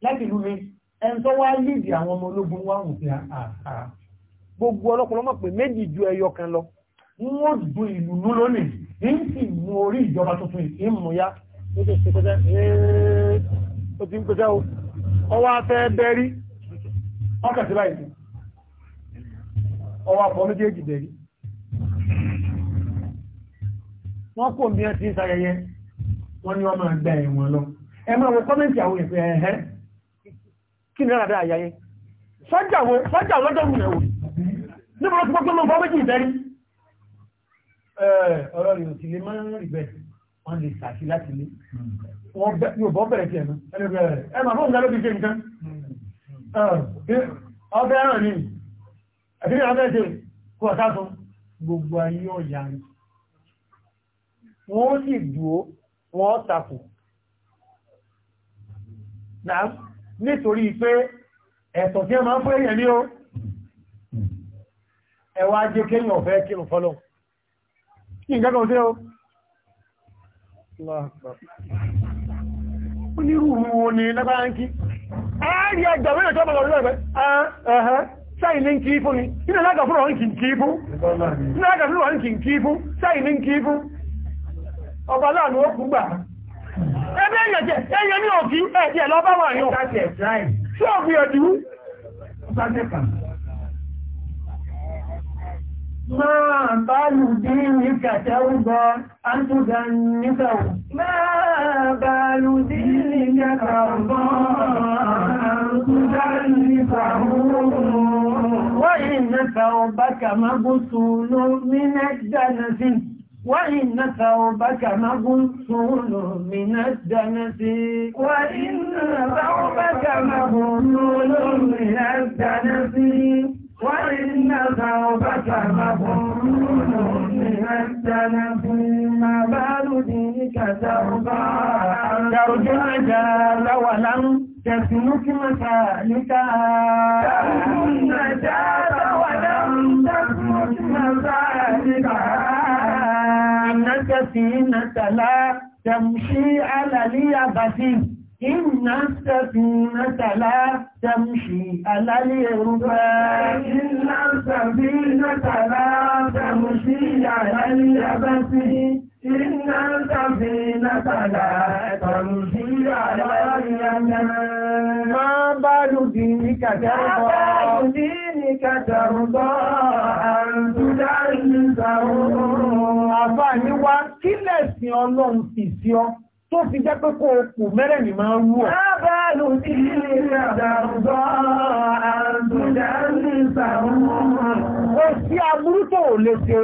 láti ìlú mi ẹni tó wá lídì àwọn ọmọ ológun wá wù sí àà gbogbo ọlọ́pọ̀lọ́ mọ̀ pé méjì ju ẹyọ kan lọ wọ́n ju ìlú ló lónìí ń sì mú orí ìjọba tuntun ìmúyá ó ti ń pẹ́sẹ́ o ọwọ́ afẹ́ bẹ́rí ọkà sí báyìí ọwọ́ afọ́ méjèèjì bẹ̀rí wọ́n kò mí ẹ ti ń sayẹyẹ wọ́n ní ọmọ ẹgbẹ́ ẹ̀wọ̀n lọ ẹ máa wo kọ́mẹ́ntì àwọn ìpẹ́ ẹ̀hẹ́ kí ni rádá àyáyé sájà lọ́dọ̀rù ẹ̀wò níbo tí gbogbo lọ́gbọ́ méjì ìbẹ́rí ọ̀rọ̀ rẹ̀ òtí lè máa ń rí bẹ́ẹ̀ wọ́n lè sàtí láti lé yóò bọ́ bẹ̀rẹ̀ tí ẹ̀nà ẹ̀mà fún ìgbà wọ́n sì dúó wọ́n takò náà nítorí pé ẹ̀tọ̀ tí a máa ń fún èèyàn ní o ẹwà ajé ọ̀fẹ́ fọ́lọ̀ kí n gẹ́gọ́ sí o ó wo ni lágbára ń kí ààrí ẹgbẹ̀ mẹ́rin tó bọ̀lọ̀ lọ́gbẹ̀ sáì ní kí fún ni nínú alága fún ọ̀rọ̀ kìí kí fún kí fún ọba ó ẹgbẹ́ èyàn jẹ́ èyàn ní òfin ẹ̀jẹ̀ lọ bá wà yóò tí ó fi ẹ̀dú Máa báàlù dín ní kàtẹ́rùgbọ́, a nígbàwó. Máa báàlù dín ní kàtẹ́rùgbọ́, a nígbàwó. Wọ́n yìí nẹ́fẹ̀ẹ́ ọba kàmágún ló ní nẹ́gbẹ̀ẹ́ وإن ثوبك مغسول من الدنس وإن ثوبك مغسول من الدنس وإن ثوبك مغسول من الدنس ما بال دينك ثوبا ترجع جال ولم تسلك مسالكا ترجع جال ولم تسلك مسالكا أنك سفينة لا تمشي على اليابس إن السفينة لا تمشي على اليابس إن السفينة لا تمشي على اليابس Iná tàbí látàlá ẹ̀tọ̀rù sí àlọ́yẹ̀mẹ́. Máa bá lùdí ní kàtàrùbọ̀. Máa bá lùdí ní kàtàrùbọ̀. Àrùntúdá ìlúsàrùn. Àbá ní wá kílẹ̀ sí ọlọ́run fi sí ọ tó fi jẹ́ pé kó kù mẹ́rẹ̀ ní máa wú ọ̀. Máa bá lùdí ní kàtàrùbọ̀. Àrùntúdá ìlúsàrùn. Kò sí aburú tó ò lè ṣe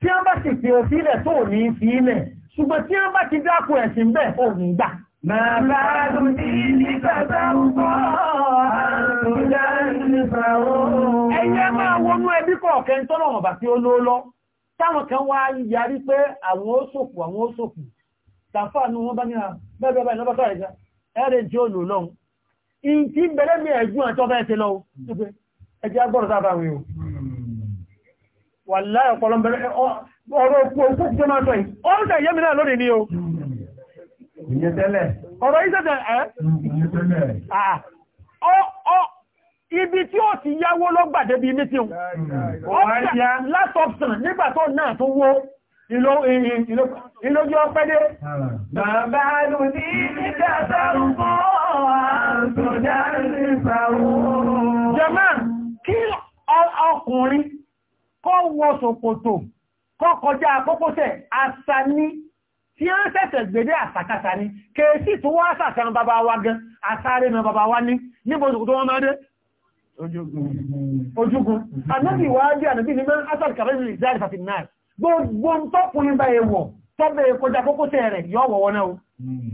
tí wọ́n bá ti fi òfin ilẹ̀ tó ní fi ilẹ̀ ṣùgbọ́n tí wọ́n bá ti dákun ẹ̀sìn bẹ́ẹ̀ ò ní gbà. Màbá ní ní bàbá ń bọ̀, àtúndà ní bàbá ń. Ẹyẹ máa wọnú ẹbí kọ̀ọ̀kẹ́ ń tọ́nà ọ̀bà tí ó ló lọ. Táwọn kan Tàfà nu wọn bá ní bẹ́ẹ̀ bẹ́ẹ̀ lọ́bàtà ẹ̀já. Ẹ̀rẹ̀ jẹ́ òlò lọ́hùn. Ìtì bẹ̀rẹ̀ mi ẹ̀gbọ́n àti ọba ẹ̀ṣẹ̀ lọ. Ẹ̀jẹ̀ agbọ́dọ̀ dábàá wí o wà láì ọ̀pọ̀lọ́ bẹ̀rẹ̀ ọ̀rọ̀ òkú òkú tí ó máa tọ́ yìí ó ń tẹ̀ yé mi náà lónìí ni o ọ̀rọ̀ ìṣẹ́tẹ̀ ẹ́ ibi tí ó ti yáwó ló gbàdé bí ní tí ó last option nígbà tó náà tó wó ìlójú ọpẹ́dé bàbá lù ní ìdásárù fún àtòdá ìfàwó jẹ́mà kí ọkùnrin kọ́ wọ ṣòkòtò kọ́ kọjá kókósẹ̀ àṣà ní tí a ń sẹ̀sẹ̀ gbèdé àṣàkáṣà ní kèèsì tó wá sàṣàn bàbá wa gan àṣàrí mẹ bàbá wa ní níbo ṣòkòtò wọn máa dé ojúgun anábì wá bí anábì ní mẹ́rin asàl kàfẹ́sì ìzáàrí fàfin náà gbogbo ń tọ́kùnrin bá ewọ̀ tọ́bẹ̀ kọjá kókósẹ̀ rẹ̀ yọ wọ̀wọ́ náà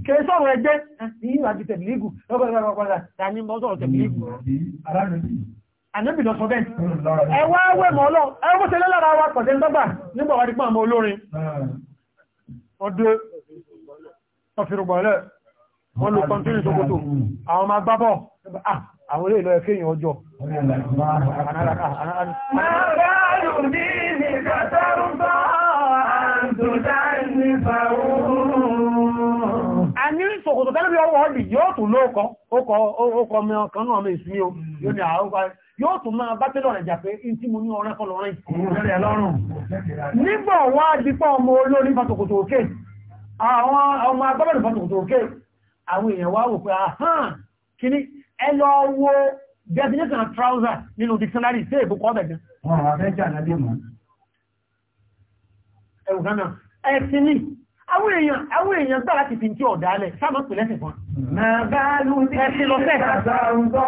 kèèsì ọ̀rọ̀ ẹgbẹ́ ànábì lọ sọ bẹ́ẹ̀ ẹwà wẹ́ mọ́ ọlọ́ ẹwà mọ́ tẹ́lẹ́ lára wa pọ̀tẹ́ ńdọ́gbà nígbà wà dípọ̀ àmọ́ olórin ọdún ọ̀fìrùgbọ̀lẹ̀ wọ́n lò kọ́ntínú sókòtò àwọn ọmọ agbábọ̀ ah, àwọn olè lọ ẹ̀kẹ́ èèyàn ọjọ́ a ní sòkòtò tẹ́lẹ̀ bí ọwọ́ ọdì yóò tún lóòkọ́ ó kọ́ ọmọ kan náà mẹ́ ìsinmi o yóò ní àwọn yóò tún máa bá tẹ́lọ̀ rẹ̀ jà pé in tí mo ní ọ̀rán kan lọ́rán ìlọ́rùn nígbà wá dípọ̀ ọmọ olórí fàtòkòtò òkè àwọn ọmọ agbábẹ̀rẹ̀ fàtòkòtò òkè àwọn èèyàn wá wò pé ahán kíní ẹ lọ wo definition of trouser nínú dictionary sí ìbùkọ́ ọ̀bẹ̀gẹ́ ẹ̀sìn ni àwọn èèyàn gbà láti fi ń tí ọ̀dálẹ̀ sáàmù pẹ̀lẹ́sìn kan ما بال ذي تترضى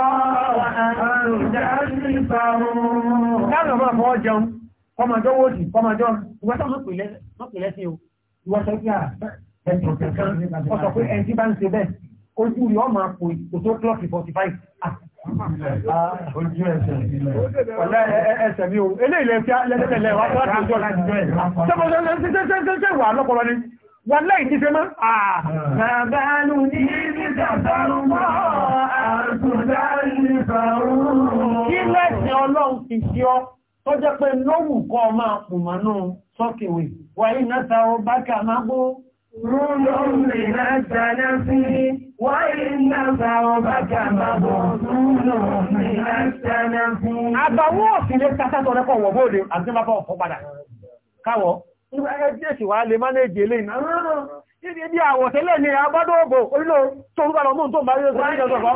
وأن تجفروا كان ما فوجهم kọmọ jọ wọ́ọ̀dì kọmọ jọ ìwọ́sọ̀ mọ́pìlẹ́ sí o ìwọ́sọ̀ kí a ẹ̀sùn kankan ọ̀sọ̀ pé ẹni tí bá ń ṣe bẹ́ẹ̀ ojú rí ọmọ àpò ìtòtó klọ́ọ̀kì 45 ojú ẹsẹ̀ ọ̀lẹ́ ẹsẹ̀ mi o eléyìí lẹ́sẹ̀ lẹ́sẹ̀ lẹ́wà tó láti ọjọ́ láti jọ ẹ̀ wà lẹ́yìn mọ́ àbálù ní ìdàbàrù mọ́ kí lẹ́sìn ọlọ́run fi sí ọ tó jẹ́ pé lóhùn kọ́ máa pù mọ́nú sọ́kèwé wà iná ta bá kà máa gbó Rúlọ́m lè náà jẹ́ sí, wà iná ta bá kà máa gbó, rúlọ́m lè náà jẹ́ sí. Àbàwọ́ ọ̀sìn ẹgbẹ́sì wà lè mánéjì ilé ìná orílẹ̀ tó ń gbàlọ̀ mún tó bá yóò àpẹẹrẹ ń wá.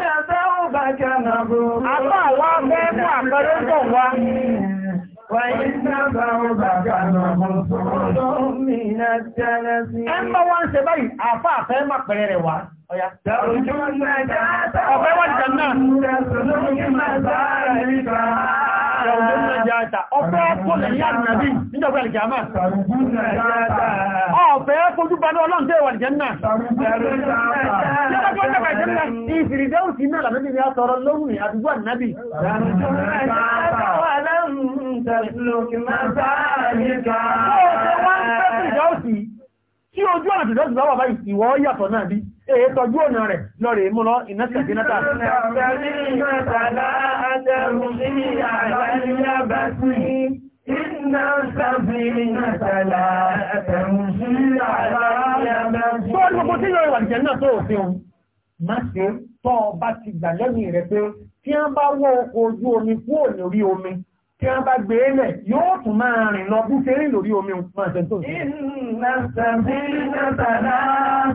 ẹ ń wá ń ṣe báyìí àfáà fẹ́ máa rẹ̀ Ọya. Ọ̀fẹ́ wọ́n jẹ náà. Ọ̀fẹ́ kò lè yá nàbí níjọba ìjàmà. Ọ̀fẹ́ fojú bá ní ọlọ́run tẹ́ wà jẹ́ náà. Ìfìrìdẹ́ òsì náà lànàbí ni a sọ̀rọ̀ lóhùn àdúgbò ànábì. Tí ojú ọ̀nà tìjọ́ ìjọba bàbá ìwọ̀ yàtọ̀ náà bí èyí tọ́jú ọ̀nà rẹ̀ lọ́rẹ̀ múlọ ìnáṣẹ̀ jínátà Bọ́ọ̀lù gbogbo tí yọ ìwà ìjẹ̀ náà tó òfin má ṣe tọ́ bá ti gbà lẹ́yìn rẹ̀ pé tí wọ́n bá wọ́ ọkọ̀ ojú omi kúrò lórí omi tí wọ́n bá gbé lẹ̀ yóò tún máa rìn lọ bú ṣe rìn lórí omi máa ṣe tó ṣe. Iná ṣẹ̀bí ṣẹ̀tàlá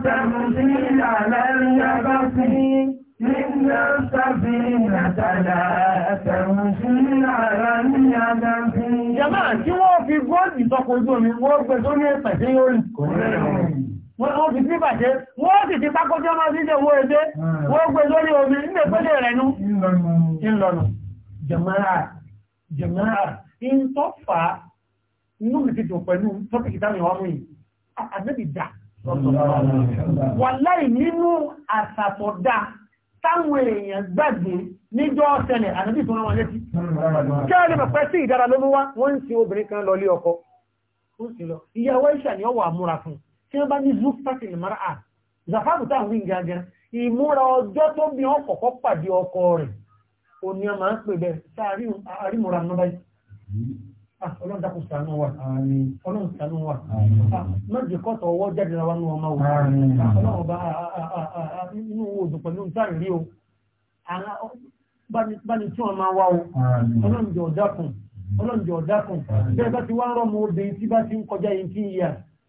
ṣẹ̀mù sí ìlàlẹ́ ìyàbá sí. Iná ṣẹ̀bí ṣẹ̀tàlá ṣẹ̀mù sí ìlàlẹ́ ìyàbá sí. Jàmá tí wọ́n fi góòlì sọkọ̀ ojú omi wọ́n gbé sórí ẹ̀pẹ̀ sí orí. Wọ́n fi sí bàjẹ́, ti pákó tí wọ́n sí ṣe owó ẹgbẹ́, hmm. wọ́n gbé sórí omi nígbèpẹ́lẹ̀ rẹ̀ nú. Ìlọ̀nà. Jàmáà jẹ̀máà ń tọ́ fà á inú mi ti dùn pẹ̀lú tọ́pìkì táwọn ìwà mú yìí àgbẹ̀bì wà láì nínú àsàtọ̀dá táwọn èèyàn gbàgbé níjọ́ ọ̀sẹ̀lẹ̀ àdàbí wọ́n ni ó wà múra fún tí wọ́n bá ní zufati mara zafabu táwọn wí ìmúra ọjọ́ tó bí ọkọ̀kọ́ pàdé ọkọ rẹ̀ ó ní ọmọ ń pè bẹ́ẹ̀ sáàrí mọ́ra náà báyìí ah, ọlọ́run dákun ṣàánú wa ọlọ́run ṣàánú wa mọ́jì ah, kọ́tọ̀ ọwọ́ jáde ra wa nú ọmọ wa ah, ọlọ́run o báni tí wọ́n máa wá o ọlọ́run jẹ́ ọ̀dákun ọlọ́run ti wá ń rọ́ mọ́ obìnrin ti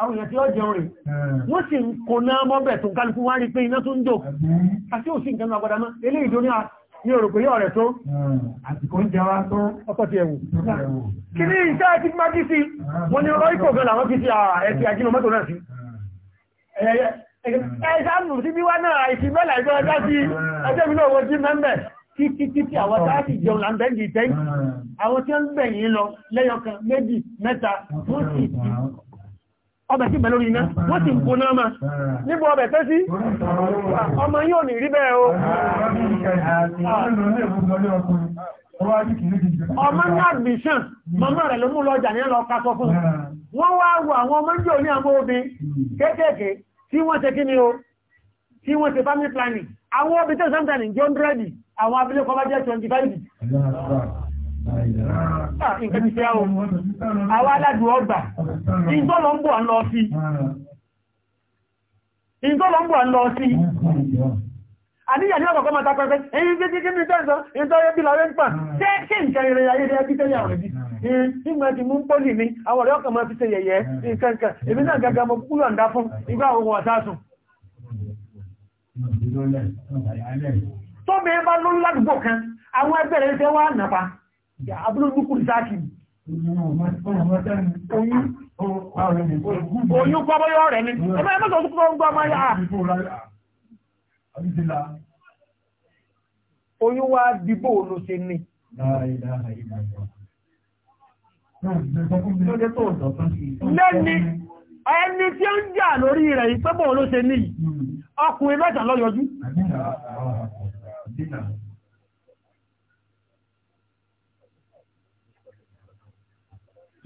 àwọn èèyàn tí ó jẹun rẹ̀ hmm. wọ́n sì ń kò náà mọ́bẹ̀ tó kálùkù wá rí pé iná tó ń jò hmm. àti òsì nǹkan agbada mọ́ ilé ìjọ ní òròpé yọ rẹ̀ tó hmm. àtìkò ń jẹwa tó ọkọ̀ ti ẹ̀wù ọbẹ̀ sí bẹ̀lórí iná wọ́n ti ń kó náà máa níbo ọbẹ̀ tẹ́ sí ọmọ yóò ní rí bẹ́ẹ̀ o ọmọ náà bìṣàn mọ́mọ́ rẹ̀ ló mú lọ́jà ní ẹlọ kásọ fún wọ́n wá wo àwọn ọmọ jò ní àwọn obìn kéékèèké tí wọ́n ṣe kí ni o tí wọ́n ṣe family planning àwọn obìn tẹ́ sọ́mtàn ní jọ́ndrẹ́dì àwọn abilékọ bá jẹ́ 25 nǹkan ti fẹ́ ohun àwọn aládùn ọgbà ìjọ́lọ ń bọ̀ ń lọ sí ìjọ́lọ ń bọ̀ ń lọ sí àníyàn ní ọ̀kọ̀kọ́ máa tapẹ́fẹ́ èyí tí kí kí ní tẹ́sán ìtọ́rẹ́ bí lọ́rẹ́ ń pà ṣe ṣe nǹkan ìrẹ̀ ayé rẹ̀ bí tẹ́lẹ̀ àwọn ẹbí ìgbà tí mú ń pọ́lì ní àwọn ọ̀rẹ́ ọkọ̀ máa fi ṣe yẹ̀yẹ́ nǹkan kan èmi náà gàgà mo kúrò ń dá fún ìgbà òun ọ̀sásùn tó bẹ́ẹ̀ bá ló ládùúgbò kan àwọn ẹgbẹ́ rẹ̀ ṣe wá abúlé nukuri sáàkì oyún oyún gbọ́bọ́yọ́ rẹ̀ ni ẹgbẹ́ ẹgbẹ́ sọ fún ọgbọ́n ọmọ yá oyún wá dìbò ló ṣe ní lẹ́ni ẹni tí ó ń jà lórí rẹ̀ ìpẹ́bọ̀ ló ṣe ní ọkùnrin mẹ́ta lọ́yọjú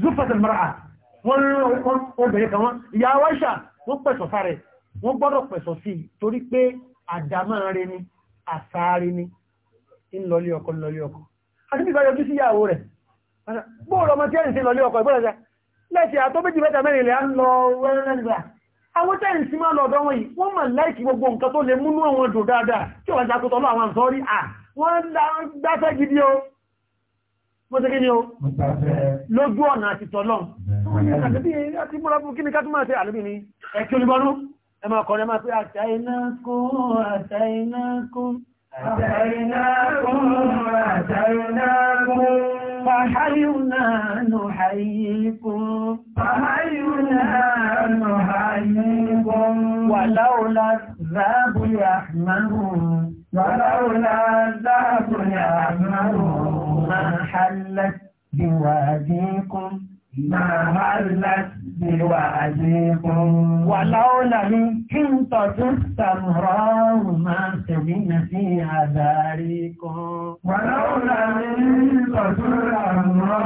zúfàtà mara wọ́n obìnrin kan wọ́n ìyá wáṣà wọ́n pẹ̀sọ̀ sáré wọ́n gbọ́dọ̀ pẹ̀sọ̀ sí torí pé àdámáre ni àsáre ni ńlọlé ọkọ ńlọlé ọkọ àti bí ìbáyọ̀ sí ìyàwó rẹ̀ bóòrọ̀ ọmọ tí ẹ̀rìn sí lọlé ọkọ ìgbọ́dọ̀ lẹ́sì àtọ́ méjì mẹ́ta mẹ́rin ilẹ̀ ń lọ wẹ́rẹ́rẹ́gbà àwọn tẹ́rìn sí máa lọ́dọ́ wọn yìí wọ́n mà láìkì gbogbo nǹkan gidi o wọ́n tẹ́kí ni ó lójú ọ̀nà àti tọ́lọ́n àti múra fún kí ni ká túnmọ̀ sí àlúbí ni ẹ̀kí olúbọ́nú ẹ máa kọ̀rẹ́ máa pé àtàínákún wàláwọ́lá záàbù yà máa wàláwọ́lá ما حلت بواديكم ما حلت بواديكم ولولا من حنطة السمراء ما سبين في عذاريكم ولولا من حنطة السمراء ما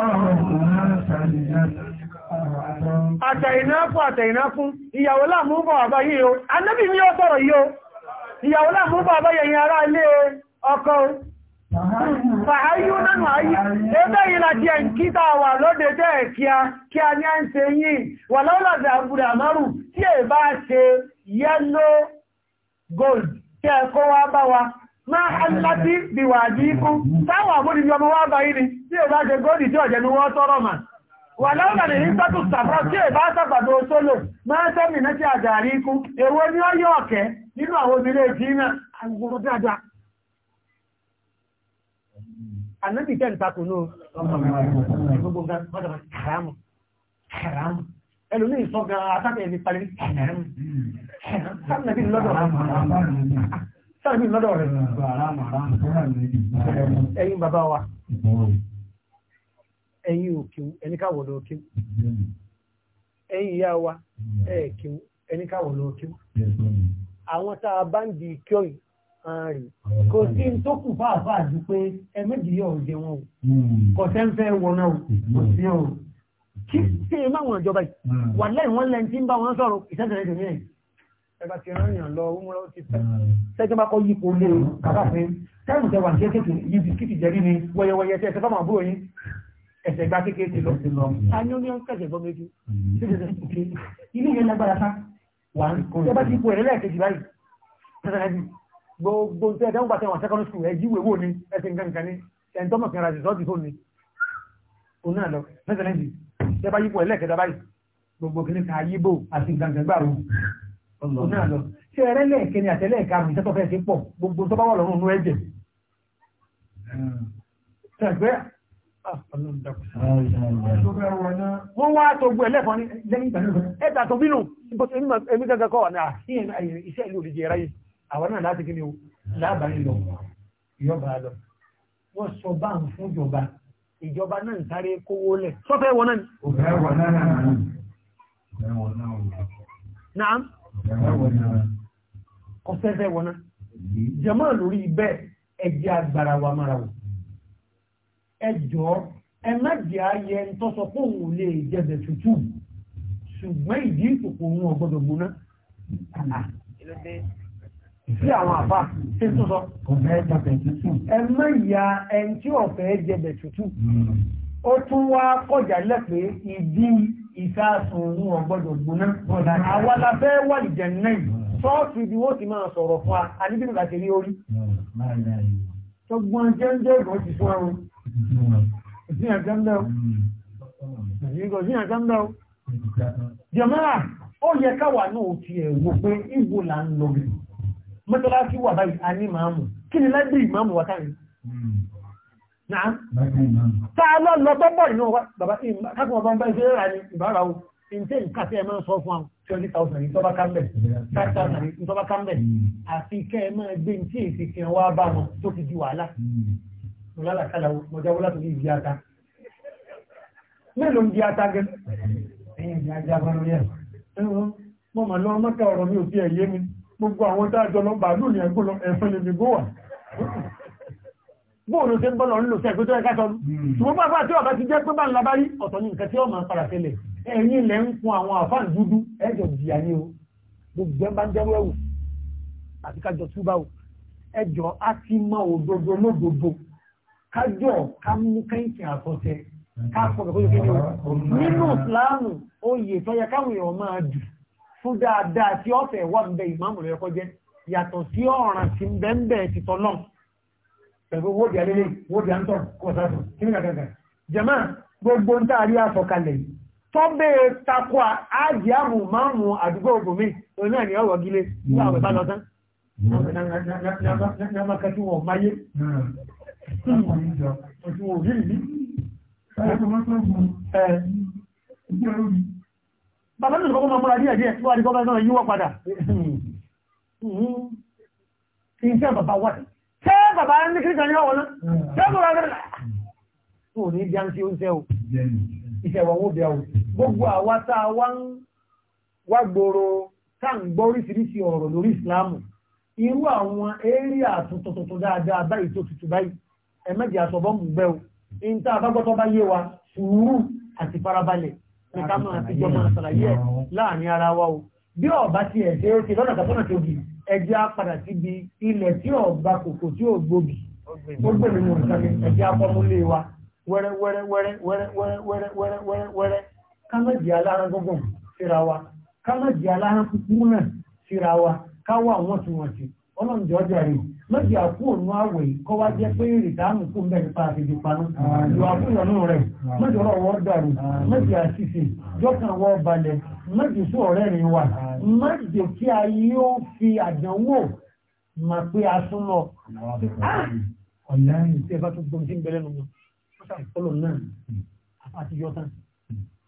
سبين في Àtẹ̀yìnáfún àtẹ̀yìnáfún, ìyàwó láàmú bọ̀ àbáyé o, anábì ní ó sọ̀rọ̀ yìí o, ìyàwó láàmú bọ̀ àbáyé yẹn ará ilé ọkọ Fàáyú nánú ayé, ẹgbẹ́ yìí láti ẹ̀ ń kíta wà lóde jẹ́ kíá kí a ní à ń ṣe yìí, wà lọ́lọ́dẹ̀ àbúrà márùn tí è bá ṣe yellow gold tí ẹ kó wá bá wa, máa aláti bíwà díkú, táwọn àmúrí ọmọ wá bá yìí ni wọ́n tọ́rọ mà. Wà lọ́lọ́dẹ̀ ní sọ́tù sàfọ́ tí è bá sàgbàdo sólò, máa sẹ́mì náà ti àjàrí ikú, ànábì tẹ́ ń náà gbogbo nǹkan gbọ́dọ̀ haramu haramu na ẹni parí haramu sáàbì lọ́dọ̀ wa ẹ̀yin òkèwú ẹnikáwọ̀lọ̀ òkèwú àwọn tá bá ń di kíọ́yìn ààrì kò sí tó kù fáàfáà ju pé ẹ méjì yóò jẹ wọn o hmm. kò tẹ́ ń fẹ́ wọn náà kò sí ọ kí ṣe é máwọn ìjọba yìí hmm. wà lẹ́yìn wọn lẹ́yìn tí ń bá wọn sọ̀rọ̀ ìṣẹ́sẹ̀rẹ́ tèmi ẹ̀ ẹgbà ti rán yàn lọ òun lọ́wọ́ ti pẹ́ sẹ́jọ́ hmm. bá kọ́ yípo lé kàkà pé táìmù tẹwà ní kéèkéèké yìí bisikíìtì jẹ́rí ni wẹ́yẹwẹ́yẹ tẹ́ ẹsẹ̀ fọ́mà àbúrò yín ẹsẹ̀ gba kéèkéè lọ sí lọ ayọ́ ní ọ̀kẹ́sẹ̀ gbọ́ méjì ilé yẹn lágbára ká wà ń kọ́ ẹ bá ti po ẹ̀rẹ́lẹ̀ báyìí gbogbo tẹ́ ẹ̀dẹ́ ń gbà tẹ́wọ̀n secondary school ẹjí ìwé wò ní ẹsẹ̀ nǹkan nǹkan ní ẹ̀ńtọ́mọ̀ kan ràṣẹ̀ sọ́ọ̀tì tó ní òun náà lọ mẹ́sẹ̀lẹ́jì tẹ́ bá yípo ẹlẹ́kẹta báyìí gbogbo kìíní ka yíbò àti nǹkan kan gbà òun náà lọ ṣé ẹrẹ lẹ́ẹ̀kẹ́ni àtẹ́lẹ́ẹ̀karùn iṣẹ́ tó fẹ́ ṣe pọ̀ gbogbo tó bá wà lọ́rùn nú ẹ̀jẹ̀ ah, wọ́n wá tó gbé ẹlẹ́kọ̀ọ́ ní lẹ́yìn ìgbà ẹ̀ta tó bínú ibi gẹ́gẹ́ kọ́ wà ní àṣíyàn ah, iṣẹ́ ìlú òdìjẹ́ ráyé àwọn náà láti kíni o lábàá ń lọ ìjọba lọ wọ́n sọ bá ń fún ìjọba ìjọba náà ń sáré kówó lẹ̀ sọ́fẹ́ wọn náà ni. òfẹ́ wọn náà náà òfẹ́ wọn náà òfẹ́. naam òfẹ́ wọn náà. kọ́fẹ́fẹ́ wọn náà. jẹ́mọ́ lórí bẹ́ẹ̀ ẹ̀jẹ̀ agbára wa mara wò. ẹ jọ ẹ má jẹ́ ayẹ ntọ́sọ fún òun lè jẹ̀bẹ̀ tútù ṣùgbọ́n ìdí ìkòkò òun ọ̀gbọ́dọ̀ gbóná sí àwọn àbá tí tó sọ ẹmọ́ ìyá ẹn tí ọ̀fẹ́ jẹbẹ̀ tútù hmm. ó tún wá kọjá lẹ́pẹ́ ìdí ìsáàsùn ohun ọgbọ́dọ̀ gbóná àwọn aláfẹ́ wà ìjẹ̀ náà sọ́ọ̀tù ibi wọ́n ti máa sọ̀rọ̀ fún a níbi nígbà tí rí orí hmm. tọgbọ́n jẹ́ńjẹ́ ìgbọ́n ti fún ẹrun ìsìnyàn jẹ́ńbẹ́ o ìsìnyàn jẹ́ńbẹ́ o hmm. ó yẹ káwà náà ti ẹ̀wò pé ìbò là ń lọ bìí mọ́tọ́láṣí wà báyìí a ní màámù kí ni lágbé ìmáàmù wà táyìí náà tá a lọ lọ tó bọ̀ nínú wa bàbá kákùn ọba ń bá ìṣẹ́ rà ní ìbára o ǹjẹ́ nǹkan tí ẹ máa ń sọ fún àwọn twenty thousand ní tọ́ba kámbẹ̀ five thousand ní tọ́ba kámbẹ̀ àfi kẹ́ ẹ máa gbé ní tí èsì fi ọ̀rọ̀ mi ò fi ẹ̀ mi gbogbo àwọn dájọ́ lọ bàálù ní ẹgbó lọ ẹ̀fẹ́ lè gbogbo wà bóòlù tí ń bọ́lọ̀ nílò sí ẹgbẹ́ tó ẹ̀ká sọ́rọ̀ hmm. ṣùgbọ́n bá tí ọ̀bá ti jẹ́ pé bá ń labá rí ọ̀tọ̀ ní nǹkan tí ó máa padà tẹ́lẹ̀ ẹ̀yìn ilẹ̀ ń kun àwọn àfáàn dúdú ẹjọ́ jìyà ní o gbogbo bá ń jẹ́ wẹ́wù àti kájọ túbá o ẹjọ́ á ti mọ òdodo lódodo kájọ ká mú kẹ́ǹkì àkọsẹ ká pọ̀ hmm. nínú ìsìláàmù oyè tó yẹ káwọn èèyàn máa dùn fún dáadáa tí ọ̀fẹ́ wà ń bẹ ìmáàmù rẹ̀ kọ́ jẹ́ yàtọ̀ sí ọ̀ràn tí ń bẹ ń bẹ ti tọ́ náà pẹ̀lú owó di alẹ́lẹ́ owó di àńtọ̀ kọ̀ọ̀sáàtọ̀ kí ní kàkàkà jẹ̀mọ́ gbogbo ń tààrí àsọ̀kalẹ̀ tọ́bẹ̀ takọ àjì àmù máàmù àdúgbò ògùnmí òun náà ni ọ̀rọ̀ gílé láwọn ìbá lọ́tán bàbá ní ìkọ́kọ́ mọ́mọ́ra díẹ̀ díẹ̀ wà ní kọ́kọ́ náà yíwọ́ padà kí n tẹ́ bàbá wà tẹ́ bàbá ní kíríkà ní ọ̀wọ̀n tẹ́ bàbá rẹ̀ tó ní bí a ń tí ó ń tẹ́ o ìṣẹ̀wọ̀n ó bẹ̀ o gbogbo àwa tá a wá ń wá gbòòrò tá ń gbọ́ oríṣiríṣi ọ̀rọ̀ lórí ìsìláàmù irú àwọn éríà tuntun dáadáa báyìí tó tutù báyìí ẹ̀mẹ́jì àsọ̀bọ́mù gbẹ́ o ní tá bá gbọ́tọ́ bá yé wa sùúrù àti farabalẹ̀ ní ká máa fi jọ máa sàlàyé ẹ̀ láàrin ara wa o bí ọba ti ẹ̀ ṣe é ṣe lọ́nà tàbí ọ̀nà tó bì ẹjẹ́ á padà síbi ilẹ̀ tí ọba kòkò tí ò gbòbì ó gbè nínú ìsàlẹ̀ ẹjẹ́ apọ́múlé wa wẹ́rẹ́ wẹ́rẹ́ wẹ́rẹ́ wẹ́rẹ́ wẹ́rẹ́ wẹ́rẹ́ wẹ́rẹ́ wẹ́rẹ́ aláhán gọ́gàn síra wa ká aláhán kúkú náà síra wa ká wà wọ́n ti wọ̀n ti ọlọ́run jọ́jà mọ́jì àkú òun àwẹ̀ kọ́ wá jẹ́ pé ìrìtàánù fún bẹ́ẹ̀ nípa àfihàn paná ìwà fún ìrọ̀nù rẹ̀ mọ́jì ọ̀rọ̀ wọ́n dàrú mọ́jì àṣìṣe jọ́kàn wọ́n balẹ̀ mọ́jì sún ọ̀rẹ́ rìn wà mọ́jì kí a yóò fi àdánwò mà pé a súnmọ́ ah! ọ̀lẹ́yìn tí ẹ bá tún gbọ́n sí ń nù mọ́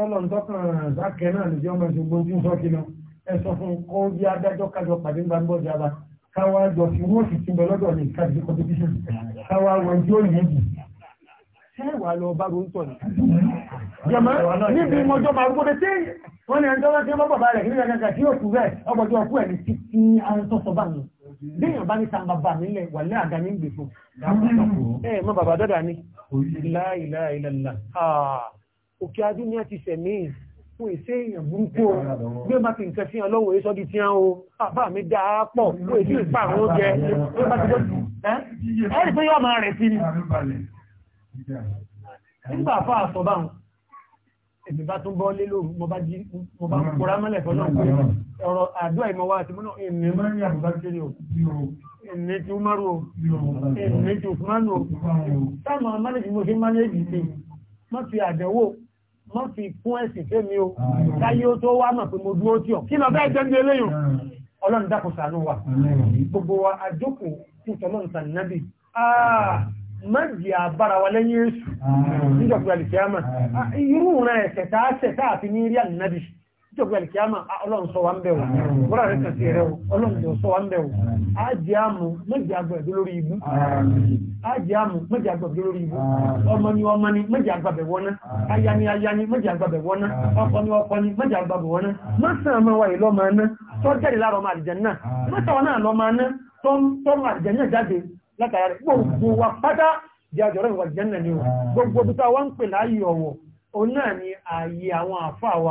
ọlọ́run tọ́kàn sákẹ́ náà lè jẹ́ ọmọ ìṣògbọ́n tí ń sọ kí lọ ẹ sọ fún kó bí adájọ́ kájọ pàdé gbàgbọ́ ìjàmbá káwá jọ fi wọ́n sì ti bẹ lọ́dọ̀ ní kájí competition káwá wọn tí ó yẹ jù. ṣé wà lọ bá ló ń tọ̀ ní. jẹ̀mọ́ níbi mọ́jọ́ bá gbọ́dọ̀ tí wọ́n ní ẹjọ́ láti ọmọ bàbá rẹ̀ nígbà kankan tí yóò kú rẹ̀ ọgbọ̀jọ́ ọkú ẹ̀ ní títí àńtọ́sọ bá mi. béèyàn bá ní ta bàbá mi lẹ̀ wà lẹ́ àga ní gbèfọ́. ẹ mọ bàbá dọ́dà ni. láìláìlá òkè adú ní àti sẹ̀mí fún ìṣe èèyàn burúkú o bí ó bá ti nǹkan sí ọlọ́wọ̀ èso di ti hàn o bàbá mi dá a pọ̀ fún èdè ìpa àwọn oúnjẹ bí ó bá ti dọ́ ẹ́ rí pé yọ́ máa rẹ̀ sí ni nígbà fà sọ bá wọn èmi bá tún bọ́ lé lóru mo bá jí mo bá kóra mọ́lẹ̀ fọ́nà ọ̀rọ̀ àdúrà ìmọ̀ àti múnà èmi máa ń rí àbúrò kiri o èmi ti umaru o èmi ti usmanu o táwọn mánéjì mo fi mánéjì ti wọ́n fi àdẹ̀wò mọ́ fi fún ẹ̀sìn tẹ́mi o láyé ó tó wá mọ̀ pé mo dúró tí ọ̀ kí lọ bẹ́ẹ̀ jẹ́ ní eléyìn ọlọ́run dákun ṣàánú wa gbogbo wa àjókò tí tọ́lọ́run sàn nábì ah, mẹ́jì àbára wa lẹ́yìn èṣù nígbàgbà lè fi àmà ah, irú rẹ̀ ẹ̀sẹ̀ tá a ní rí ànábì jọ́gbẹ̀ alìkíyàmà ah, ọlọ́run sọ wá ń bẹ̀wò bọ́lá rẹ̀ kàtí rẹ̀ ọlọ́run sọ wá ń bẹ̀wò ájẹ́ àmú mẹ́jẹ́ àgbàgbẹ̀ lórí ibú ájẹ́ àmú mẹ́jẹ́ àgbàgbẹ̀ lórí ibú ọmọ ni ọmọ ni mẹ́jẹ́ àgbàgbẹ̀ wọ́ná aya ni aya ni mẹ́jẹ́ àgbàgbẹ̀ wọ́ná ọkọ ni ọkọ ni mẹ́jẹ́ àgbàgbẹ̀ wọ́ná mọ́sàn án wáyé lọ́mọ aná tó jáde láàrọ̀ ọmọ àlìjẹ náà mọ́sàn wa pátá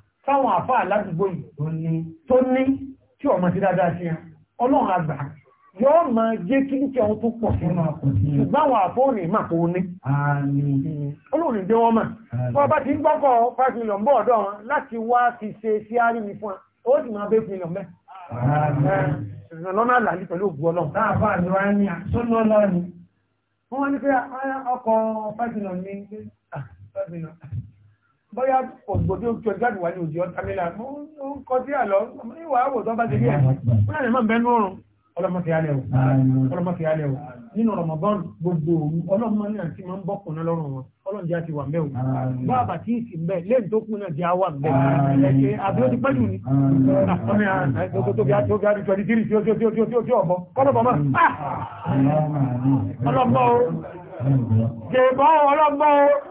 táwọn àfá aládùgbò yìí tó ní tí ọmọ sí dáadáa sí ọlọ́run àgbà yóò mọ jẹ́ kí ní kí ọun tó pọ̀ sí ṣùgbọ́n àwọn àfóònì mà tó ní olóòrùn dé wọ́n mà wọ́n bá ti ń gbọ́kọ̀ 5 million bọ́ ọ̀dọ́ wọn láti wá fi ṣe sí àríwí fún ó sì máa bẹ́ ah, million mẹ́ lọ́nà bóyá ògbòdó jọjáde wà ní òjì ọ́tàmílà ó ń kọ́ sí àlọ́ ìwà àwòtán bá ti rí ẹ̀ wọ́n náà ní máa bẹ́ẹ̀ nùrùn ọlọ́mọfẹ́ alẹ́ o ọlọ́mọfẹ́ alẹ́ o nínú Ramadan gbogbo òru ọlọ́mọ náà ti máa ń bọ́ kùnà lọ́rùn wọn ọlọ́njẹ́ àti wà mẹ́wò bá àbà tí ìsì ń bẹ lẹ́yìn tó kún náà jẹ́ àwà ń bẹ ẹ̀ṣẹ̀ àbí ó ti pẹ́jù ni àtọ́mí àtọ́gbogbo tó bí a tó bí a ti tọ́jú tírì tí ó tí ó tí ó tí ó tí ó tí ọ̀bọ kọ́lọ́bọ̀ mọ́ ọlọ́mọ o jẹ̀bọ́ ọlọ́mọ o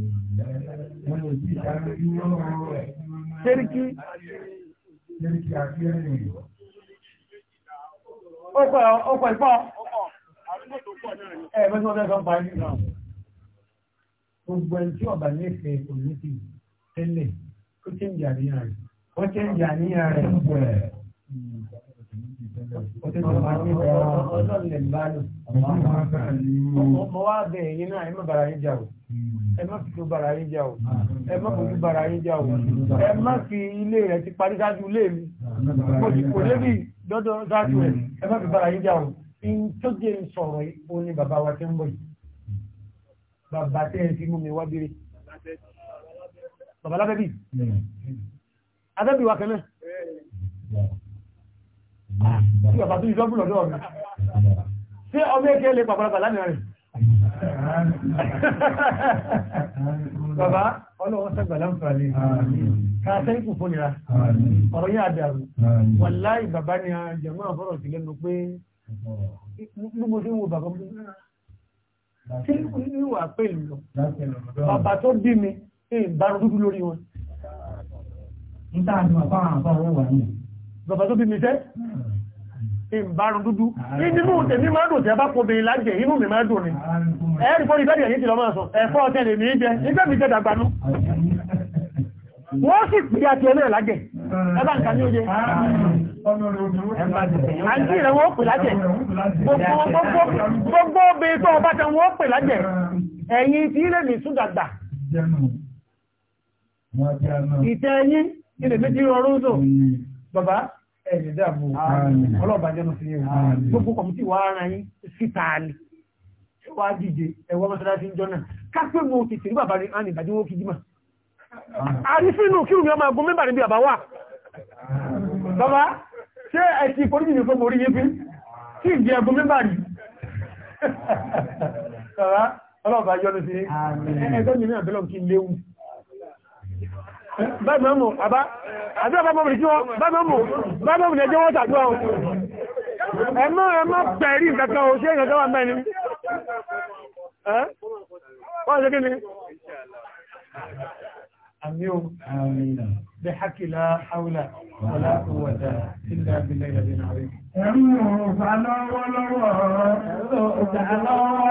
Ṣéríkí. Ṣéríkí àti ẹ̀rìn ìwọ̀. Ó pẹ̀ ọ̀pọ̀ ìpọ̀. Ẹ̀ mẹ́sàn-án ọ̀dẹ́ kan parí náà. Gbogbo ẹni tí ọ̀bà ní ìfẹ́ òmìnirì tẹ́lẹ̀, ọlọ́lẹ̀ lálù mọ́ wá bẹ̀rẹ̀ yìí náà ẹ má bara yín jà o ẹ má fi tó bara yín jà o ẹ má fojú bara yín jà o ẹ má fi ilé rẹ̀ ti parí sáájú ilé mi kò débi dọ́dọ̀ sáájú rẹ̀ ẹ má fi bara yín jà o in tó jẹ́ ń sọ̀rọ̀ ó ní bàbá wa tẹ́ ń bọ̀ yìí bàbá tẹ́ ẹ ti mú mi wá bèrè bàbá lábẹ́bí abẹ́bí hmm. wa kẹ́lẹ́ hmm tí bàbá tó ìjọ́bù lọ́dọ̀ mi tí ọmọ ẹgbẹ́ lè pàpàràpà lánàá rẹ̀ bàbá ọlọ́wọ́ sẹ́gbà láǹfààní káàtẹ́ ikú fún ìra ọ̀rọ̀ yá àdàrú wàláì bàbá ni a jẹ̀mọ́ àbọ̀rọ̀ sí lẹ́nu pé nígbò tí wo bàbá mú tí níwà pẹ̀lú lọ bàbá tó bí mi ìbára dúdú lórí wọn. nígbà tí wọ́n fáwọn àbọ̀ wọ́n wà nìyẹn bàbá tó bí mi jẹ́ ìbárun dúdú nínú tèmi máa dùn tí a bá kóbe lájẹ̀ inú mi máa dùn ní ẹ̀rí fórí bẹ́ẹ̀ yìí ti lọ máa sọ ẹ̀fọ́ ọ̀tẹ́lẹ̀ mi jẹ nígbẹ́ mi jẹ́ dàgbànú wọ́n sì pè àti ẹlẹ́ lájẹ̀ ẹbá nǹkan ní oye àti ìrẹ̀ wọ́n pè lájẹ̀ gbogbo obe tó ọba tẹ wọ́n pè lájẹ̀ ẹ̀yìn tí ilẹ̀ ní súdàgbà ìtẹ̀yìn ilẹ̀ méjì rọrùn bàbá ẹ̀rẹ̀ dàbò ọlọ́ọ̀bàjẹ́nu fi yẹn gbogbo kọ̀mítì wà ara yín síta ni wà á dìde ẹ̀wọ́ mọ́sálásí ń jọ́nà kápẹ́ mo ti tìrí bàbá rẹ̀ á ní ìdájọ́ wọ́n kìí mà àrífínú kí omi ọmọ agun mẹ́bàá níbi àbá wà bàbá ṣé ẹ ti ìforíjì ní fọ́mọ̀ orí yé fi tí ìjẹ agun mẹ́bàá rí bàbá ọlọ́ọ̀bàjẹ́nu fi ẹgbẹ́ mi ní àbẹ́lọ́ kí léwu bámọ́mù àbá àbí àbámọ́mù rí kí wọ́n bámọ́mù bámọ́mù ní ẹjọ́ wọ́n tàdúrà wọn ẹmọ́ ẹmọ́ pẹ̀rí nǹkankan ò ṣe ìrìnàjò wà mẹ́ni wọ́n ṣe kí ni أميوم آمين بحق لا حول ولا قوة إلا بالله الذي عليك